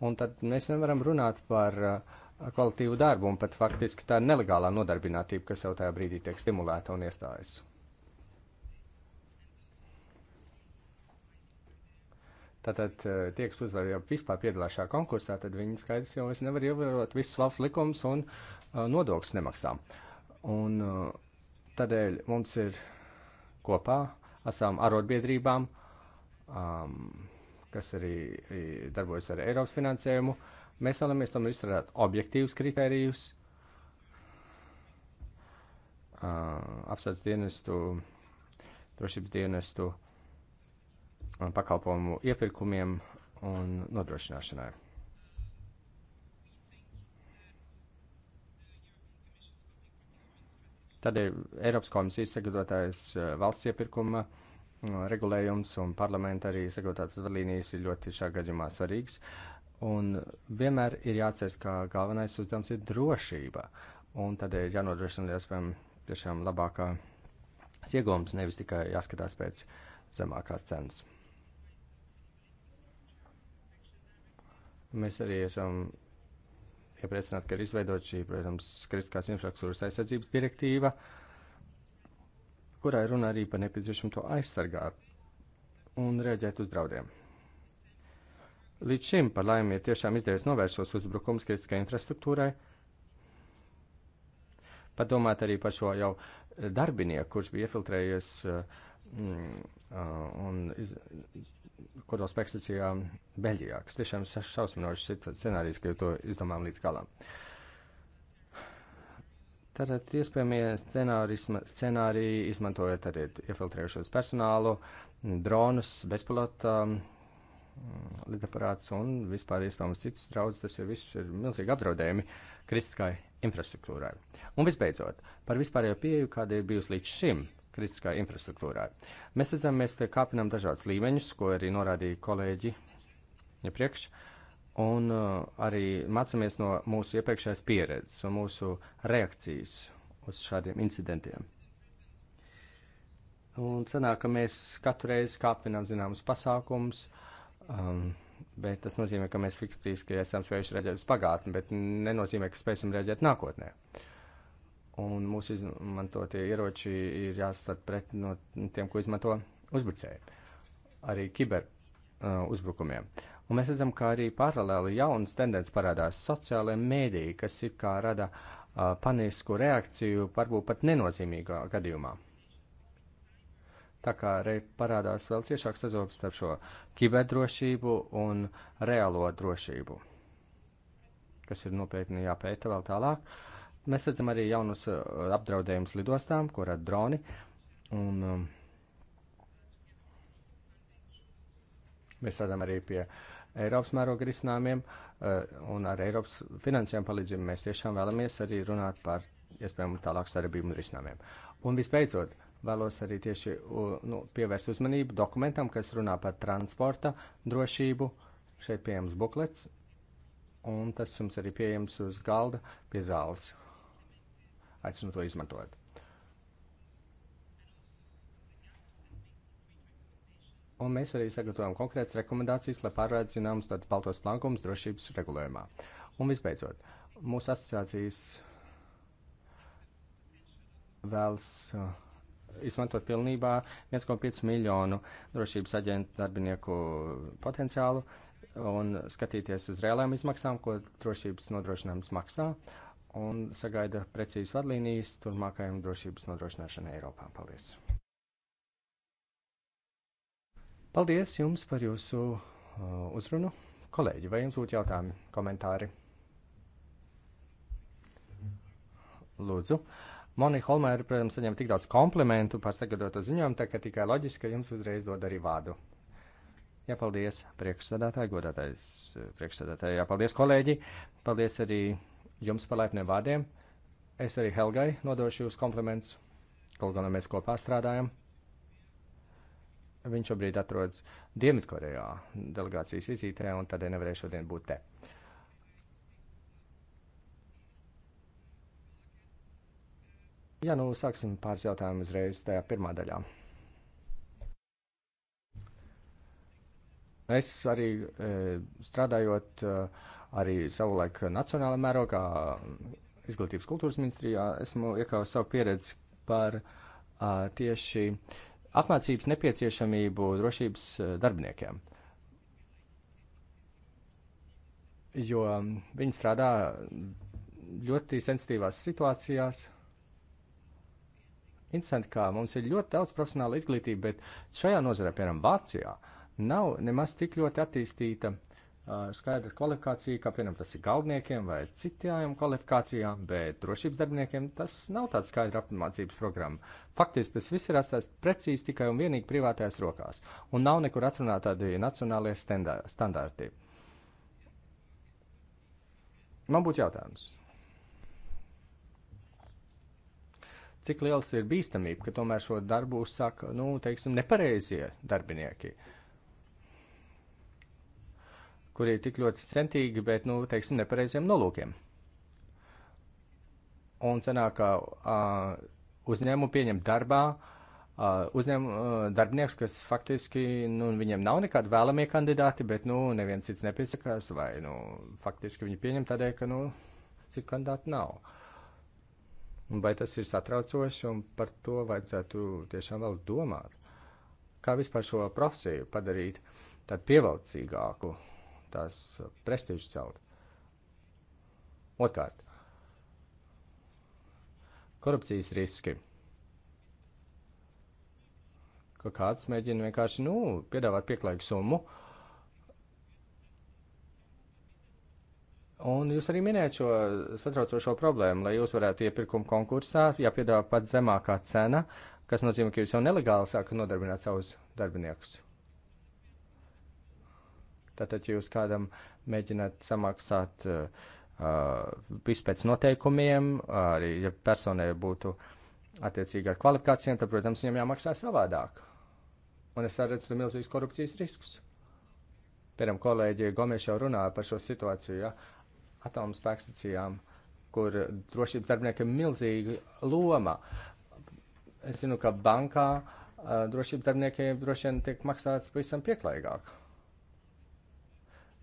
Un tad mēs nevaram runāt par uh, kvalitīvu darbu, un pat faktiski tā ir nelegālā nodarbinātība, kas jau tajā brīdī tiek stimulēta un iestājas. Tātad eh, tie, kas uzvar jau vispār piedalās šajā konkursā, tad viņi skaidrs jau vairs nevar ievērot visas valsts likums un uh, nodokļus nemaksā. Un uh, tādēļ mums ir kopā esam arotbiedrībām, um, kas arī, arī darbojas ar Eiropas finansējumu. Mēs vēlamies tomēr izstrādāt objektīvus kritērijus, uh, apsats dienestu, drošības dienestu. Uh, pakalpojumu iepirkumiem un nodrošināšanai. Tādēļ Eiropas komisijas sagatavotājs eh, valsts iepirkuma mm, regulējums un parlamenta arī sagatavotās vadlīnijas ir ļoti šā gadījumā svarīgs. Un vienmēr ir jāatcerās, ka galvenais uzdevums ir drošība. Un tādēļ ir jānodrošina iespējami tiešām labākā iegūms, nevis tikai jāskatās pēc zemākās cenas. Mēs arī esam iepriecināti, ka ir izveidot šī, protams, kritiskās infrastruktūras aizsardzības direktīva, kurā ir runa arī par nepieciešamu to aizsargāt un reaģēt uz draudiem. Līdz šim, par laimi, ir tiešām izdevies novērst šos uzbrukums kritiskai infrastruktūrai. Padomāt arī par šo jau darbinieku, kurš bija iefiltrējies mm, un iz, kodols pēkstacijā Beļģijā, kas tiešām šausminošs scenārijs, ka jau to izdomām līdz galam. Tātad iespējamie scenāriji izmantojot arī iefiltrējušos personālu, dronus, bezpilota mm, lidaparāts un vispār iespējams citus draudus. Tas ir viss ir milzīgi apdraudējumi kritiskai infrastruktūrai. Un visbeidzot, par vispārējo pieeju, kāda ir bijusi līdz šim. Uh, kritiskai infrastruktūrai. Mēs redzam, mēs te kāpinām dažādas līmeņus, ko arī norādīja kolēģi iepriekš, un uh, arī mācāmies no mūsu iepriekšējās pieredzes un mūsu reakcijas uz šādiem incidentiem. Un sanāk, ka mēs katru reizi kāpinām zināmus pasākumus, um, bet tas nozīmē, ka mēs fiktīvi esam spējuši reaģēt uz pagātni, bet nenozīmē, ka spēsim reaģēt nākotnē. Uh, un mūsu izmantotie ieroči ir jāsat pret no tiem, ko izmanto uzbrucēji, arī kiber uh, uzbrukumiem. Un mēs redzam, ka arī paralēli jaunas tendences parādās sociālajiem mēdījiem, kas it kā rada uh, panisku reakciju, varbūt pat nenozīmīgā gadījumā. Tā kā arī parādās vēl ciešāk sazobs starp šo kiberdrošību un reālo drošību, kas ir nopietni jāpēta vēl tālāk. Uh, Mēs redzam arī jaunus uh, apdraudējumus lidostām, ko rada droni. Un, um, mēs strādājam arī pie Eiropas mēroga risinājumiem, uh, un ar Eiropas finansēm palīdzību mēs tiešām vēlamies arī runāt par iespējamu tālāku sadarbību un risinājumiem. Un visbeidzot, vēlos arī tieši nu, pievērst uzmanību dokumentam, kas runā par transporta drošību. Šeit pieejams buklets, un tas jums arī pieejams uz galda pie zāles, Aicinu to izmantot. Un mēs arī sagatavojam konkrētas rekomendācijas, lai pārvarētu zināmus tādus baltos plankumus drošības regulējumā. Un visbeidzot, mūsu asociācijas vēlas uh, izmantot pilnībā 1,5 miljonu drošības aģentu darbinieku potenciālu, un skatīties uz reālām izmaksām, ko drošības nodrošinājums maksā, un sagaida precīzas vadlīnijas turpmākajam drošības nodrošināšanai Eiropā. Paldies! Paldies jums par jūsu uh, uzrunu. Kolēģi, vai jums būtu jautājumi, komentāri? Lūdzu. Monika Holmēra, protams, saņem tik daudz komplimentu par sagatavotu ziņojumu, tā ka tikai loģiski, ka jums uzreiz dod arī vārdu. Jā, paldies priekšsēdētāji, godātais priekšsēdētāji, jā, paldies kolēģi, paldies arī jums par laipniem vārdiem. Es arī Helgai nodošu jūs komplements, kaut gan mēs kopā strādājam. Viņš šobrīd atrodas Dienvidkorejā delegācijas vizītē un tādēļ nevarēja šodien būt te. Jā, nu sāksim pāris jautājumu uzreiz tajā pirmā daļā. Es arī e, strādājot. E, arī savulaik nacionālā mērogā, izglītības kultūras ministrijā, esmu iekāvis savu pieredzi par uh, tieši apmācības nepieciešamību drošības darbiniekiem. Jo viņi strādā ļoti sensitīvās situācijās. Interesanti, kā mums ir ļoti daudz profesionāla izglītība, bet šajā nozarē, piemēram, Vācijā, nav nemaz tik ļoti attīstīta uh, skaidra kvalifikācija, kā piemēram tas ir galdniekiem vai citām kvalifikācijām, bet drošības darbiniekiem tas nav tāds skaidra apmācības programma. Faktiski tas viss ir atstāts precīzi tikai un vienīgi privātajās rokās, un nav nekur atrunāt tādi nacionālie standarti. Man būtu jautājums. Cik liels ir bīstamība, ka tomēr šo darbu uzsāk, nu, teiksim, nepareizie darbinieki? Uh, kur ir tik ļoti centīgi, bet, nu, teiksim, nepareiziem nolūkiem. Un cenāk, ka uh, uzņēmumu pieņem darbā uh, uzņēm, uh, darbinieks, kas faktiski, nu, viņiem nav nekādi vēlamie kandidāti, bet, nu, neviens cits nepiesakās, vai, nu, faktiski viņi pieņem tādēļ, ka, nu, citu kandidātu nav. Un vai tas ir satraucoši, un par to vajadzētu tiešām vēl domāt. Kā vispār šo profesiju padarīt tādu pievilcīgāku, tās eh, prestižu celt. Otkārt, korupcijas riski. Ka kāds mēģina vienkārši, nu, piedāvāt pieklājīgu summu. Un jūs arī minējat šo satraucošo problēmu, lai jūs varētu iepirkumu konkursā, jāpiedāvā pat zemākā cena, kas nozīmē, ka jūs jau nelegāli sākat nodarbināt savus darbiniekus. Tātad, ja jūs kādam mēģināt samaksāt uh, uh, visu pēc noteikumiem, arī ja personai būtu attiecīgi ar kvalifikācijām, tad, protams, viņam jāmaksā savādāk. Un es redzu milzīgus korupcijas riskus. Piemēram, kolēģi Gomes jau runāja par šo situāciju, ja atomu spēkstacijām, kur drošības darbiniekam ir milzīga loma. Es zinu, ka bankā uh, drošības darbiniekiem droši vien tiek maksāts pavisam pieklājīgāk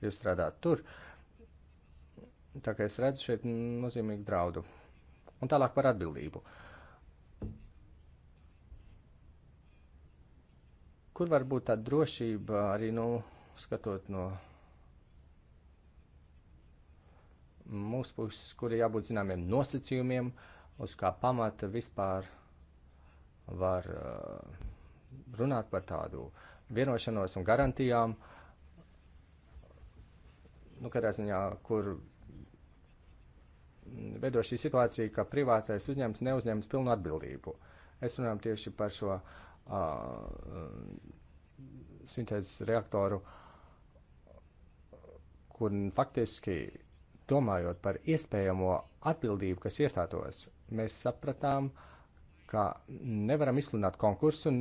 jūs strādājat tur. Tā kā es redzu šeit nozīmīgu draudu. Un tālāk par atbildību. Kur var būt tāda drošība arī, nu, skatot no mūsu puses, kur ir jābūt zināmiem nosacījumiem, uz kā pamata vispār var uh, runāt par tādu vienošanos un garantijām. Uh, nu, kādā ziņā, kur veido šī situācija, ka privātais uzņēmums neuzņemas pilnu atbildību. Es runāju tieši par šo uh, sintēzes reaktoru, kur faktiski domājot par iespējamo atbildību, kas iestātos, mēs sapratām, ka nevaram izsludināt konkursu,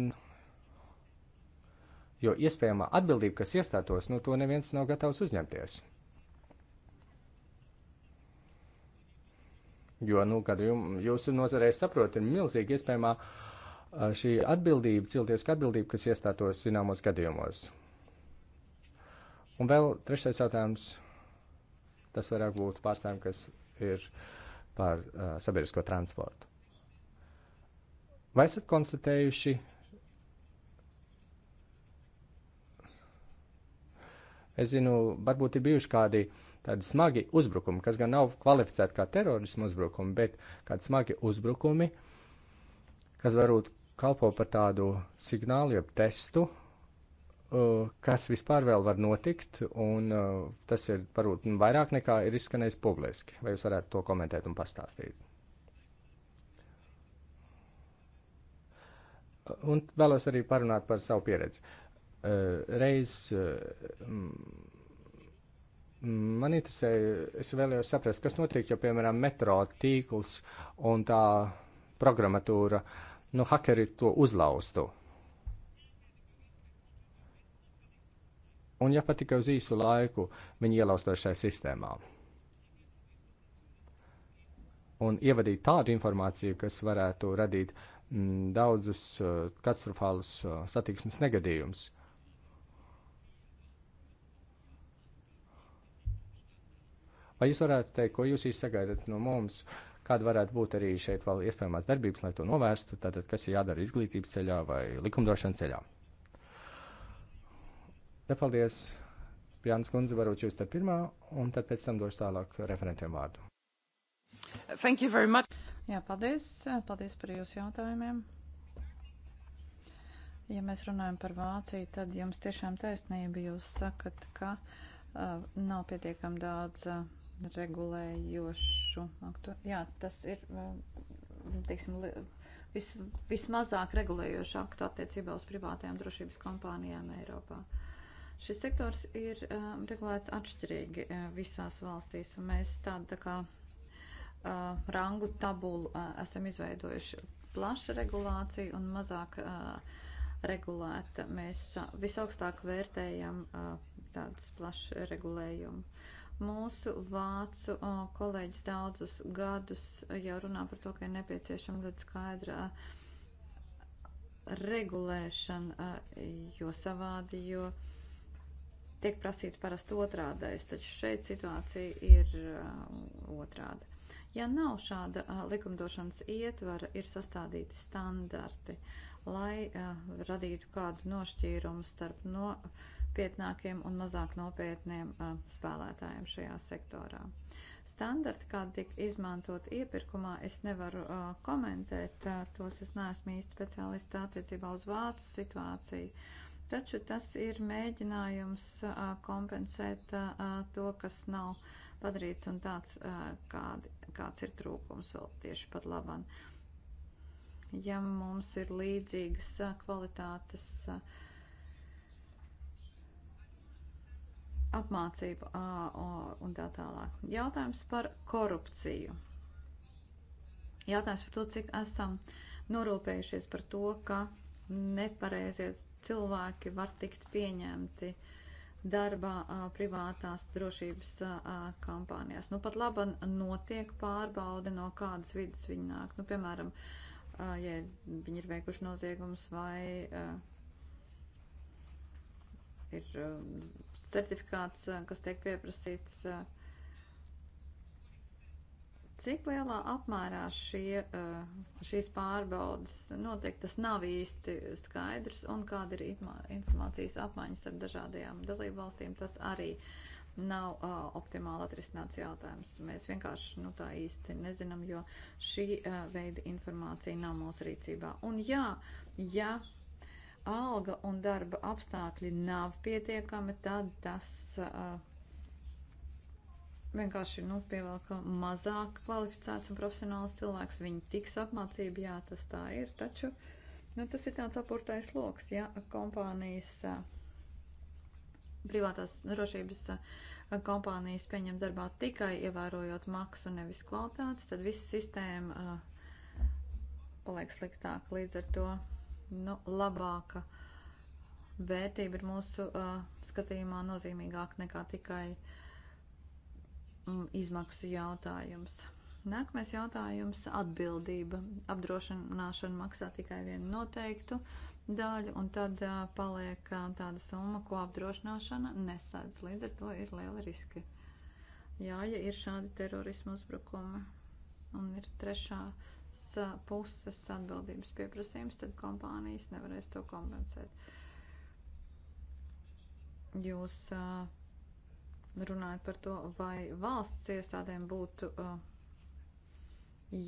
jo iespējamā atbildība, kas iestātos, nu to neviens nav gatavs uzņemties. Jo, nu, kad jums, jūsu nozarē saprot, ir milzīgi iespējamā šī atbildība, cilvēciska atbildība, kas iestātos zināmos gadījumos. Un vēl trešais jautājums. Tas vairāk būtu pārstāvjiem, kas ir par uh, sabiedrisko transportu. Vai esat konstatējuši Es zinu, varbūt ir bijuši kādi tādi smagi uzbrukumi, kas gan nav kvalificēti kā terorismu uzbrukumi, bet kādi smagi uzbrukumi, kas varbūt kalpo par tādu signālu, jeb testu, uh, kas vispār vēl var notikt, un uh, tas ir varbūt vairāk nekā ir izskanējis publiski. Vai jūs varētu to komentēt un pastāstīt? Un vēlos arī parunāt par savu pieredzi. Uh, reiz Man interesē, es vēlējos saprast, kas notiek, jo, piemēram, metro tīkls un tā programmatūra, nu, hakeri to uzlaustu. Un ja pat tikai uz īsu laiku viņi ielaustos šai sistēmā. Un ievadīt tādu informāciju, kas varētu radīt m, mm, daudzus uh, katastrofālus uh, satiksmes negadījumus. Vai jūs varētu teikt, ko jūs izsagaidat no mums? Kāda varētu būt arī šeit vēl iespējamās darbības, lai to novērstu? Tātad, kas ir jādara izglītības ceļā vai likumdošanas ceļā? Nepaldies, Jānis Kundze, varbūt jūs te pirmā, un tad pēc tam došu tālāk referentiem vārdu. Thank you very much. Jā, paldies. Paldies par jūsu jautājumiem. Ja mēs runājam par Vāciju, tad jums tiešām taisnība jūs sakat, ka uh, nav pietiekam daudz uh, regulējošu aktu. Jā, tas ir, mm, teiksim, vis, vismazāk regulējošu aktu attiecībā uz privātajām drošības kompānijām Eiropā. Šis sektors ir um, regulēts atšķirīgi uh, visās valstīs, un mēs tādu tā kā uh, rangu tabulu uh, esam izveidojuši plaša regulācija un mazāk uh, regulēta. Mēs uh, visaugstāk vērtējam uh, tādas plašas regulējumu. Uh, Mūsu vācu kolēģis daudzus gadus jau runā par to, ka ir nepieciešama ļoti skaidra regulēšana, jo savādi, jo tiek prasīts parasti otrādais, taču šeit situācija ir otrāda. Ja nav šāda likumdošanas ietvara, ir sastādīti standarti, lai radītu kādu nošķīrumu starp no. Uh, nopietnākiem un mazāk nopietniem uh, spēlētājiem šajā sektorā. Standarti, kādi tika izmantot iepirkumā, es nevaru uh, komentēt, uh, tos es neesmu īsti speciālisti attiecībā uz vācu situāciju. Taču tas ir mēģinājums uh, kompensēt uh, uh, to, kas nav padarīts un tāds, uh, kādi, kāds ir trūkums vēl tieši pat laban. Ja mums ir līdzīgas uh, kvalitātes. Uh, apmācību un tā tālāk. Jautājums par korupciju. Jautājums par to, cik esam norūpējušies par to, ka nepareizie cilvēki var tikt pieņemti darbā privātās drošības kampānijās. Nu, pat labi notiek pārbaude, no kādas vidas viņi nāk. Nu, piemēram, ja viņi ir veikuši noziegumus vai uh, ir um, certifikāts, uh, kas tiek pieprasīts. Uh, cik lielā apmērā šie, uh, šīs pārbaudas notiek, tas nav īsti skaidrs, un kāda ir informācijas apmaiņas ar dažādajām dalībvalstīm, tas arī nav uh, optimāli atrisināts jautājums. Mēs vienkārši nu, tā īsti nezinām, jo šī uh, veida informācija nav mūsu rīcībā. Un jā, ja alga un darba apstākļi nav pietiekami, tad tas uh, vienkārši nu, pievelk mazāk kvalificēts un profesionāls cilvēks. Viņi tiks apmācība, jā, tas tā ir, taču nu, tas ir tāds apurtais loks, ja kompānijas, uh, privātās drošības uh, kompānijas pieņem darbā tikai ievērojot maksu, nevis kvalitāti, tad visa sistēma uh, paliek sliktāk līdz ar to nu, labāka vērtība ir mūsu uh, skatījumā nozīmīgāk nekā tikai mm, izmaksu jautājums. Nākamais jautājums - atbildība. Apdrošināšana maksā tikai vienu noteiktu daļu, un tad uh, paliek uh, tāda summa, ko apdrošināšana nesadz. Līdz ar to ir liela riska. Jā, ja ir šādi terorismu uzbrukumi, un ir trešā uh, puses atbildības pieprasījums, tad kompānijas nevarēs to kompensēt. Jūs runājat par to, vai valsts iestādēm būtu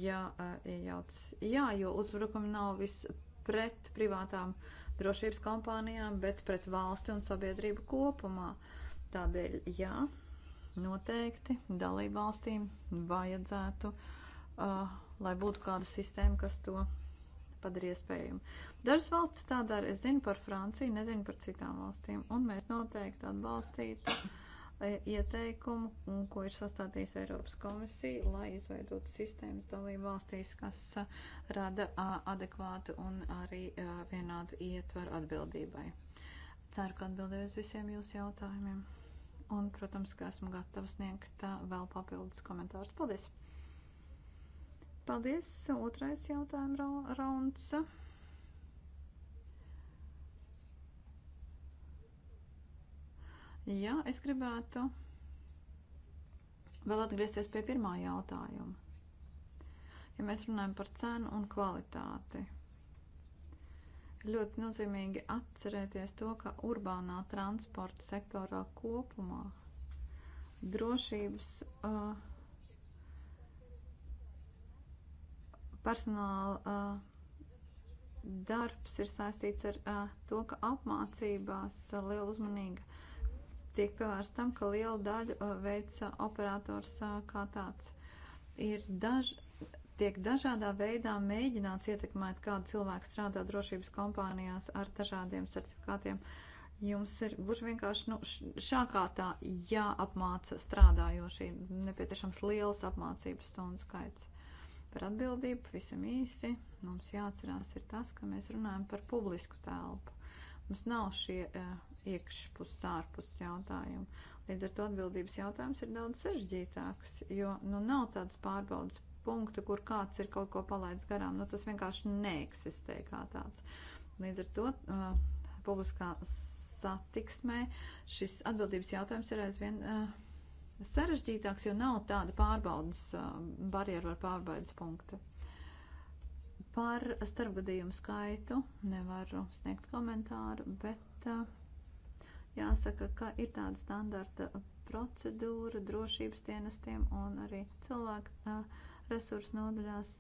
jāiejauc. Jā, jo uzbrukumi nav viss pret privātām drošības kompānijām, bet pret valsti un sabiedrību kopumā. Tādēļ, jā, noteikti dalību valstīm vajadzētu uh, lai būtu kāda sistēma, kas to padara iespējumu. Dažas valstis tā dara, es zinu par Franciju, nezinu par citām valstīm, un mēs noteikti atbalstītu e, ieteikumu, ko ir sastādījusi Eiropas komisija, lai izveidotu sistēmas dalību valstīs, kas e, rada adekvātu un arī e, vienādu ietvaru atbildībai. Ceru, ka atbildēju uz visiem jūsu jautājumiem. Un, protams, ka esmu gatava sniegt vēl papildus komentārus. Paldies! Paldies. Otrais jautājuma rauns. Jā, es gribētu vēl atgriezties pie pirmā jautājuma. Ja mēs runājam par cenu un kvalitāti, ļoti nozīmīgi atcerēties to, ka urbānā transporta sektorā kopumā drošības uh, personāla darbs ir saistīts ar to, ka apmācībās liela uzmanīga tiek pievērsta tam, ka lielu daļu veica operators kā tāds. Ir daž, tiek dažādā veidā mēģināts ietekmēt, kāda cilvēka strādā drošības kompānijās ar dažādiem certifikātiem. Jums ir gluži vienkārši nu, šākā tā jāapmāca strādājošie, nepieciešams liels apmācības stundu skaits par atbildību. Pavisam īsi mums jāatcerās ir tas, ka mēs runājam par publisku telpu. Mums nav šie uh, iekšpus, ārpus jautājumi. Līdz ar to atbildības jautājums ir daudz sažģītāks, jo nu, nav tādas pārbaudas punkta, kur kāds ir kaut ko palaidis garām. Nu, tas vienkārši neeksistē kā tāds. Līdz ar to uh, publiskā satiksmē šis atbildības jautājums ir aizvien. Uh, sarežģītāks, jo nav tāda pārbaudas uh, barjeru ar pārbaudas punktu. Par starpgadījumu skaitu nevaru sniegt komentāru, bet uh, jāsaka, ka ir tāda standarta procedūra drošības dienestiem un arī cilvēku uh, resursu nodaļās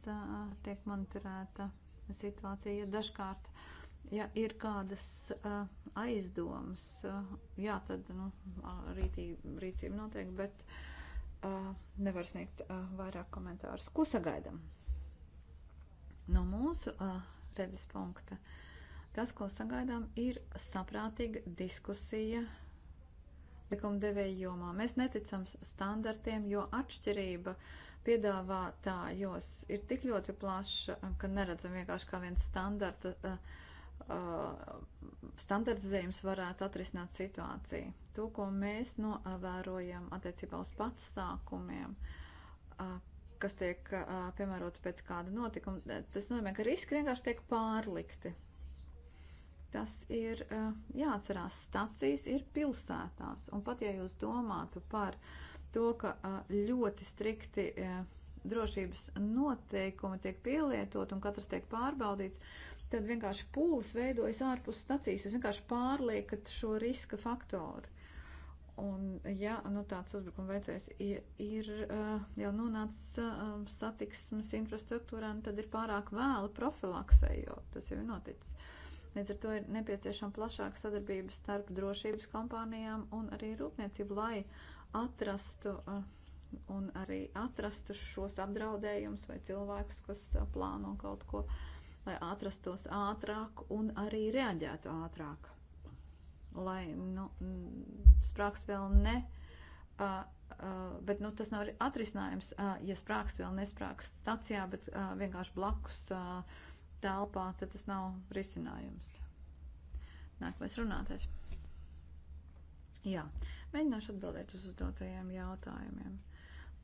tiek monitorēta situācija. Dažkārt ja ir kādas uh, aizdomas, uh, jā, tad nu, rītī, rīcība notiek, bet uh, nevar sniegt uh, vairāk komentārus. Ko sagaidam? No mūsu uh, redzes punkta. Tas, ko sagaidām, ir saprātīga diskusija likumdevēju jomā. Mēs neticam standartiem, jo atšķirība piedāvātājos ir tik ļoti plaša, ka neredzam vienkārši kā viens standarta. Uh, Uh, standartizējums varētu atrisināt situāciju. To, ko mēs novērojam attiecībā uz patsākumiem, uh, kas tiek uh, piemēroti pēc kāda notikuma, tas nozīmē, ka riski vienkārši tiek pārlikti. Tas ir jāatcerās, stacijas ir pilsētās, un pat ja jūs domātu par to, ka ļoti strikti drošības noteikumi tiek pielietot un katrs tiek pārbaudīts, tad vienkārši pūles veidojas ārpus stacijas. Jūs vienkārši pārliekat šo riska faktoru. Un, ja nu, tāds uzbrukuma veicējs ir, ir uh, jau nonācis uh, satiksmes infrastruktūrā, nu, tad ir pārāk vēlu profilaksē, jo tas jau ir noticis. Līdz ar to ir nepieciešama plašāka sadarbība starp drošības kompānijām un arī rūpniecību, lai atrastu uh, un arī atrastu šos apdraudējumus vai cilvēkus, kas plāno kaut ko uh, lai atrastos ātrāk un arī reaģētu ātrāk. Lai, nu, mm, sprākst vēl ne, uh, uh, bet, nu, tas nav atrisinājums, uh, ja sprākst vēl nesprākst stacijā, bet uh, vienkārši blakus uh, telpā, tad tas nav risinājums. Nākamais runātājs. Jā, mēģināšu atbildēt uz uzdotajiem jautājumiem.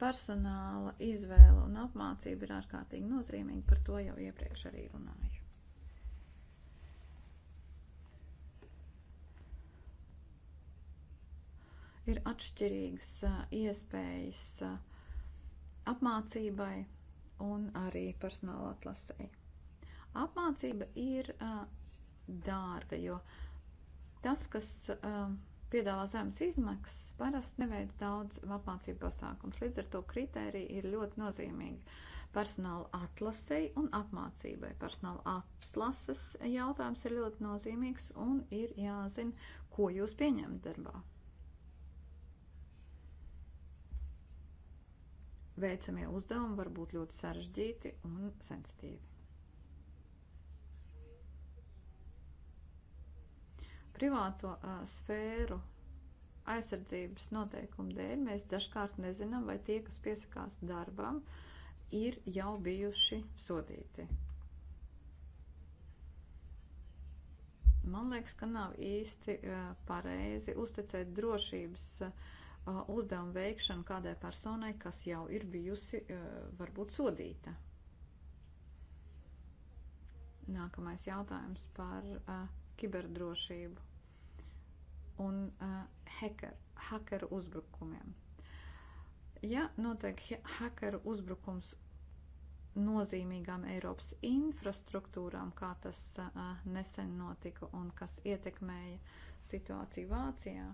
Personāla izvēle un apmācība ir ārkārtīgi nozīmīga, par to jau iepriekš arī runāju. Ir atšķirīgas iespējas apmācībai un arī personāla atlasēji. Apmācība ir dārga, jo tas, kas uh, piedāvā zemes izmaksas, parasti neveic daudz apmācību pasākums. Līdz ar to kritērija ir ļoti nozīmīga personāla atlasei un apmācībai. Personāla atlases jautājums ir ļoti nozīmīgs un ir jāzina, ko jūs pieņemat darbā. Veicamie uzdevumi var būt ļoti sarežģīti un sensitīvi. Privāto uh, sfēru aizsardzības noteikumu dēļ mēs dažkārt nezinām, vai tie, kas piesakās darbam, ir jau bijuši sodīti. Man liekas, ka nav īsti uh, pareizi uzticēt drošības uh, uzdevumu veikšanu kādai personai, kas jau ir bijusi varbūt sodīta. Nākamais jautājums par kiberdrošību un uh, hacker, hacker uzbrukumiem. Ja notiek hacker uzbrukums nozīmīgām Eiropas infrastruktūrām, kā tas uh, nesen notika un kas ietekmēja situāciju Vācijā.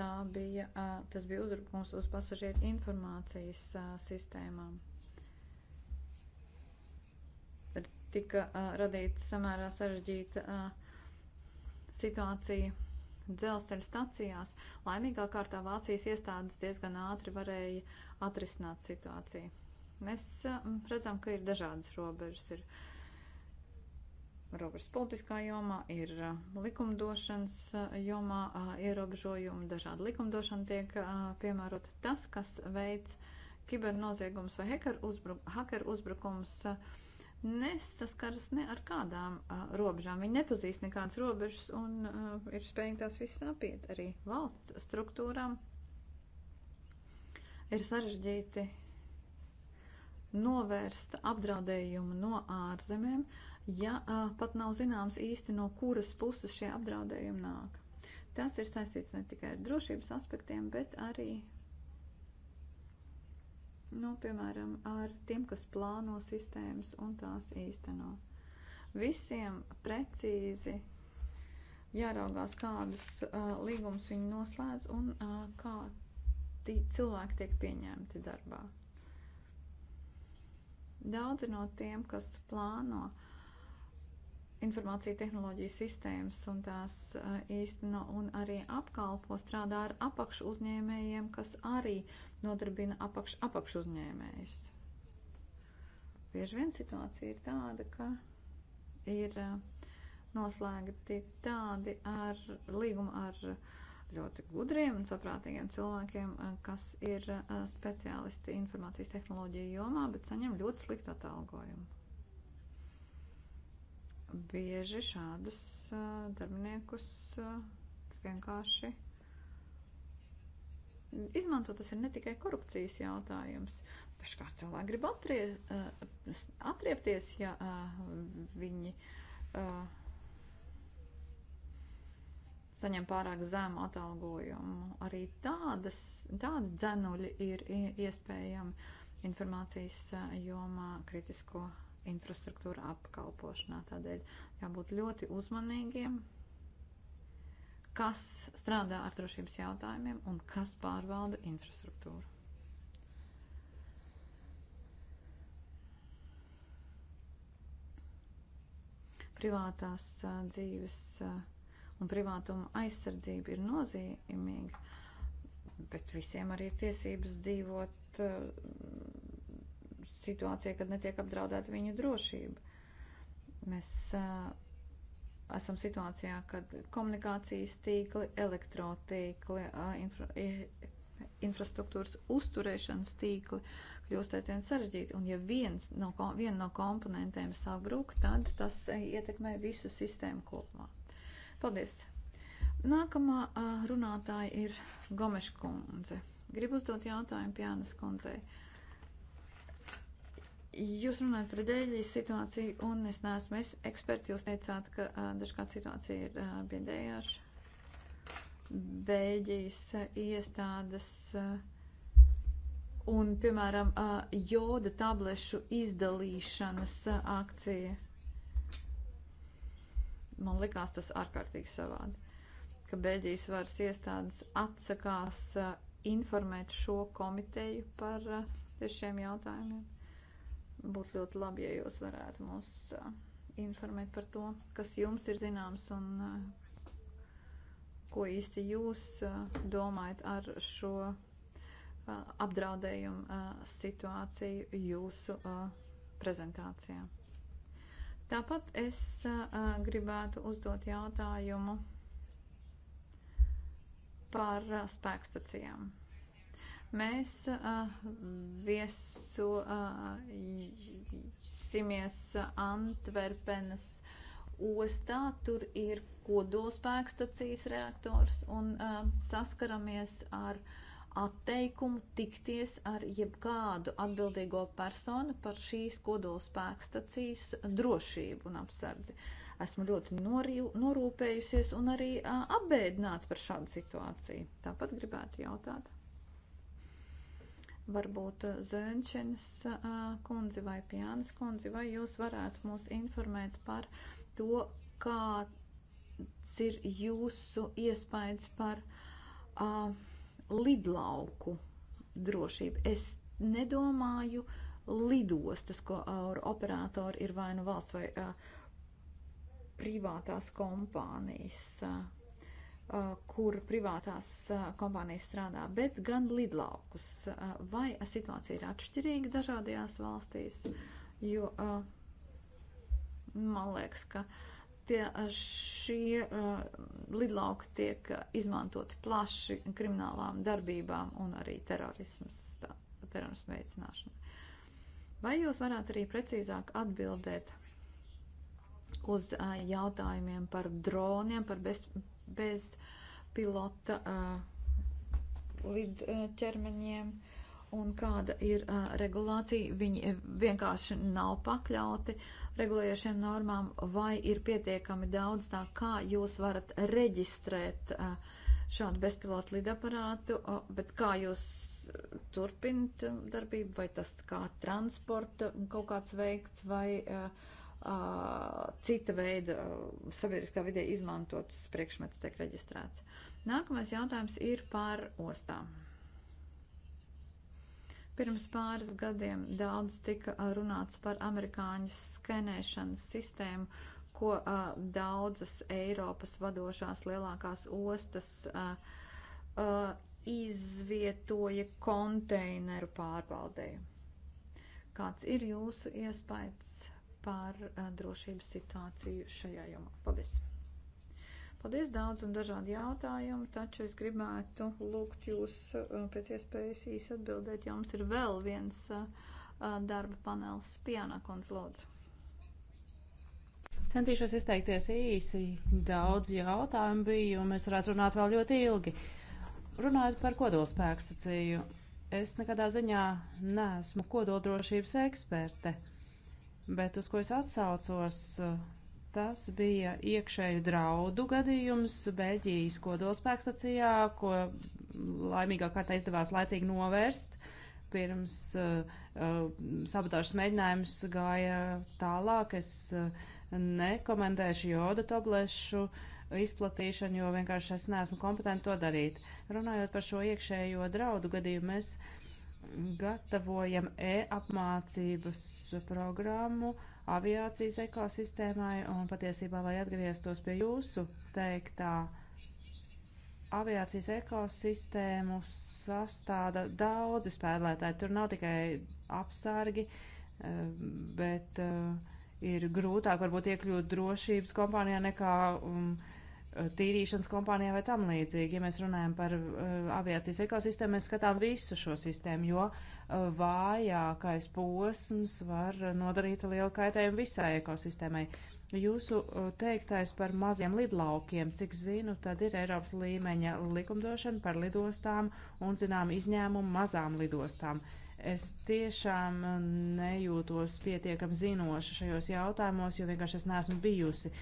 Tā bija, uh, tas bija uzbrukums uz pasažieru informācijas uh, sistēmām. tika uh, radīta samērā sarežģīta uh, situācija dzelzceļa stacijās. Laimīgā kārtā Vācijas iestādes diezgan ātri varēja atrisināt situāciju. Mēs uh, redzam, ka ir dažādas robežas. Ir robežas politiskā jomā, ir uh, likumdošanas uh, jomā uh, ierobežojumi, dažādi likumdošana tiek uh, piemērota. Tas, kas veids kibernoziegums vai hacker uzbruk, uzbrukums. Uh, nesaskaras ne ar kādām uh, robežām. Viņi nepazīst nekādas robežas un uh, ir spējīgi tās visas apiet. Arī valsts struktūrām ir sarežģīti novērst apdraudējumu no ārzemēm, ja uh, pat nav zināms īsti no kuras puses šie apdraudējumi nāk. Tas ir saistīts ne tikai ar drošības aspektiem, bet arī nu, piemēram, ar tiem, kas plāno sistēmas un tās īsteno. Visiem precīzi jāraugās, kādus uh, līgumus viņi noslēdz un uh, kā cilvēki tiek pieņemti darbā. Daudzi no tiem, kas plāno informāciju tehnoloģiju sistēmas un tās uh, īsteno un arī apkalpo, strādā ar apakšu uzņēmējiem, kas arī uh, nodarbina apakš, apakš uzņēmējus. Bieži vien situācija ir tāda, ka ir uh, noslēgti tādi ar līgumu ar ļoti gudriem un saprātīgiem cilvēkiem, uh, kas ir uh, speciālisti informācijas tehnoloģiju jomā, bet saņem ļoti sliktu atalgojumu. Bieži šādus darbiniekus vienkārši izmanto, tas ir ne tikai korupcijas jautājums. Dažkārt cilvēki grib atrie, eh, atriepties, ja eh, viņi eh, saņem pārāk zemu atalgojumu. Arī tādas, tādi dzenuļi ir iespējami informācijas jomā kritisko infrastruktūra apkalpošanā. Tādēļ jābūt ļoti uzmanīgiem kas strādā ar drošības jautājumiem un kas pārvalda infrastruktūru. Privātās dzīves un privātuma aizsardzība ir nozīmīga, bet visiem arī ir tiesības dzīvot situācijā, kad netiek apdraudēta viņu drošība. Mēs uh, esam situācijā, kad komunikācijas tīkli, elektrotīkli, infra, infrastruktūras uzturēšanas tīkli kļūst aizvien sarežģīti. Un ja viens no, viena no komponentiem sabrūk, tad tas e, ietekmē visu sistēmu kopumā. Paldies! Nākamā runātāja ir Gomeša kundze. Gribu uzdot jautājumu Pjānas kundzei. Uh, Jūs runājat par Dēļijas situāciju, un es neesmu es eksperti. Jūs teicāt, ka dažkārt situācija ir biedējoša. Bēļģijas iestādes un, piemēram, joda tablešu izdalīšanas akcija. Man likās tas ārkārtīgi savādi, ka Bēļģijas varas iestādes atsakās informēt šo komiteju par šiem jautājumiem. Būtu ļoti labi, ja jūs varētu mūs eh, informēt par to, kas jums ir zināms un eh, ko īsti jūs eh, domājat ar šo apdraudējumu situāciju jūsu prezentācijā. Tāpat es gribētu uzdot jautājumu par spēkstacijām. Mēs uh, viesosimies uh, Antverpenes ostā, tur ir kodolspēkstacijas reaktors un uh, saskaramies ar atteikumu tikties ar jebkādu atbildīgo personu par šīs kodolspēkstacijas drošību un apsardzi. Esmu ļoti norīv, norūpējusies un arī uh, apbēdināta par šādu situāciju. Tāpat gribētu jautāt varbūt eh, Zönčenas eh, kundzi vai Pjānas kundzi, vai jūs varētu mūs informēt par to, kāds ir jūsu iespējas par uh, lidlauku drošību. Es nedomāju lidostas, ko ar operātori ir vai nu valsts vai uh, privātās kompānijas. Uh, Uh, kur privātās uh, kompānijas strādā, bet gan lidlaukus. Uh, vai situācija ir atšķirīga dažādajās valstīs? Jo man liekas, ka tie, šie lidlauki tiek izmantoti plaši kriminālām darbībām un arī terorismas, terorismu veicināšanai. Vai jūs varētu arī precīzāk atbildēt uz jautājumiem par droniem, par bezpilotiem? bez pilota lidķermeņiem un kāda ir regulācija. Viņi vienkārši nav pakļauti regulējošiem normām vai ir pietiekami daudz tā, kā jūs varat reģistrēt šādu bezpilotu lidaparātu, bet kā jūs turpināt darbību, vai tas kā transporta kaut kāds veikts vai uh, cita veida sabiedriskā vidē izmantotas priekšmets tiek reģistrēts. Nākamais jautājums ir par ostām. Pirms pāris gadiem daudz tika runāts par amerikāņu skenēšanas sistēmu, ko uh, daudzas Eiropas vadošās lielākās ostas uh, uh, izvietoja konteineru pārbaudēju. Kāds ir jūsu iespējas par eh, drošības situāciju šajā jomā. Paldies! Paldies daudz un dažādi jautājumi, taču es gribētu lūgt jūs eh, pēc iespējas īsi atbildēt, jo mums ir vēl viens eh, darba panels. Pianā kundz lūdzu. Centīšos izteikties īsi. Daudz jautājumu bija, un mēs varētu runāt vēl ļoti ilgi. Runājot par kodolspēkstaciju, es nekādā ziņā neesmu kodoldrošības eksperte. Uh, bet uz ko es atsaucos, tas bija iekšēju draudu gadījums Beļģijas kodolspēkstacijā, ko laimīgā kārtā izdevās laicīgi novērst. Pirms uh, sabotāžas mēģinājums gāja tālāk, es uh, nekomendēšu joda tablešu izplatīšanu, jo vienkārši es neesmu kompetenti to darīt. Runājot par šo iekšējo draudu gadījumu, mēs uh, gatavojam e-apmācības programmu aviācijas ekosistēmai un patiesībā, lai atgrieztos pie jūsu teiktā, aviācijas ekosistēmu sastāda daudzi spēlētāji. Tur nav tikai apsargi, eh, bet eh, ir grūtāk varbūt iekļūt drošības kompānijā nekā. Um, Eh, tīrīšanas kompānijā vai tam līdzīgi. Ja mēs runājam par uh, aviācijas ekosistēmu, mēs skatām visu šo sistēmu, jo uh, vājākais posms var nodarīt lielu kaitējumu visai ekosistēmai. Jūsu uh, teiktais par maziem lidlaukiem, cik zinu, tad ir Eiropas līmeņa likumdošana par lidostām un, zinām, izņēmumu mazām lidostām. Uh, Es tiešām nejūtos pietiekam zinoša šajos jautājumos, jo vienkārši es neesmu bijusi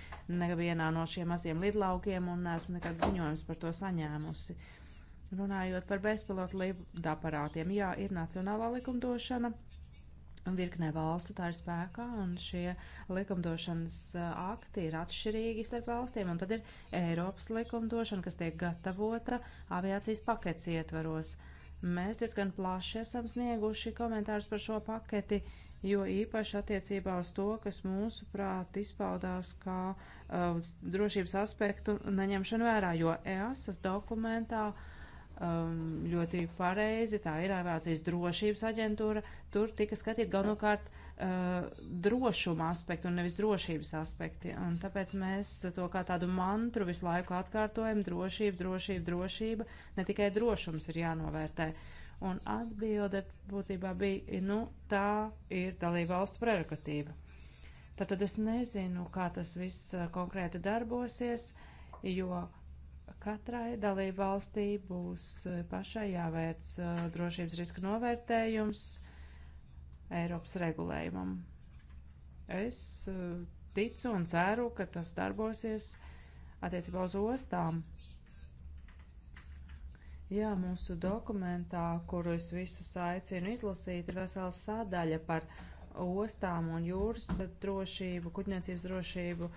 nevienā no šiem maziem lidlaukiem un neesmu nekādu ziņojumus par to saņēmusi. Runājot par bezpilotu lidaparātiem, jā, ir nacionālā likumdošana. Virknē valstu tā ir spēkā, un šie likumdošanas akti ir atšķirīgi starp valstīm, un tad ir Eiropas likumdošana, kas tiek gatavota aviācijas paketes ietvaros. Uh, Mēs diezgan plaši esam snieguši komentārus par šo paketi, jo īpaši attiecībā uz to, kas mūsu prāt izpaudās kā uh, drošības aspektu neņemšanu vērā, jo EASAS dokumentā um, ļoti pareizi, tā ir aviācijas drošības aģentūra, tur tika skatīt galvenokārt uh, Eh, drošuma aspektu un nevis drošības aspekti. Un tāpēc mēs to kā tādu mantru visu laiku atkārtojam - drošība, drošība, drošība. Ne tikai drošums ir jānovērtē. Un atbilde būtībā bija, nu, tā ir dalība valstu prerogatīva. Tātad es nezinu, kā tas viss eh, konkrēti darbosies, jo katrai dalība valstī būs eh, pašai jāveic drošības riska novērtējums Eiropas regulējumam. Es uh, ticu un ceru, ka tas darbosies attiecībā uz ostām. Jā, mūsu dokumentā, kuru es visus aicinu izlasīt, ir vesela sadaļa par ostām un jūras drošību, kuģniecības drošību.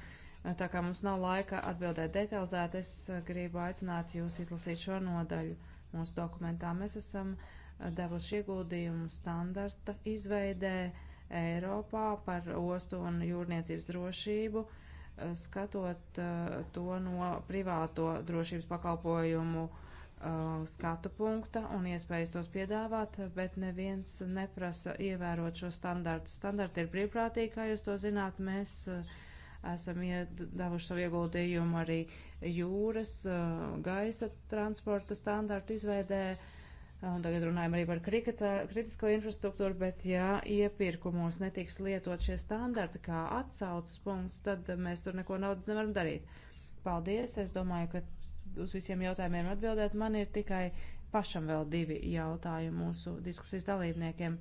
Tā kā mums nav laika atbildēt detalizēt, es uh, gribu aicināt jūs izlasīt šo nodaļu mūsu dokumentā. Mēs esam uh, devusi ieguldījumu standarta izveidē Eiropā par ostu un jūrniecības drošību, eh, skatot eh, to no privāto drošības pakalpojumu eh, skatu punkta un iespējas tos piedāvāt, bet neviens neprasa ievērot šo standartu. Standarti ir brīvprātīgi, kā jūs to zināt, mēs esam iedavuši savu ieguldījumu arī jūras, gaisa transporta standartu izveidē, uh, Un tagad runājam arī par krikata, kritisko infrastruktūru, bet ja iepirkumos netiks lietot šie standarti kā atsaucas punkts, tad mēs tur neko naudas nevaram darīt. Paldies, es domāju, ka uz visiem jautājumiem atbildēt man ir tikai pašam vēl divi jautājumi mūsu diskusijas dalībniekiem.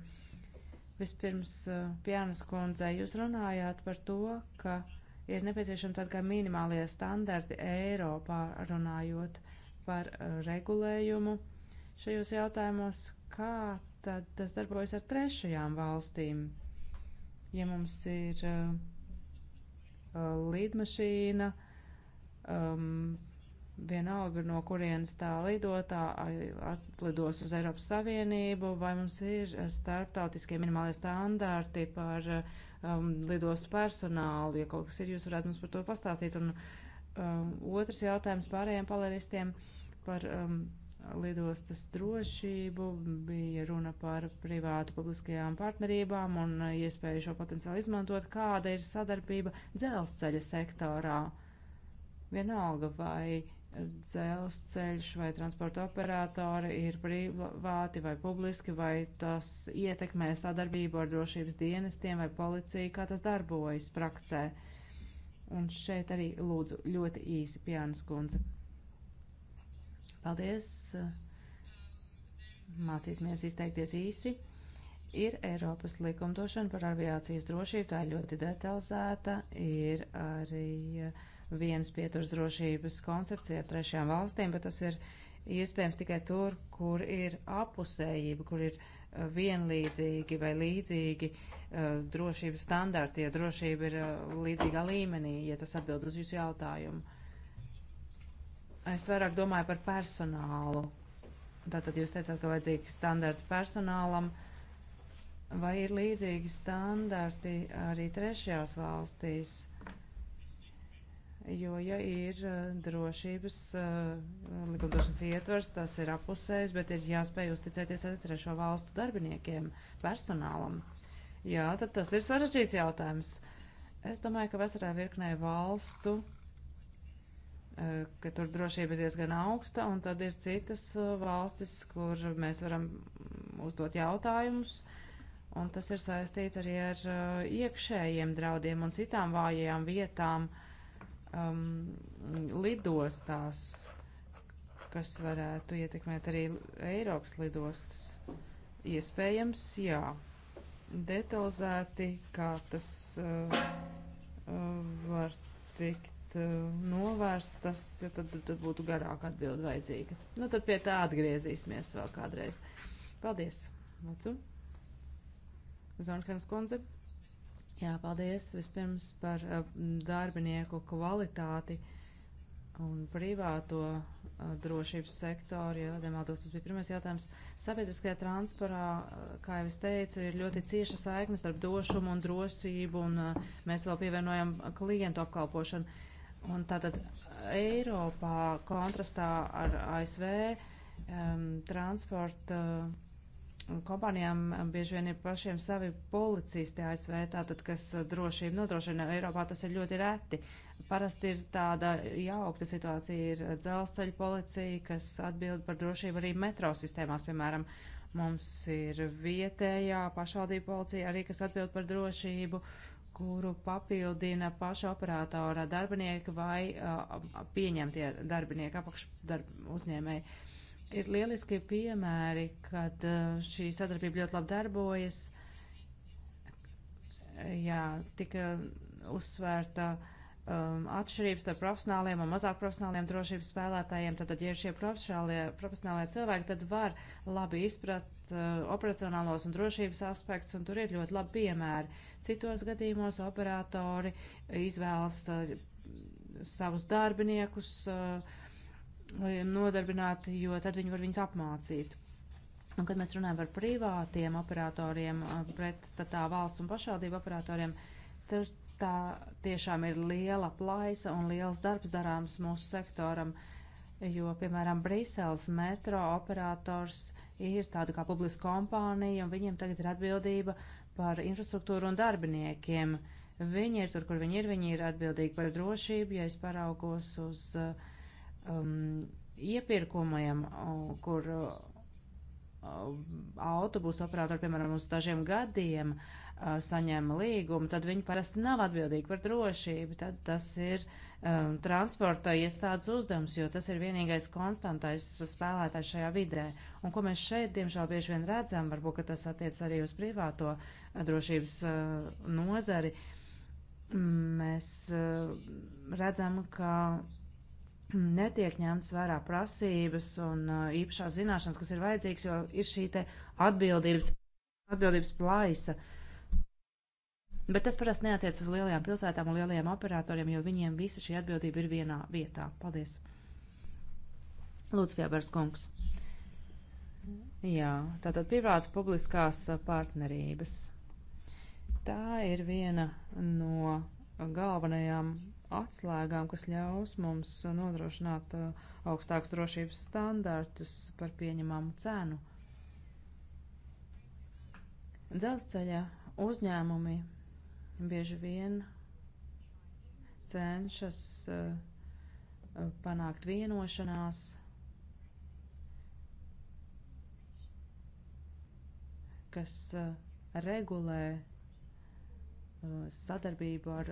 Vispirms, eh, Pjānas kundze, jūs runājāt par to, ka ir nepieciešami tādi kā minimālie standarti Eiropā runājot par eh, regulējumu šajos jautājumos, kā tad tas darbojas ar trešajām valstīm. Ja mums ir uh, uh lidmašīna, um, vienalga no kurienes tā lidotā atlidos uz Eiropas Savienību, vai mums ir uh, starptautiskie minimālie standārti par uh, um, lidostu personālu, ja kaut kas ir, jūs varētu mums par to pastāstīt. Un um, otrs jautājums pārējiem panelistiem par um, lidostas drošību, bija runa par privātu publiskajām partnerībām un uh, iespēju šo potenciālu izmantot, kāda ir sadarbība dzelzceļa sektorā. Vienalga, vai dzelzceļš vai transporta operatori ir privāti vai publiski, vai tas ietekmē sadarbību ar drošības dienestiem vai policiju, kā tas darbojas praktē. Un šeit arī lūdzu ļoti īsi Pjānas kundze. Paldies! Mācīsimies izteikties īsi. Ir Eiropas likumdošana par aviācijas drošību, tā ir ļoti detalizēta, ir arī vienas pieturas drošības koncepcija ar trešajām valstīm, bet tas ir iespējams tikai tur, kur ir apusējība, kur ir uh, vienlīdzīgi vai līdzīgi uh, drošības standarti, ja drošība ir uh, līdzīgā līmenī, ja tas atbild uz jūsu jautājumu. Es vairāk domāju par personālu. Tātad jūs teicāt, ka vajadzīgi standarti personālam. Vai ir līdzīgi standarti arī trešajās valstīs? Jo, ja ir eh, drošības eh, likumdošanas ietvers, tas ir apusējis, bet ir jāspēj uzticēties arī trešo valstu darbiniekiem, personālam. Jā, tad tas ir sarežģīts jautājums. Es domāju, ka vesarā virknē valstu uh, Eh, ka tur drošība ir diezgan augsta, un tad ir citas eh, valstis, kur mēs varam uzdot jautājumus, un tas ir saistīti arī ar eh, iekšējiem draudiem un citām vājajām vietām um, lidostās, kas varētu ietekmēt arī Eiropas lidostas. Iespējams, jā. Detalizēti, kā tas uh, uh var tikt Eh, novērst, tas tad, tad būtu garāka atbilda vajadzīga. Nu, tad pie tā atgriezīsimies vēl kādreiz. Paldies, Lūdzu. Zonkanas kundze. Jā, paldies vispirms par eh, darbinieku kvalitāti un privāto eh, drošības sektoru. Jā, demaldos, tas bija pirmais jautājums. Sabiedriskajā transportā, kā jau es teicu, ir ļoti cieša saiknes starp došumu un drosību, un mēs vēl pievienojam klientu apkalpošanu. Un tātad Eiropā kontrastā ar ASV um, transporta uh, kompānijām bieži vien ir pašiem savi policisti ASV, tātad, kas drošību nodrošina. Eiropā tas ir ļoti reti. Parasti ir tāda jaukta situācija, ir dzelzceļa policija, kas atbild par drošību arī metro sistēmās, piemēram. Mums ir vietējā pašvaldība policija arī, kas atbild par drošību. Uh, kuru papildina paša operatora darbinieki vai pieņemtie darbinieki, apakšdarb uzņēmēji. Ir lieliski piemēri, kad šī sadarbība ļoti labi darbojas. Jā, tika uzsvērta uh, um, atšķirības starp profesionāliem un mazāk profesionāliem drošības spēlētājiem. Tad, tad ja ir šie profesionālie cilvēki, tad var labi izprat uh, operacionālos un drošības aspektus, un tur ir ļoti labi piemēri. Citos gadījumos operatori izvēlas uh, savus darbiniekus uh, nodarbināt, jo tad viņi var viņus apmācīt. Un, kad mēs runājam par privātiem operatoriem, uh, pret tā valsts un pašvaldību operatoriem, tad tā tiešām ir liela plaisa un liels darbs darāms mūsu sektoram, jo, piemēram, Briseles metro operators ir tāda kā publiska kompānija, un viņiem tagad ir atbildība par infrastruktūru un darbiniekiem. Viņi ir tur, kur viņi ir, viņi ir atbildīgi par drošību, ja es paraugos uz um, iepirkumiem, kur uh, autobusu operatori, piemēram, uz dažiem gadiem, uh, saņem līgumu, tad viņi parasti nav atbildīgi par drošību. Tad tas ir um, transporta iestādes uzdevums, jo tas ir vienīgais konstantais spēlētājs šajā vidē. Un ko mēs šeit, diemžēl, bieži vien redzam, varbūt, ka tas attiec arī uz privāto drošības uh, nozari, mēs uh, redzam, ka netiek ņemts vērā prasības un uh, īpašās zināšanas, kas ir vajadzīgs, jo ir šī te atbildības, atbildības plaisa. Uh, Bet tas parasti neatiec uz lielajām pilsētām un lielajiem operatoriem, jo viņiem visa šī atbildība ir vienā vietā. Paldies! Lūdzu, Fjabers kungs. Jā, tātad privāta publiskās partnerības. Tā ir viena no galvenajām atslēgām, kas ļaus mums nodrošināt uh, augstākus drošības standartus par pieņemamu cenu. Dzelzceļa uzņēmumi bieži vien cenšas eh, panākt vienošanās. kas eh, regulē eh, sadarbību ar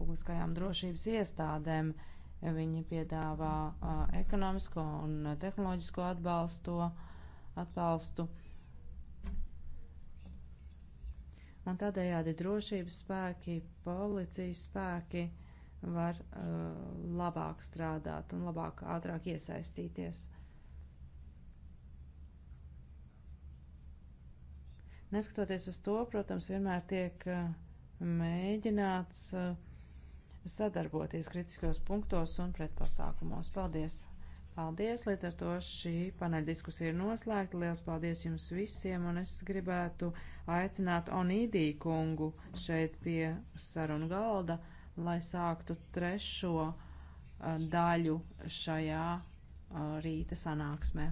publiskajām drošības iestādēm. Viņi piedāvā ekonomisko un tehnoloģisko atbalstu. atbalstu. un tādējādi drošības spēki, policijas spēki var uh, labāk strādāt un labāk, ātrāk iesaistīties. Neskatoties uz to, protams, vienmēr tiek uh, mēģināts uh, sadarboties kritiskos punktos un pretpasākumos. Paldies! Paldies, līdz ar to šī paneļa diskusija ir noslēgta. Liels paldies jums visiem, un es gribētu aicināt Onīdī kungu šeit pie sarunu galda, lai sāktu trešo uh, daļu šajā uh, rīta sanāksmē.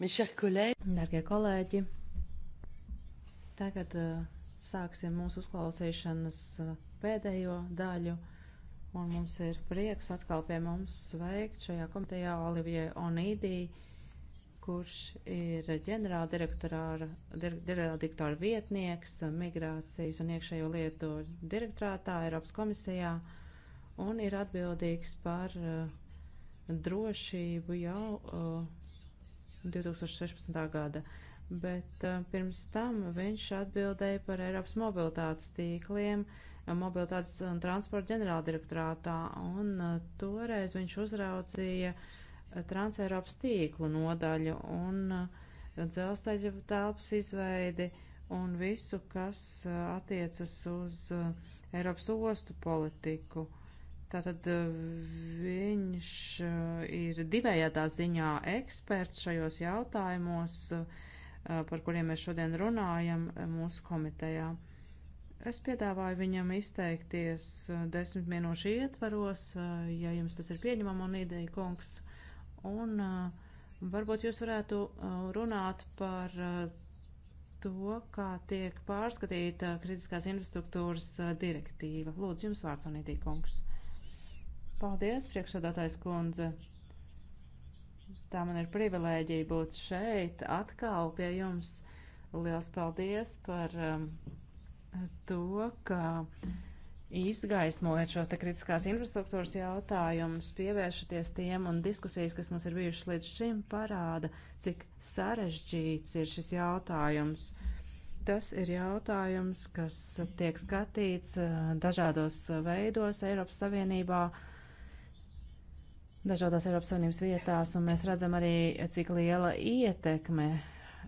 Darbie kolēģi, tagad uh, sāksim mūsu uzklausīšanas uh, pēdējo daļu, un mums ir prieks atkal pie mums sveikt šajā komitejā Olivier Onīdī, kurš ir ģenerāla direktora vietnieks uh, migrācijas un iekšējo lietu direktorātā Eiropas komisijā un ir atbildīgs par uh, drošību jau. Uh, 2016. gada, bet eh, pirms tam viņš atbildēja par Eiropas mobilitātes tīkliem eh, mobilitātes un transporta ģenerāldirektorātā, un eh, toreiz viņš uzraudzīja Transeiropas tīklu nodaļu un dzelzceļa telpas izveidi un visu, kas attiecas uz Eiropas ostu politiku. Tātad eh, viņš eh, ir divējādā ziņā eksperts šajos jautājumos, eh, par kuriem mēs šodien runājam mūsu komitejā. Es piedāvāju viņam izteikties desmit minūšu ietvaros, ja jums tas ir pieņemama un ideja, kungs. Un varbūt jūs varētu runāt par to, kā tiek pārskatīta kritiskās infrastruktūras direktīva. Lūdzu, jums vārds, Anītī, kungs. Paldies, priekšsēdātājs kundze. Tā man ir privilēģija būt šeit atkal pie jums. Liels paldies par um, to, ka izgaismojot šos te kritiskās infrastruktūras jautājumus, pievēršaties tiem un diskusijas, kas mums ir bijušas līdz šim, parāda, cik sarežģīts ir šis jautājums. Tas ir jautājums, kas tiek skatīts uh, dažādos veidos Eiropas Savienībā dažādās Eiropas Savienības vietās, un mēs redzam arī, cik liela ietekme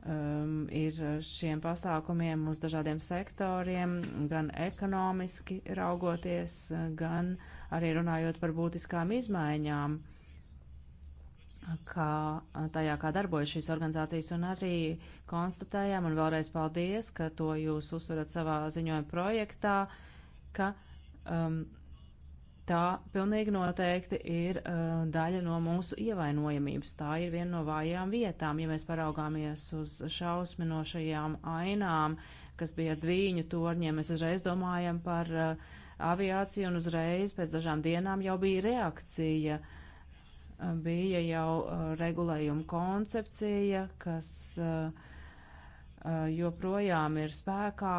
um, ir šiem pasākumiem uz dažādiem sektoriem, gan ekonomiski raugoties, gan arī runājot par būtiskām izmaiņām, kā tajā, kā darbojas šīs organizācijas, un arī konstatējām, un vēlreiz paldies, ka to jūs uzsverat savā ziņojuma projektā, ka um, Tā pilnīgi noteikti ir uh, daļa no mūsu ievainojamības. Tā ir viena no vājām vietām, ja mēs paraugāmies uz šausminošajām ainām, kas bija ar dviņu torņiem. Mēs uzreiz domājam par uh, aviāciju un uzreiz pēc dažām dienām jau bija reakcija. Uh, bija jau uh, regulējuma koncepcija, kas. Uh, Uh, joprojām ir spēkā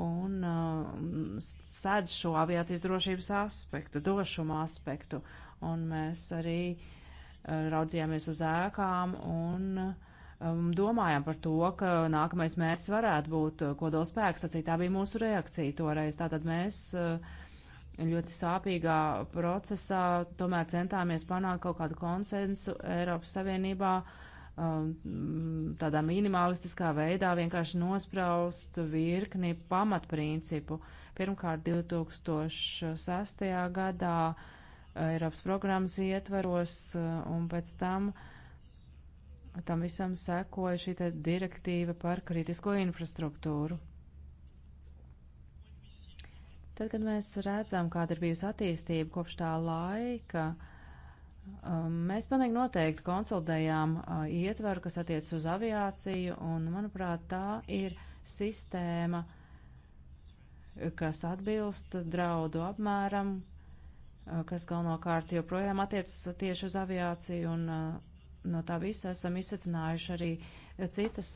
un uh, sēdz šo aviācijas drošības aspektu, došumu aspektu. Un mēs arī uh, raudzījāmies uz ēkām un um, domājām par to, ka nākamais mērķis varētu būt kodolspēks. Tā bija mūsu reakcija toreiz. Tātad mēs ļoti sāpīgā procesā tomēr centāmies panākt kaut kādu konsensu Eiropas Savienībā uh, Um, tādā minimalistiskā veidā vienkārši nospraust virkni pamatprincipu. Pirmkārt, 2006. gadā uh, Eiropas programmas ietvaros, uh, un pēc tam tam visam sekoja šī direktīva par kritisko infrastruktūru. Tad, kad mēs redzam, kāda ir bijusi attīstība kopš tā laika, uh, Um, mēs panīgi noteikti konsultējām uh, ietvaru, kas attiec uz aviāciju, un, manuprāt, tā ir sistēma, kas atbilst draudu apmēram, uh, kas galvenokārt joprojām attiecas tieši uz aviāciju, un uh, no tā visa esam izsacinājuši arī citas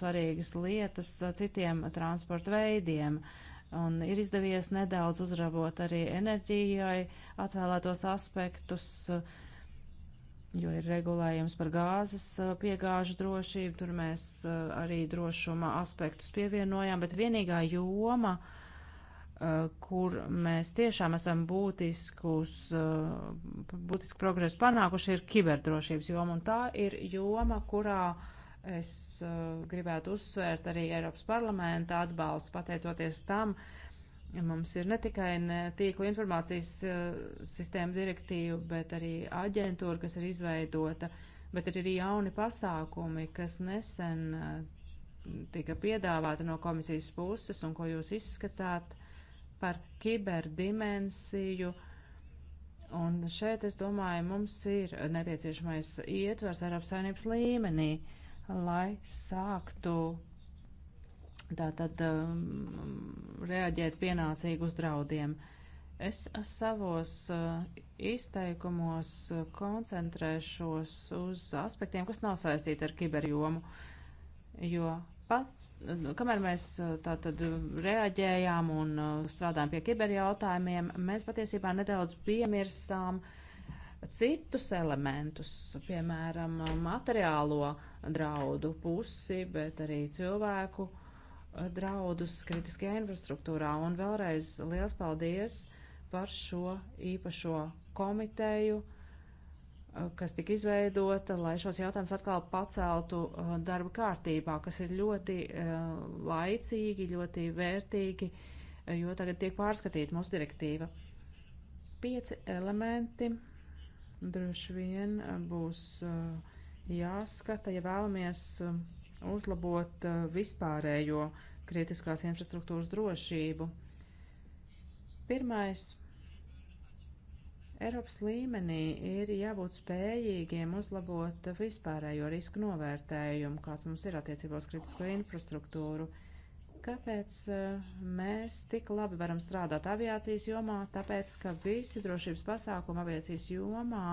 svarīgas lietas citiem transporta veidiem un ir izdevies nedaudz uzrabot arī enerģijai atvēlētos aspektus, jo ir regulējums par gāzes piegāžu drošību, tur mēs arī drošuma aspektus pievienojām, bet vienīgā joma, kur mēs tiešām esam būtiskus, būtisku progresu panākuši, ir kiberdrošības joma, un tā ir joma, kurā es gribētu uzsvērt arī Eiropas parlamenta atbalstu, pateicoties tam, uh, Mums ir ne tikai tīkla informācijas eh, sistēma direktīva, bet arī aģentūra, kas ir izveidota, bet ir arī jauni pasākumi, kas nesen eh, tika piedāvāta no komisijas puses un ko jūs izskatāt par kiberdimensiju. Un šeit, es domāju, mums ir nepieciešamais ietvers Eiropas saimnības līmenī, lai sāktu tātad um, reaģēt pienācīgi uz draudiem. Es savos uh, izteikumos uh, koncentrēšos uz aspektiem, kas nav saistīti ar kiberjomu, jo pat, kamēr mēs uh, tātad reaģējām un strādājām pie kiberjautājumiem, mēs patiesībā nedaudz piemirstām citus elementus, piemēram, materiālo draudu pusi, bet arī cilvēku uh, draudus kritiskajā infrastruktūrā. Un vēlreiz liels paldies par šo īpašo komiteju, eh, kas tika izveidota, lai šos jautājumus atkal paceltu eh, darba kārtībā, kas ir ļoti eh, laicīgi, ļoti vērtīgi, jo tagad tiek pārskatīta mūsu direktīva. Pieci elementi droši vien būs jāskata, ja vēlamies uzlabot vispārējo uh, kritiskās infrastruktūras drošību. Pirmais. Eiropas līmenī ir jābūt spējīgiem uzlabot vispārējo risku novērtējumu, kāds mums ir attiecībos kritisko infrastruktūru. Kāpēc eh, mēs tik labi varam strādāt aviācijas jomā? Tāpēc, ka visi drošības pasākumi aviācijas jomā,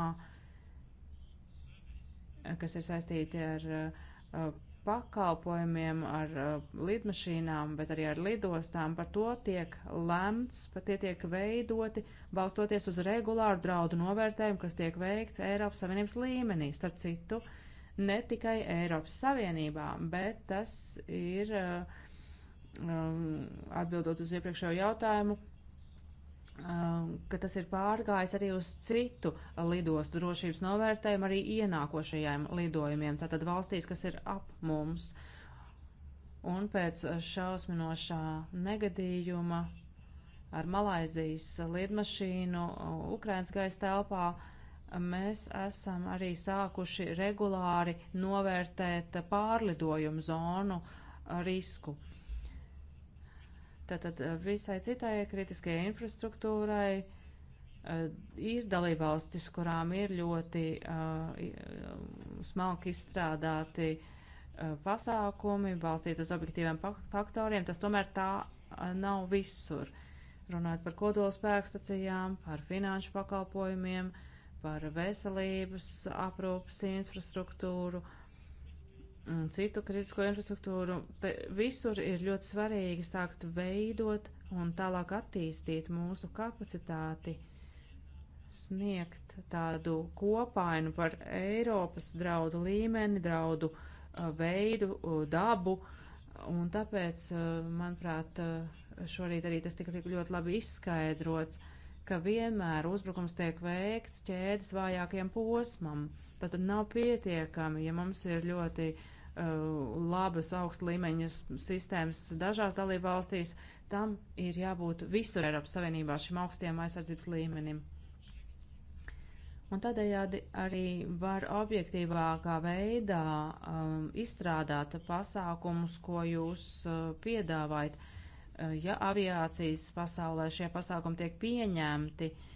eh, kas ir saistīti ar eh, pakalpojumiem, ar uh, lidmašīnām, bet arī ar lidostām. Par to tiek lemts, pat tie tiek veidoti, balstoties uz regulāru draudu novērtējumu, kas tiek veikts Eiropas Savienības līmenī, starp citu, ne tikai Eiropas Savienībā, bet tas ir, uh, um, atbildot uz iepriekšējo jautājumu, Um, ka tas ir pārgājis arī uz citu lidostu drošības novērtējumu, arī ienākošajiem lidojumiem, tātad valstīs, kas ir ap mums. Un pēc šausminošā negadījuma ar Malaizijas lidmašīnu uh, Ukrainas gaisa telpā mēs esam arī sākuši regulāri novērtēt pārlidojumu zonu risku. Uh, Tātad eh, visai citai kritiskajai infrastruktūrai eh, ir dalībvalstis, kurām ir ļoti uh, smalki izstrādāti uh, pasākumi, balstīt uz objektīviem faktoriem, tas tomēr tā uh, nav visur. Runājot par kodolspēkstacijām, par finanšu pakalpojumiem, par veselības aprūpas infrastruktūru, uh, un citu kritisko infrastruktūru. Te visur ir ļoti svarīgi sākt veidot un tālāk attīstīt mūsu kapacitāti, sniegt tādu kopainu par Eiropas draudu līmeni, draudu uh, veidu, uh, dabu, un tāpēc, uh, manuprāt, šorīt arī tas tika ļoti labi izskaidrots, ka vienmēr uzbrukums tiek veikts ķēdes vājākiem posmam. Tātad nav pietiekami, ja mums ir ļoti uh, Uh, labas augsta līmeņa sistēmas dažās dalībvalstīs, tam ir jābūt visur Eiropas Savienībā šim augstiem aizsardzības līmenim. Un tādējādi arī var objektīvākā veidā um, izstrādāt pasākumus, ko jūs uh, piedāvājat. Uh, ja aviācijas pasaulē šie pasākumi tiek pieņemti, uh,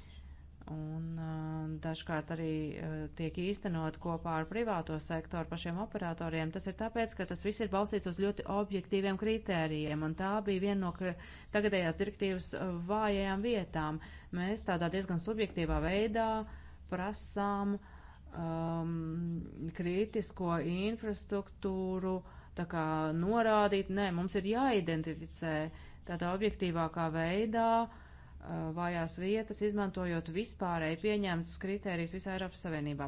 un uh, dažkārt arī uh, tiek īstenot kopā ar privāto sektoru pašiem operatoriem. Tas ir tāpēc, ka tas viss ir balstīts uz ļoti objektīviem kritērijiem, un tā bija viena no tagadējās direktīvas uh, vājajām vietām. Mēs tādā diezgan subjektīvā veidā prasām um, kritisko infrastruktūru, tā kā norādīt, nē, mums ir jāidentificē tādā objektīvākā veidā, uh, Uh, vājās vietas, izmantojot vispārēji pieņemtus kritērijus visā Eiropas Savienībā.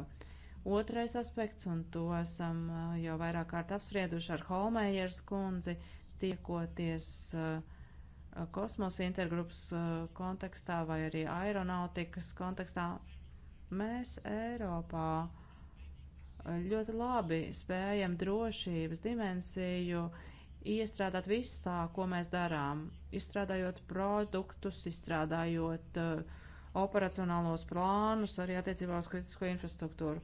Otrais aspekts, un to esam uh, jau vairāk kārt apsprieduši ar Holmējers kundzi, tiekoties uh, kosmosa intergrupas kontekstā vai arī aeronautikas kontekstā, mēs Eiropā ļoti labi spējam drošības dimensiju iestrādāt visā, ko mēs darām izstrādājot produktus, izstrādājot uh, operacionālos plānus arī attiecībā uz kritisko infrastruktūru.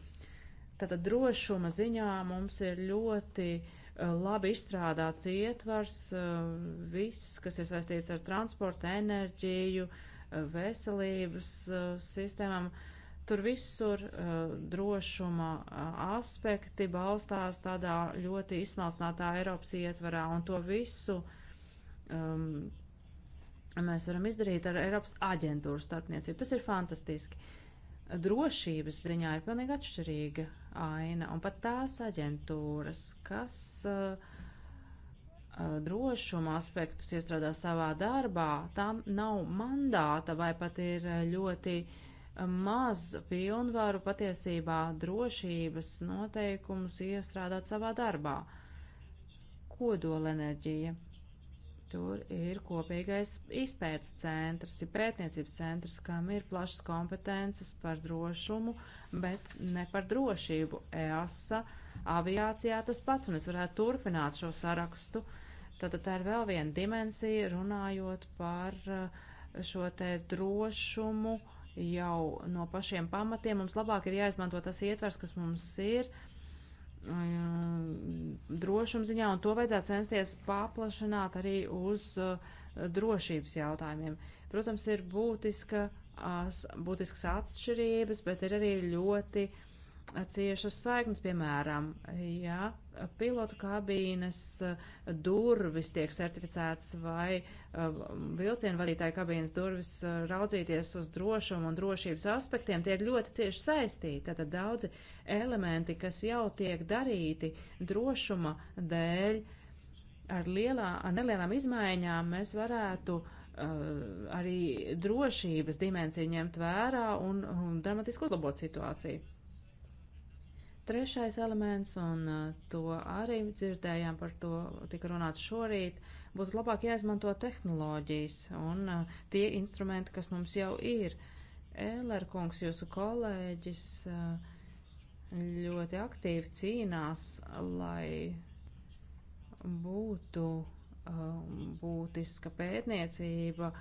Tātad drošuma ziņā mums ir ļoti uh, labi izstrādāts ietvars, uh, viss, kas ir saistīts ar transportu, enerģiju, veselības sistēmām. Tur visur drošuma aspekti balstās tādā ļoti izsmalcinātā Eiropas ietvarā, un to visu um, mēs varam izdarīt ar Eiropas aģentūru starpniecību. Tas ir fantastiski. Drošības ziņā ir pilnīgi atšķirīga aina, un pat tās aģentūras, kas uh, uh drošuma aspektus iestrādā savā darbā, tam nav mandāta vai pat ir uh, ļoti uh, maz pilnvaru patiesībā drošības noteikumus iestrādāt savā darbā. Kodolenerģija. Tur ir kopīgais izpētes centrs, ir pētniecības centrs, kam ir plašas kompetences par drošumu, bet ne par drošību. EASA aviācijā tas pats, un es varētu turpināt šo sarakstu. Tātad tā ir vēl viena dimensija, runājot par eh, šo te drošumu jau no pašiem pamatiem. Mums labāk ir jāizmanto tas ietvers, kas mums ir. Uh, Uh, drošuma ziņā, un to vajadzētu censties paplašināt arī uz uh, drošības jautājumiem. Protams, ir būtiska, būtiskas atšķirības, bet ir arī ļoti uh, ciešas saiknes, piemēram, ja pilotu kabīnes durvis tiek certificētas vai uh, vilcienu vadītāja kabīnes durvis raudzīties uz drošumu un drošības aspektiem, tie ir ļoti cieši saistīti. Tātad daudzi elementi, kas jau tiek darīti drošuma dēļ, ar, lielā, ar nelielām izmaiņām mēs varētu uh, arī drošības dimensiju ņemt vērā un, un dramatiski uzlabot situāciju. Trešais elements, un uh, to arī dzirdējām, par to tika runāts šorīt, uh, būtu labāk jāizmanto tehnoloģijas un uh, tie instrumenti, kas mums jau ir. Ēler kungs, jūsu kolēģis, uh, ļoti aktīvi cīnās, lai būtu uh, būtiska pētniecība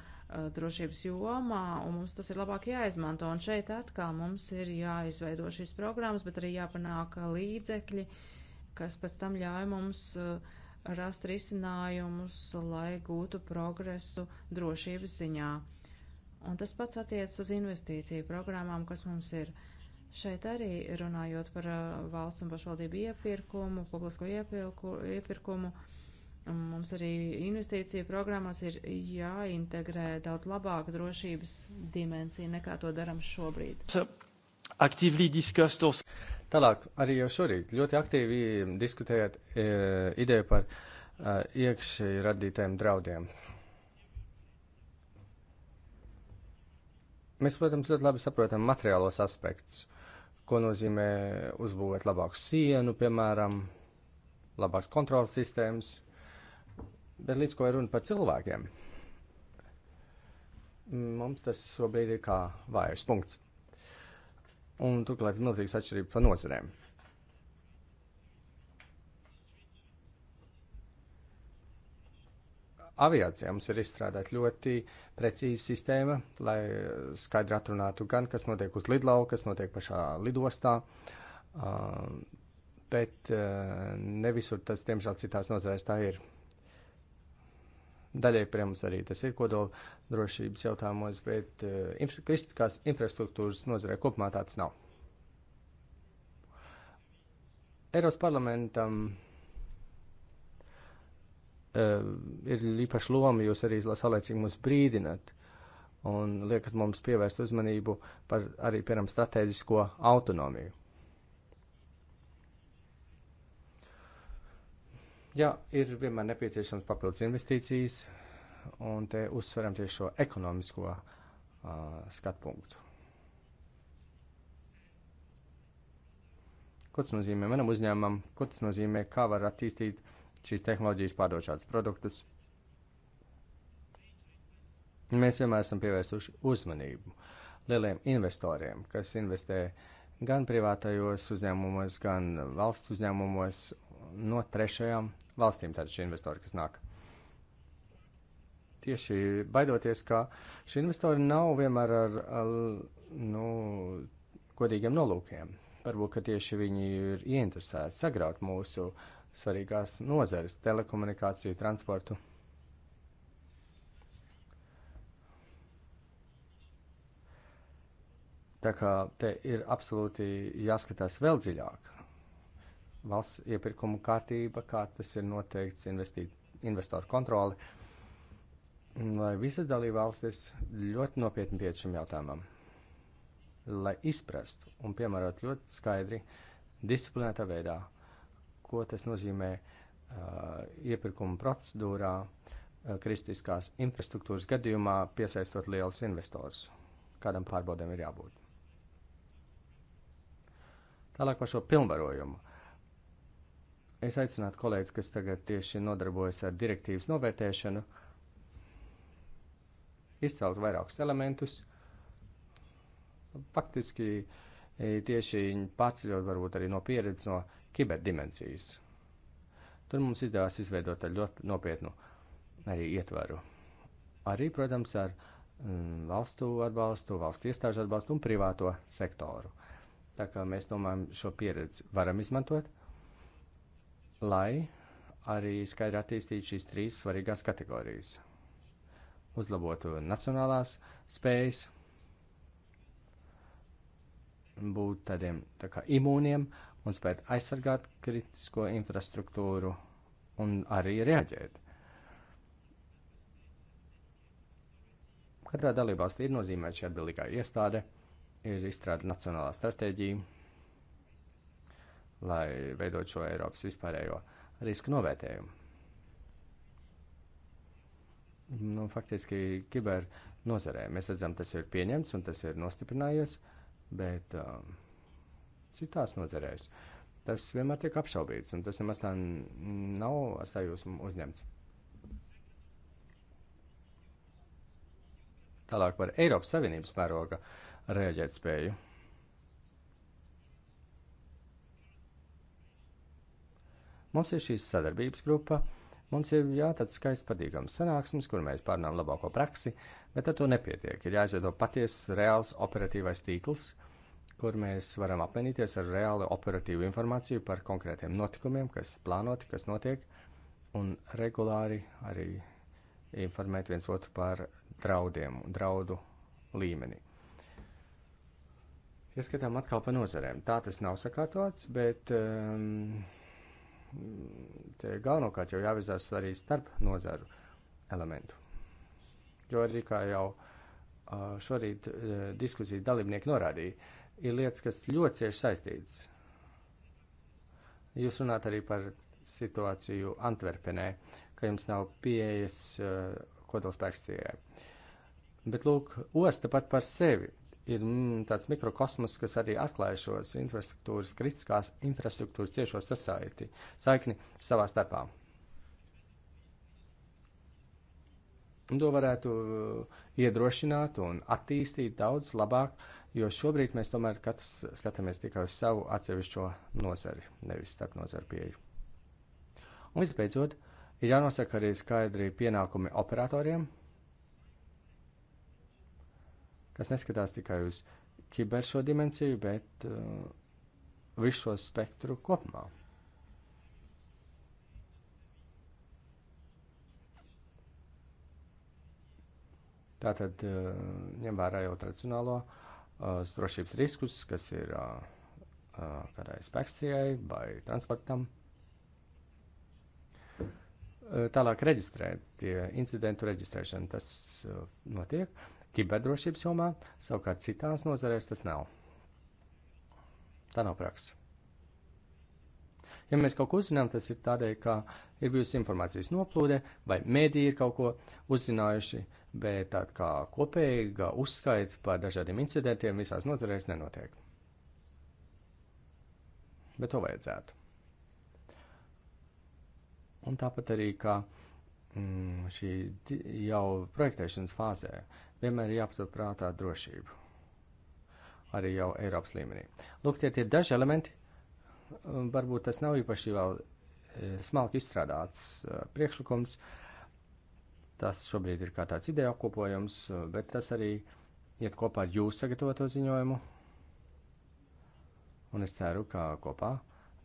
drošības jomā, un mums tas ir labāk jāizmanto. Un šeit atkal mums ir jāizveido šīs programmas, bet arī jāpanāk līdzekļi, kas pēc tam ļauj mums uh, rast risinājumus, lai gūtu progresu drošības ziņā. Un tas pats attiecas uz investīciju programmām, kas mums ir. Šeit arī runājot par valsts un pašvaldību iepirkumu, publisko iepirku, iepirkumu, mums arī investīcija programmas ir jāintegrē daudz labāk drošības dimensija, nekā to daram šobrīd. So, Tālāk arī jau šorīt ļoti aktīvi diskutējāt e, ideju par e, iekšēji radītajiem draudiem. Mēs, protams, ļoti labi saprotam materiālos aspektus, ko nozīmē uzbūvēt labāku sienu, piemēram, labākas kontrolas sistēmas, bet līdz ko ir runa par cilvēkiem, mums tas šobrīd ir kā vājš punkts un turklāt ir milzīgas atšķirības pa nozarēm. aviācijā mums ir izstrādāta ļoti precīza sistēma, lai skaidri atrunātu gan, kas notiek uz lidlauka, kas notiek pašā lidostā. Uh, bet uh, ne visur tas, diemžēl, citās nozarēs tā ir. Daļai, protams, arī tas ir kodola drošības jautājumos, bet uh, eh, kritiskās infrastruktūras nozarē kopumā tāds nav. Eiropas parlamentam uh, ir īpaša loma, jūs arī saulēcīgi mūs brīdinat un liekat mums pievērst uzmanību par arī, piemēram, strateģisko autonomiju. Jā, ir vienmēr nepieciešams papildus investīcijas, un te uzsveram tieši šo ekonomisko uh, skatu punktu. Ko tas nozīmē manam uzņēmumam, ko tas nozīmē, kā var attīstīt šīs tehnoloģijas, pārdot šādus produktus. Mēs vienmēr esam pievērsuši uzmanību lieliem investoriem, kas investē uh, gan privātajos uzņēmumos, gan valsts uzņēmumos no trešajām valstīm tātad šie investori, kas nāk. Tieši baidoties, ka šie investori nav vienmēr ar, ar nu, godīgiem nolūkiem. Varbūt, ka tieši viņi ir ieinteresēti sagraut mūsu svarīgās nozares - telekomunikāciju, transportu. Tā kā te ir absolūti jāskatās vēl dziļāk. Valsts iepirkuma kārtība, kā tas ir noteikts investīt, investoru kontroli, lai visas dalībvalstis ļoti nopietni pieiet šim jautājumam, lai izprastu un piemērot ļoti skaidri, disciplinētā veidā, ko tas nozīmē uh, iepirkuma procedūrā, uh, kristiskās infrastruktūras gadījumā, piesaistot lielus investorus kādam pārbaudēm ir jābūt. Tālāk par šo pilnvarojumu. Es aicinātu kolēģis, kas tagad tieši nodarbojas ar direktīvas novērtēšanu, izcelt vairākus elementus. Faktiski e, tieši pārceļot varbūt arī no pieredzes no kiberdimensijas. Tur mums izdevās izveidot ar ļoti nopietnu arī ietvaru. Arī, protams, ar mm, valstu atbalstu, valsts iestāžu atbalstu un privāto sektoru. Uh, Tā kā mēs domājam, šo pieredzi varam izmantot, lai arī skaidri attīstītu šīs trīs svarīgās kategorijas. Uzlabotu nacionālās spējas, būt tādiem tā kā imūniem un spēt aizsargāt kritisko infrastruktūru un arī reaģēt. Katrā dalībvalstī ir nozīmēta šī atbildīgā iestāde ir izstrāda nacionālā stratēģija, lai veidot šo Eiropas vispārējo risku novērtējumu. Nu, faktiski, kiber nozarē mēs redzam, tas ir pieņemts un tas ir nostiprinājies, bet um, citās nozarēs tas vienmēr tiek apšaubīts un tas nemaz tā nav ar sajūsmu uzņemts. Tālāk par Eiropas Savienības mēroga uh, rēģēt spēju. Mums ir šīs sadarbības grupa, mums ir jātad skaists patīkams sanāksmes, kur mēs pārnām labāko praksi, bet ar to nepietiek. Ir jāizveido patiesas, reāls operatīvais tīkls, kur mēs varam apmainīties ar reāli operatīvu informāciju par konkrētiem notikumiem, kas plānoti, kas notiek, un regulāri arī informēt viens otru par draudiem un draudu līmeni. Ja skatām atkal pa nozarēm, tā tas nav sakārtots, bet um, galvenokārt jau jāvirzās arī starp nozaru elementu. Jo arī kā jau uh, šorīt uh, diskusijas dalībnieki norādīja, ir lietas, kas ļoti cieši saistītas. Jūs runājat arī par situāciju Antverpenē, ka jums nav pieejas uh, e, kodolspēkstījai. Bet lūk, osta pat par sevi ir mm, tāds mikrokosmos, kas arī atklāja šos infrastruktūras, kritiskās infrastruktūras ciešo sasaiti, saikni savā starpā. Un to varētu iedrošināt un attīstīt daudz labāk, jo šobrīd mēs tomēr katrs skatāmies tikai uz savu atsevišķo nozari, nevis starp nozaru pieeju. Un visbeidzot, ir jānosaka arī skaidri pienākumi operatoriem, kas neskatās tikai uz kiberšo dimensiju, bet uh, visu šo spektru kopumā. Tātad uh, ņem vērā jau tradicionālo uh, drošības riskus, kas ir uh, uh, kādai spēkcijai vai transportam. Uh, tālāk reģistrēt, tie incidentu reģistrēšana, tas uh, notiek. Uh, kiberdrošības jomā, savukārt citās nozarēs tas nav. Tā nav praksa. Ja mēs kaut ko uzzinām, tas ir tādēļ, ka ir bijusi informācijas noplūde vai mēdī ir kaut ko uzzinājuši, bet tāda kā kopīga uzskaita par dažādiem incidentiem visās nozarēs nenotiek. Bet to vajadzētu. Un tāpat arī, ka Mm, šī jau projektēšanas fāzē vienmēr ir jāpatur prātā drošību. Arī jau Eiropas līmenī. Lūk, tie ir daži elementi. Mm, varbūt tas nav īpaši vēl e, smalki izstrādāts e, priekšlikums. Tas šobrīd ir kā tāds ideja apkopojums, e, bet tas arī iet kopā ar jūsu sagatavoto ziņojumu. Un es ceru, ka kopā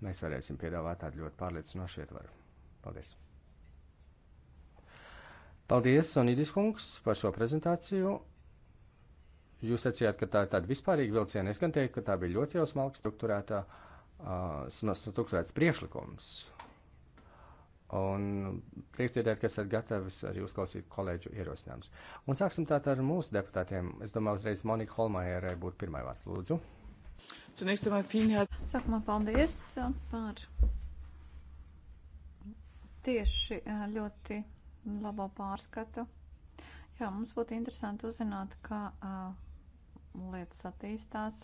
mēs varēsim piedāvāt tādu ļoti pārliecinošu ietvaru. Paldies! Paldies, Sonidis kungs, par šo prezentāciju. Jūs teicāt, ka tā ir tāda vispārīga vilciena. Es gan teiktu, ka tā bija ļoti jau smalka struktūrēta, uh, struktūrēts priekšlikums. Un prieks dzirdēt, ka esat gatavs arī uzklausīt kolēģu ierosinājumus. Un sāksim tātad ar mūsu deputātiem. Es domāju, uzreiz Monika Holmajerai būtu pirmā vārds. Lūdzu. Zunächst einmal vielen herzlichen Sākumā paldies par tieši ļoti labo pārskatu. Jā, mums būtu interesanti uzzināt, kā uh, lietas attīstās.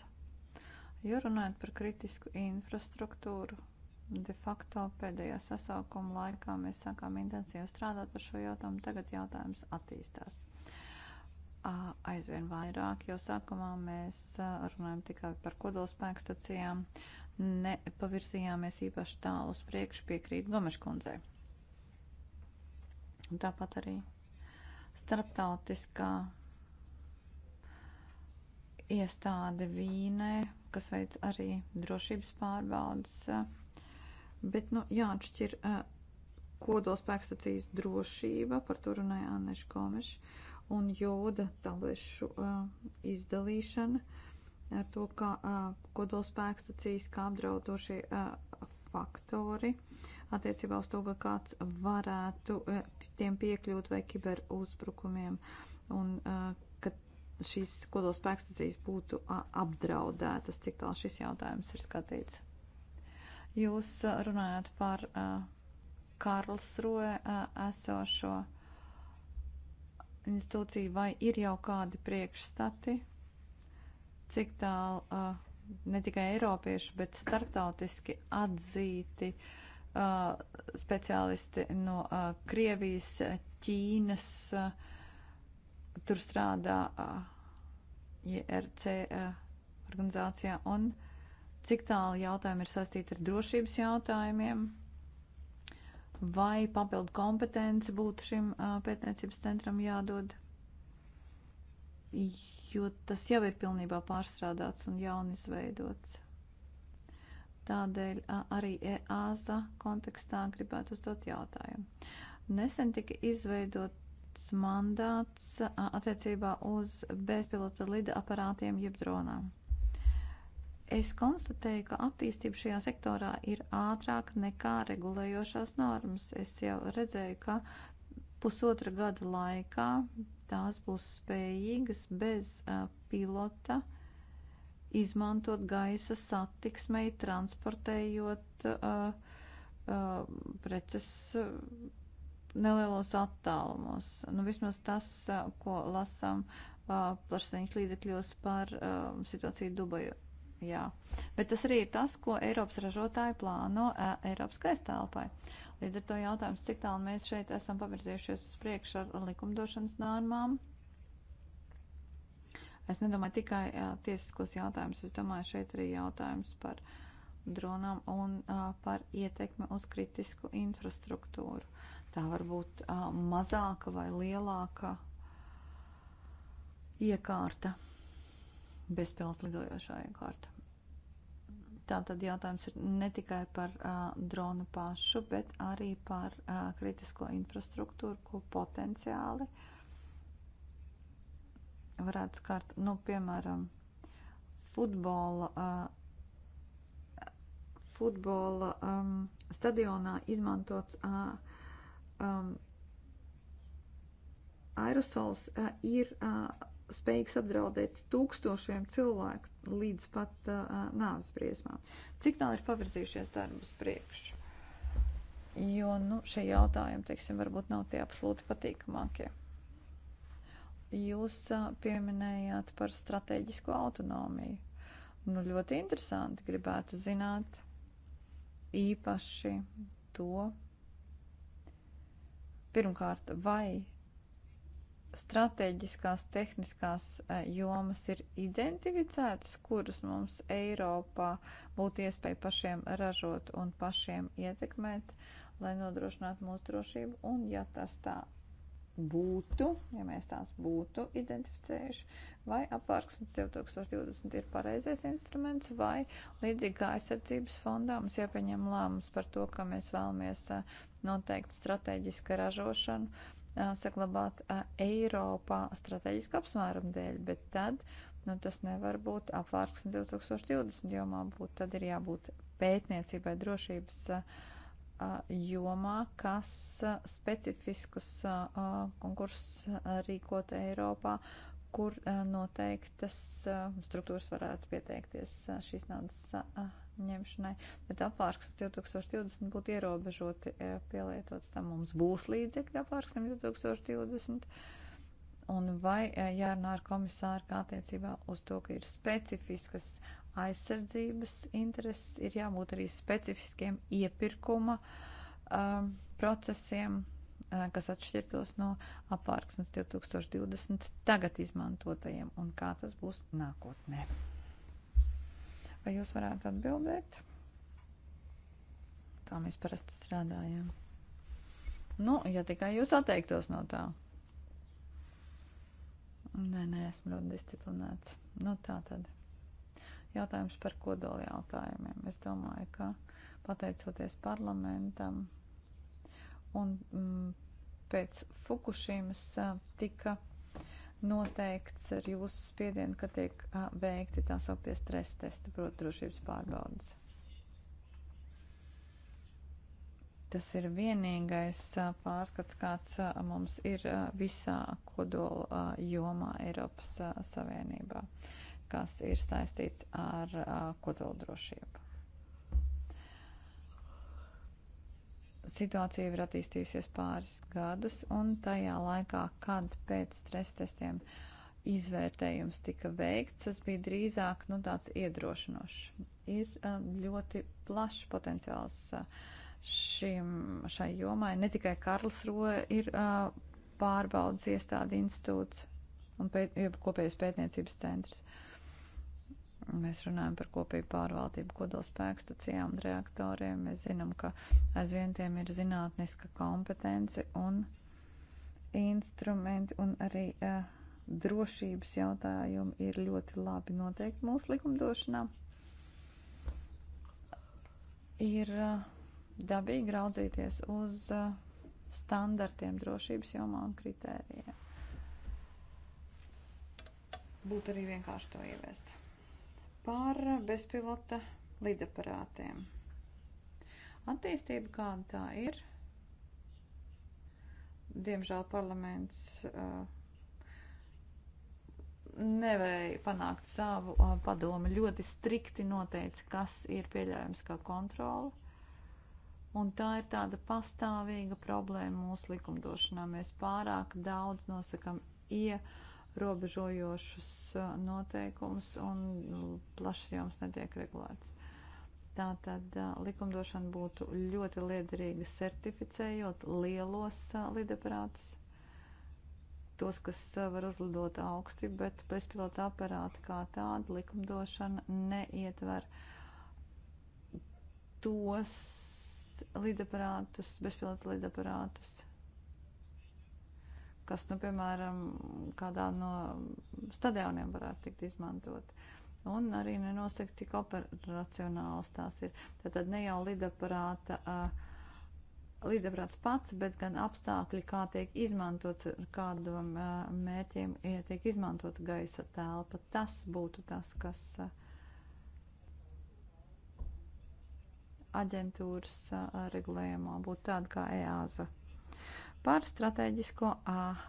Jo runājot par kritisku infrastruktūru, de facto pēdējā sasaukuma laikā mēs sākām intensīvi strādāt ar šo jautājumu, tagad jautājums attīstās. Aizvien vairāk, jo sākumā mēs runājam tikai par kodolspēku stacijām, nepavirzījāmies īpaši tālu uz priekšu piekrīt Gomeškundzei. Un tāpat arī starptautiskā iestāde Vīnē, kas veic arī drošības pārbaudas. Bet, nu, jāatšķir eh, kodolspēkstacijas drošība, par to runāja Anneša Komeša, un joda talešu eh, izdalīšana ar to, kā eh, kodolspēkstacijas, kā apdraudošie faktori attiecībā uz to, ka kāds varētu tiem piekļūt vai kiberuzbrukumiem, un uh, ka šīs kodolspēkstacijas būtu apdraudētas, cik tālu šis jautājums ir skatīts. Jūs uh, runājat par uh, Karlsroe esošo institūciju, vai ir jau kādi priekšstati, cik tālu ne tikai eiropieši, bet starptautiski atzīti uh, speciālisti no Krievijas, Ķīnas, tur strādā IRC organizācijā un cik tālu jautājumi ir saistīti ar drošības jautājumiem, vai papildu kompetence būtu šim pētniecības centram jādod, jo tas jau ir pilnībā pārstrādāts un jaunizveidots. Tādēļ arī EASA kontekstā gribētu uzdot jautājumu. Nesen tika izveidots mandāts attiecībā uz bezpilota lida aparātiem jeb dronām. Es konstatēju, ka attīstība šajā sektorā ir ātrāk nekā regulējošās normas. Es jau redzēju, ka pusotra gada laikā tās būs spējīgas bez uh, pilota uh, izmantot gaisa satiksmei, transportējot uh, uh, preces uh, nelielos attālumos. Nu, vismaz tas, uh, ko lasām uh, plašsaziņas līdzekļos par uh, situāciju Dubaju. Jā. Bet tas arī ir tas, ko Eiropas ražotāji plāno uh, Eiropas gaisa telpai. Līdz ar to jautājums, cik tālu mēs šeit esam pavirzījušies uz priekšu ar likumdošanas normām Es nedomāju tikai uh, tiesiskos jautājumus, es domāju šeit arī jautājums par dronām un uh, par ietekmi uz kritisku infrastruktūru. Tā var būt uh, mazāka vai lielāka iekārta, bezpilota lidojošā iekārta. Tātad jautājums ir ne tikai par uh, dronu pašu, bet arī par uh, kritisko infrastruktūru, ko potenciāli uh, varētu skart, nu, piemēram, futbola, uh, futbola um, stadionā izmantots uh, um, aerosols uh, ir uh, spējīgs apdraudēt tūkstošiem cilvēku līdz pat uh, nāves briesmām. Cik tālu ir pavirzījušies darbus priekšu? Jo nu, šie jautājumi, teiksim, varbūt nav tie absolūti patīkamākie. Ja. Jūs pieminējāt par strateģisko autonomiju. Nu, ļoti interesanti gribētu zināt īpaši to, pirmkārt, vai strateģiskās tehniskās jomas ir identificētas, kuras mums Eiropā būtu iespēja pašiem ražot un pašiem ietekmēt, lai nodrošinātu mūsu drošību, un ja tas tā būtu, ja mēs tās būtu identificējuši, vai apvārksnes 2020 ir pareizais instruments, vai līdzīgi kā aizsardzības fondā mums jāpieņem lēmums par to, ka mēs vēlamies noteikt strateģiska ražošanu, saglabāt Eiropā strateģiska apsvēruma dēļ, bet tad, nu tas nevar būt apvārksnes 2020 jomā būt, tad ir jābūt pētniecībai drošības. Uh, jomā, kas specifiskus konkursus rīkot Eiropā, kur noteiktas struktūras varētu pieteikties šīs naudas ņemšanai. Bet apvārksnes 2020 būtu ierobežoti e, pielietots tam. Mums būs līdzekļi apvārksnim 2020. Un vai e, jārunā ar komisāru kā attiecībā uz to, ka ir specifiskas uh, aizsardzības intereses, ir jābūt arī specifiskiem iepirkuma um, procesiem, uh, kas atšķirtos no apvārksnes 2020 tagad izmantotajiem un kā tas būs nākotnē. Vai jūs varētu atbildēt? Kā mēs parasti strādājam? Nu, ja tikai jūs atteiktos no tā. Nē, nē, esmu ļoti disciplinēts. Nu, tā tad. Jautājums par kodola jautājumiem. Es domāju, ka pateicoties parlamentam un mm, pēc Fukušīmas tika noteikts ar jūsu spiedienu, ka tiek a, veikti tā sauktie stresa testi, proti drošības pārbaudas. Tas ir vienīgais pārskats, kāds mums ir visā kodola jomā Eiropas Savienībā. Uh, kas ir saistīts ar kodoldrošību. Situācija ir attīstījusies pāris gadus, un tajā laikā, kad pēc stresa testiem izvērtējums tika veikts, tas bija drīzāk nu, tāds iedrošinošs. Ir ļoti plašs potenciāls šim, šai jomai. Ne tikai Karlsroja ir pārbaudas iestādi institūts un pēt, kopējas pētniecības centrs. Uh, Mēs runājam par kopīgu pārvaldību kodolspēku stacijām un reaktoriem. Mēs zinām, ka aizvien tiem ir zinātniska kompetence un instrumenti un arī uh, drošības jautājumi ir ļoti labi noteikti mūsu likumdošanā. Ir uh, dabīgi raudzīties uz uh, standartiem drošības jomā un kritērijiem. Būtu arī vienkārši to ieviest par bezpilota lidaparātiem. Attīstība kāda tā ir, diemžēl parlaments uh, nevarēja panākt savu uh, padomu. Ļoti strikti noteica, kas ir pieļaujams kā kontrola. Un tā ir tāda pastāvīga problēma mūsu likumdošanā. Mēs pārāk daudz nosakam ie. Ja robežojošus noteikumus un nu, plašs joms netiek regulēts. Tātad likumdošana būtu ļoti liederīga certificējot lielos lidaparātus, tos, kas var uzlidot augsti, bet bezpilota aparāti kā tāda likumdošana neietver tos lidaparātus, bezpilota lidaparātus, kas, nu, piemēram, kādā no stadioniem varētu tikt izmantot. Un arī nenosaka, cik operacionāls tās ir. Tātad ne jau lidaparāta. Uh, lidaprāts pats, bet gan apstākļi, kā tiek izmantots, ar kādam mērķiem ja tiek izmantota gaisa telpa. Tas būtu tas, kas aģentūras regulējumā būtu tāda kā EASA par strateģisko uh,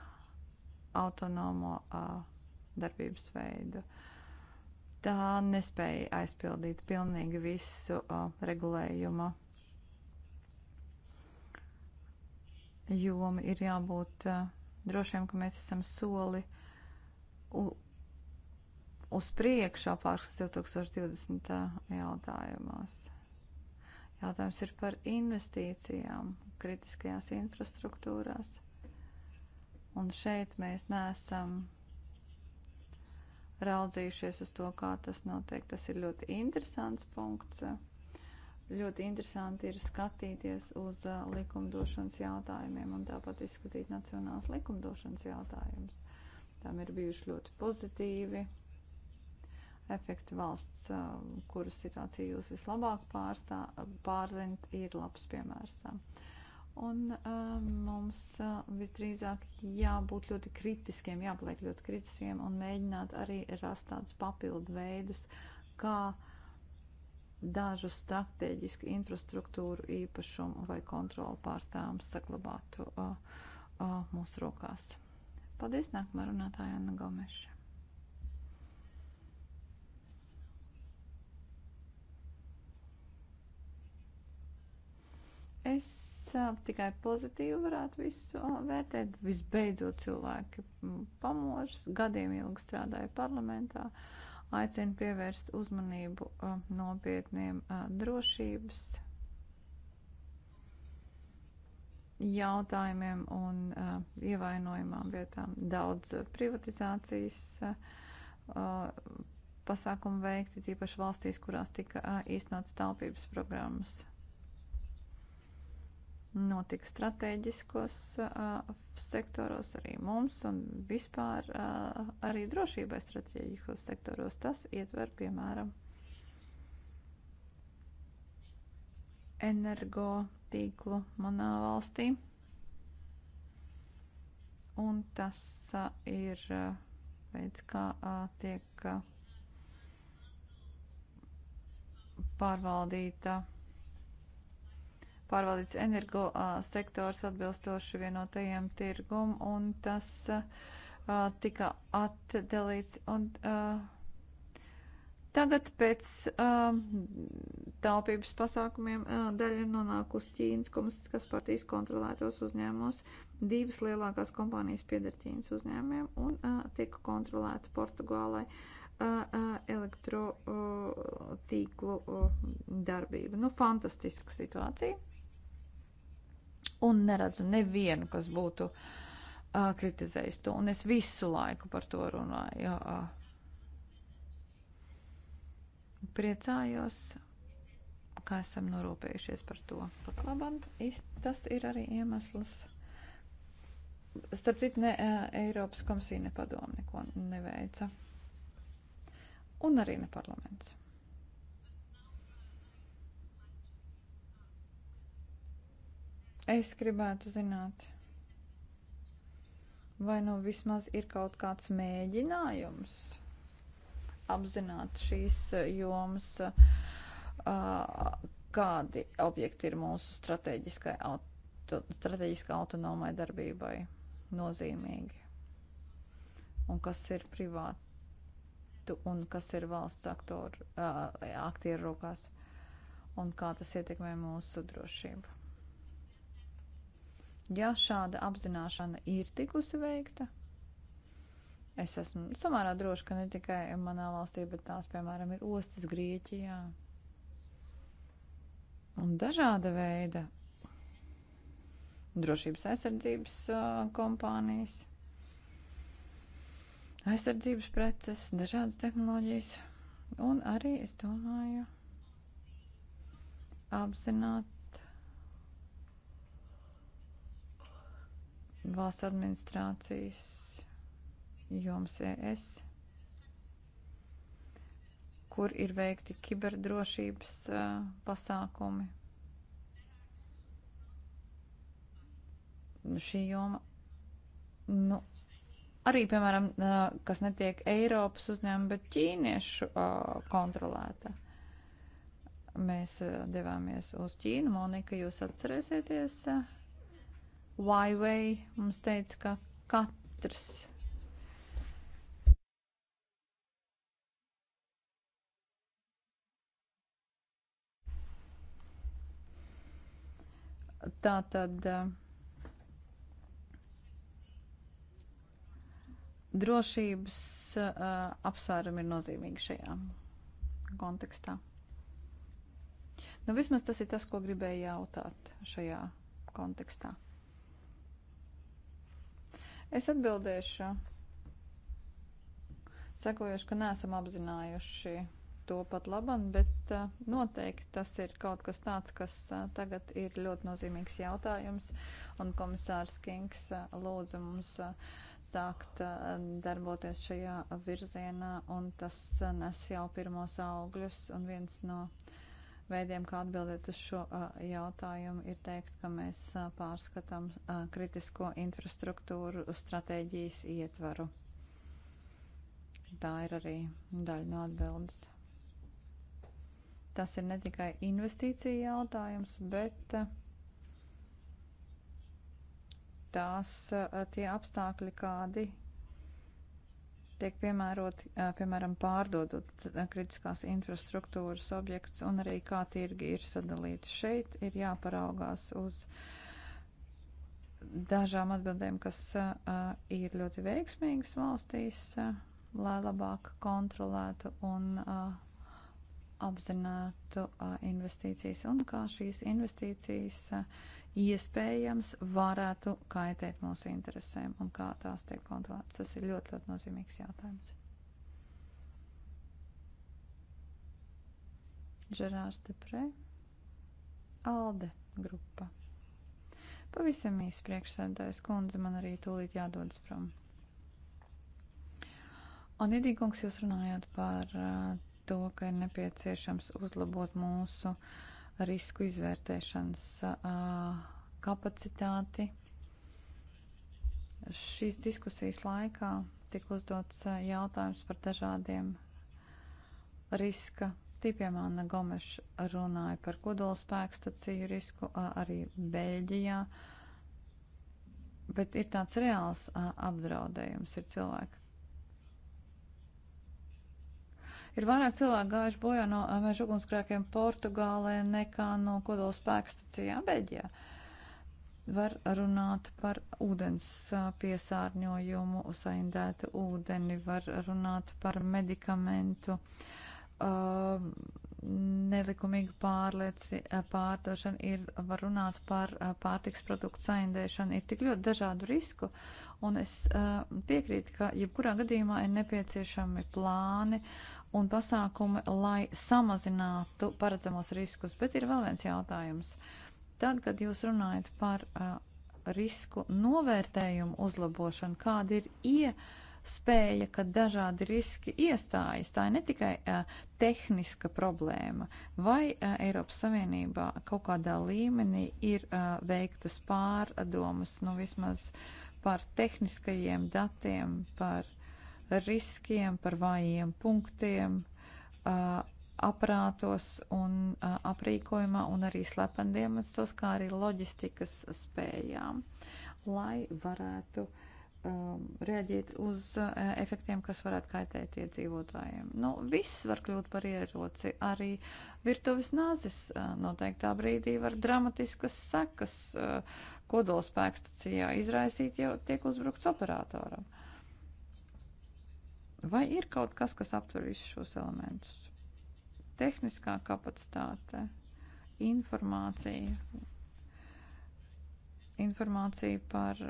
autonomo uh, darbības veidu. Tā nespēja aizpildīt pilnīgi visu uh, regulējumu. Jomi ir jābūt uh, drošiem, ka mēs esam soli u, uz priekšu apārks 2020. jautājumos. Jautājums ir par investīcijām, kritiskajās infrastruktūrās. Un šeit mēs neesam raudzījušies uz to, kā tas notiek. Tas ir ļoti interesants punkts. Ļoti interesanti ir skatīties uz uh, likumdošanas jautājumiem un tāpat izskatīt nacionālas likumdošanas jautājumus. Tam ir bijuši ļoti pozitīvi efekti valsts, uh, kuras situāciju jūs vislabāk pārstā, pārzinat, ir labs piemērs tam. Uh, Un uh, mums uh, visdrīzāk jābūt ļoti kritiskiem, jāpaliek ļoti kritiskiem un mēģināt arī rast tādus papildu veidus, kā dažu strateģisku infrastruktūru īpašumu vai kontroli pār tām saglabātu uh, uh, mūsu rokās. Paldies, nākamā runātāja Anna Gomeša. Es tikai pozitīvi varētu visu vērtēt. Visbeidzot, cilvēki pamožas, gadiem ilgi strādāja parlamentā, aicina pievērst uzmanību nopietniem drošības jautājumiem un ievainojumām vietām. Daudz privatizācijas pasākumu veikti, tīpaši valstīs, kurās tika īstenotas taupības programmas notika strateģiskos uh, sektoros arī mums un vispār uh, arī drošībai strateģiskos sektoros. Tas ietver, piemēram, energo tīklu manā valstī. Un tas uh, ir uh, veids, kā uh, tiek uh, pārvaldīta. Uh, pārvaldīts energo sektors atbilstoši vienotajiem tirgum, un tas tika atdalīts. Un, Tagad pēc uh, taupības pasākumiem uh, daļa nonāk uz Ķīnas komunistiskās partijas kontrolētos uzņēmumos. Divas lielākās kompānijas pieder Ķīnas uzņēmumiem un uh, tika kontrolēta Portugālai uh, uh, elektrotīklu uh, uh, darbība. Nu, fantastiska situācija un neredzu nevienu, kas būtu uh, kritizējis to. Un es visu laiku par to runāju. Jā. Priecājos, ka esam norūpējušies par to. Pat labam, tas ir arī iemesls. Starp citu, ne, Eiropas komisija nepadomu neko neveica. Un arī ne parlaments. Es gribētu zināt, vai nu vismaz ir kaut kāds mēģinājums apzināt šīs jomas, kādi objekti ir mūsu strateģiskai, auto, strateģiskai autonomai darbībai nozīmīgi un kas ir privātu un kas ir valsts aktoru, aktieru rokās un kā tas ietekmē mūsu drošību. Ja šāda apzināšana ir tikusi veikta, es esmu samērā droši, ka ne tikai manā valstī, bet tās, piemēram, ir ostas Grieķijā. Un dažāda veida drošības aizsardzības kompānijas, aizsardzības preces, dažādas tehnoloģijas. Un arī, es domāju, apzināt valsts administrācijas joms ES, kur ir veikti kiberdrošības uh, pasākumi. Šī joma, nu, arī, piemēram, uh, kas netiek Eiropas uzņēmuma, bet ķīniešu uh, kontrolēta. Mēs devāmies uz Ķīnu, Monika, jūs atcerēsieties? Huawei mums teica, ka katrs tā tad eh, drošības eh, apsvērumi ir nozīmīgi šajā kontekstā. Nu, vismaz tas ir tas, ko gribēju jautāt šajā kontekstā. Es atbildēšu, sakojuši, ka neesam apzinājuši to pat laban, bet eh, noteikti tas ir kaut kas tāds, kas eh, tagad ir ļoti nozīmīgs jautājums, un komisārs Kings eh, lūdza mums sākt darboties šajā virzienā, un tas nes jau pirmos augļus, un viens no uh, veidiem, kā atbildēt uz šo jautājumu, ir teikt, ka mēs pārskatām kritisko infrastruktūru stratēģijas ietvaru. Tā ir arī daļa no atbildes. Tas ir ne tikai investīcija jautājums, bet tās tie apstākļi, kādi tiek piemēroti, piemēram, pārdodot kritiskās infrastruktūras objekts un arī kā tirgi ir sadalīti. Šeit ir jāparaugās uz dažām atbildēm, kas ir ļoti veiksmīgas valstīs, lai labāk kontrolētu un apzinātu investīcijas un kā šīs investīcijas uh, iespējams varētu kaitēt mūsu interesēm un kā tās tiek kontrolētas. Tas ir ļoti, ļoti nozīmīgs jautājums. Žerārs Deprē, Alde grupa. Pavisam īsi priekšsēdājas kundze, man arī tūlīt jādodas prom. Un, Edīkungs, jūs runājāt par uh, to, ka ir nepieciešams uzlabot mūsu uh, risku izvērtēšanas kapacitāti. Šīs diskusijas laikā tika uzdots jautājums par dažādiem riska tipiem. Anna Gomeša runāja par kodola spēkstaciju risku arī Beļģijā. Bet ir tāds reāls apdraudējums, ir cilvēki, Ir vairāk cilvēku gājuši bojā no meža ugunsgrēkiem Portugālē nekā no kodola spēka stacijā Beļģijā. Var runāt par ūdens piesārņojumu, saindētu ūdeni, var runāt par medikamentu. Uh, nelikumīgu pārlieci, pārdošanu, ir, var runāt par pārtiks produktu saindēšanu, ir tik ļoti dažādu risku, un es uh, piekrītu, ka jebkurā gadījumā ir nepieciešami plāni un pasākumi, lai samazinātu paredzamos riskus. Bet ir vēl viens jautājums. Tad, kad jūs runājat par uh, risku novērtējumu uzlabošanu, kāda ir iespēja, ka dažādi riski iestājas? Tā ir ne tikai uh, tehniska problēma. Vai uh, Eiropas Savienībā kaut kādā līmenī ir uh, veiktas pārdomas, nu vismaz par tehniskajiem datiem, par riskiem, par vājiem punktiem aparātos un aprīkojumā un arī slependiemetos, kā arī loģistikas spējām, lai varētu um, reaģēt uz uh, efektiem, kas varētu kaitēt iedzīvotājiem. Nu, viss var kļūt par ieroci. Arī virtuves nāzes uh, noteiktā brīdī var dramatiskas sekas uh, kodolspēkstacijā izraisīt, ja tiek uzbrukts operatoram. Uh, Vai ir kaut kas, kas aptver visus šos elementus? Tehniskā kapacitāte, informācija, informācija par,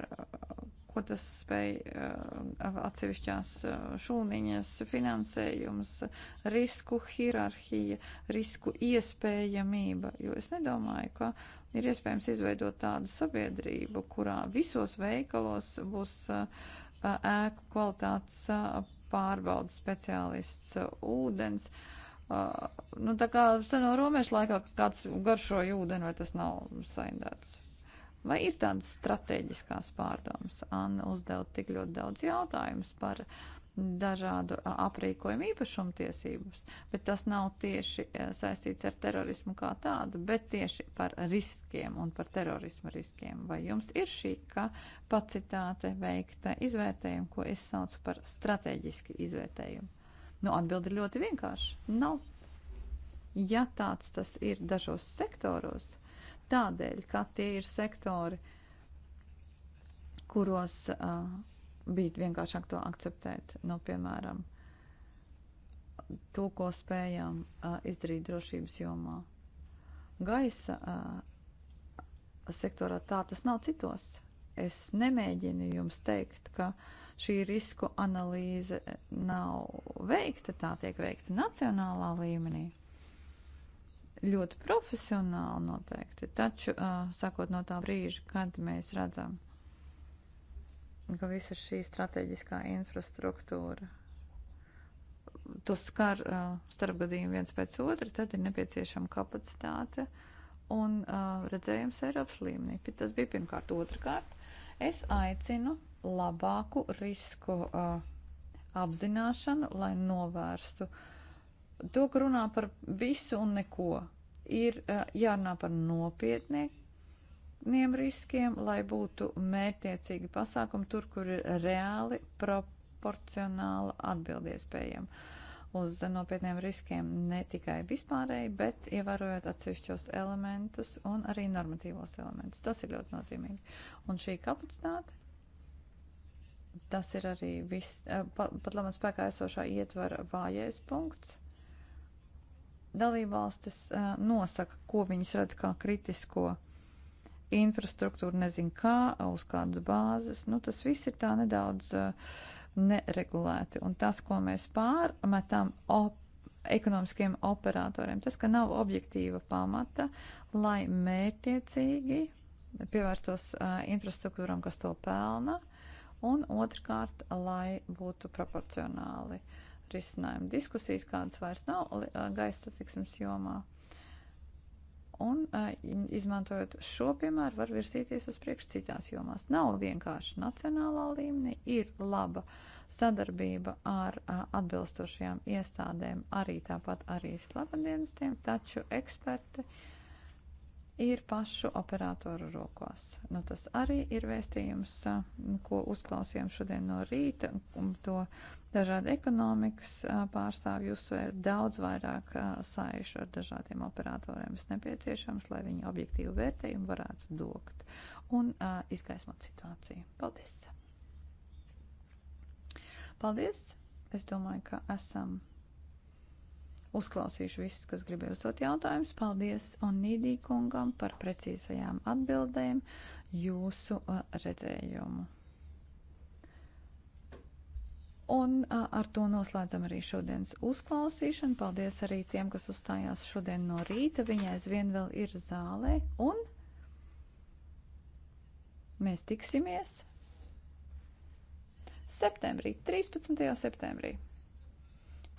ko tas spēj eh, atsevišķās eh, šūniņas, finansējums, risku hierarhija, risku iespējamība, jo es nedomāju, ka ir iespējams izveidot tādu sabiedrību, kurā visos veikalos būs eh, ēku kvalitātes pārbaudas speciālists uh, ūdens. Uh, nu, tā kā seno romiešu laikā kāds garšoja ūdeni, vai tas nav saindēts. Vai ir tādas strateģiskās pārdomas? Anna uzdev tik ļoti daudz jautājumus par uh, dažādu aprīkojumu īpašumtiesības, bet tas nav tieši saistīts ar terorismu kā tādu, bet tieši par riskiem un par terorismu riskiem. Vai jums ir šī kapacitāte veikta izvērtējumu, ko es saucu par strateģiski izvērtējumu? Nu, atbildi ļoti vienkārši. Nav. Ja tāds tas ir dažos sektoros, tādēļ, ka tie ir sektori, kuros uh, bija vienkāršāk to akceptēt. Nu, no, piemēram, to, ko spējām uh, izdarīt drošības jomā. Gaisa uh, sektorā tā tas nav citos. Es nemēģinu jums teikt, ka šī risku analīze nav veikta, tā tiek veikta nacionālā līmenī. Ļoti profesionāli noteikti, taču, uh, sakot no tā brīža, kad mēs redzam, ka visa šī strateģiskā infrastruktūra to skar uh, starpgadījumi viens pēc otra, tad ir nepieciešama kapacitāte un uh, redzējums Eiropas līmenī. Tas bija pirmkārt. Otrakārt, es aicinu labāku risku uh, apzināšanu, lai novērstu to, ka runā par visu un neko. Ir uh, jārunā par nopietniem niem riskiem, lai būtu mērķtiecīgi pasākumi tur, kur ir reāli proporcionāli atbildiespējami uz nopietniem riskiem ne tikai vispārēji, bet ievērojot atsevišķos elementus un arī normatīvos elementus. Tas ir ļoti nozīmīgi. Un šī kapacitāte, tas ir arī viss, eh, pat, pat labam spēkā esošā ietvara vājais punkts. Dalībvalstis eh, nosaka, ko viņas redz kā kritisko uh, infrastruktūru, nezinu kā, uz kādas bāzes. Nu, tas viss ir tā nedaudz eh, neregulēti. Un tas, ko mēs pārmetam op ekonomiskiem operatoriem, tas, ka nav objektīva pamata, lai mērķiecīgi pievērstos uh, infrastruktūram, kas to pelna, un otrkārt, lai būtu proporcionāli risinājumi. Diskusijas kādas vairs nav eh, gaisa satiksmes jomā. Uh, un izmantojot šo piemēru var virsīties uz priekšu citās jomās. Nav vienkārši nacionālā līmenī, ir laba sadarbība ar atbilstošajām iestādēm, arī tāpat arī slavendienestiem, taču eksperti uh, ir pašu operatoru rokās. Nu, tas arī ir vēstījums, eh, ko uzklausījām šodien no rīta, un to dažādi ekonomikas eh, pārstāvji uzsver daudz vairāk eh, saišu ar dažādiem operatoriem. Tas nepieciešams, lai viņi objektīvu vērtējumu varētu dokt un izgaismot situāciju. Paldies! Paldies! Es domāju, ka esam Uzklausīšu visus, kas gribēja uzdot jautājumus. Paldies Onīdī kungam par precīzajām atbildēm jūsu redzējumu. Un a, ar to noslēdzam arī šodienas uzklausīšanu. Paldies arī tiem, kas uzstājās šodien no rīta. Viņa aizvien vēl ir zālē. Un mēs tiksimies septembrī, 13. septembrī.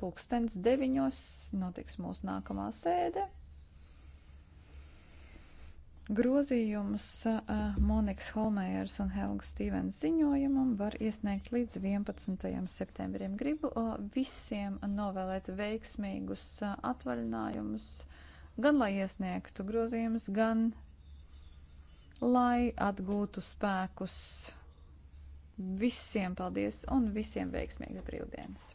Pūkstens deviņos notiks mūsu nākamā sēde. Grozījumus eh, Monikas Holmējers un Helga Stīvens ziņojumam var iesniegt līdz 11. septembrim. Gribu eh, visiem novēlēt veiksmīgus eh, atvaļinājumus, gan lai iesniegtu grozījumus, gan lai atgūtu spēkus. Visiem paldies un visiem veiksmīgas brīvdienas!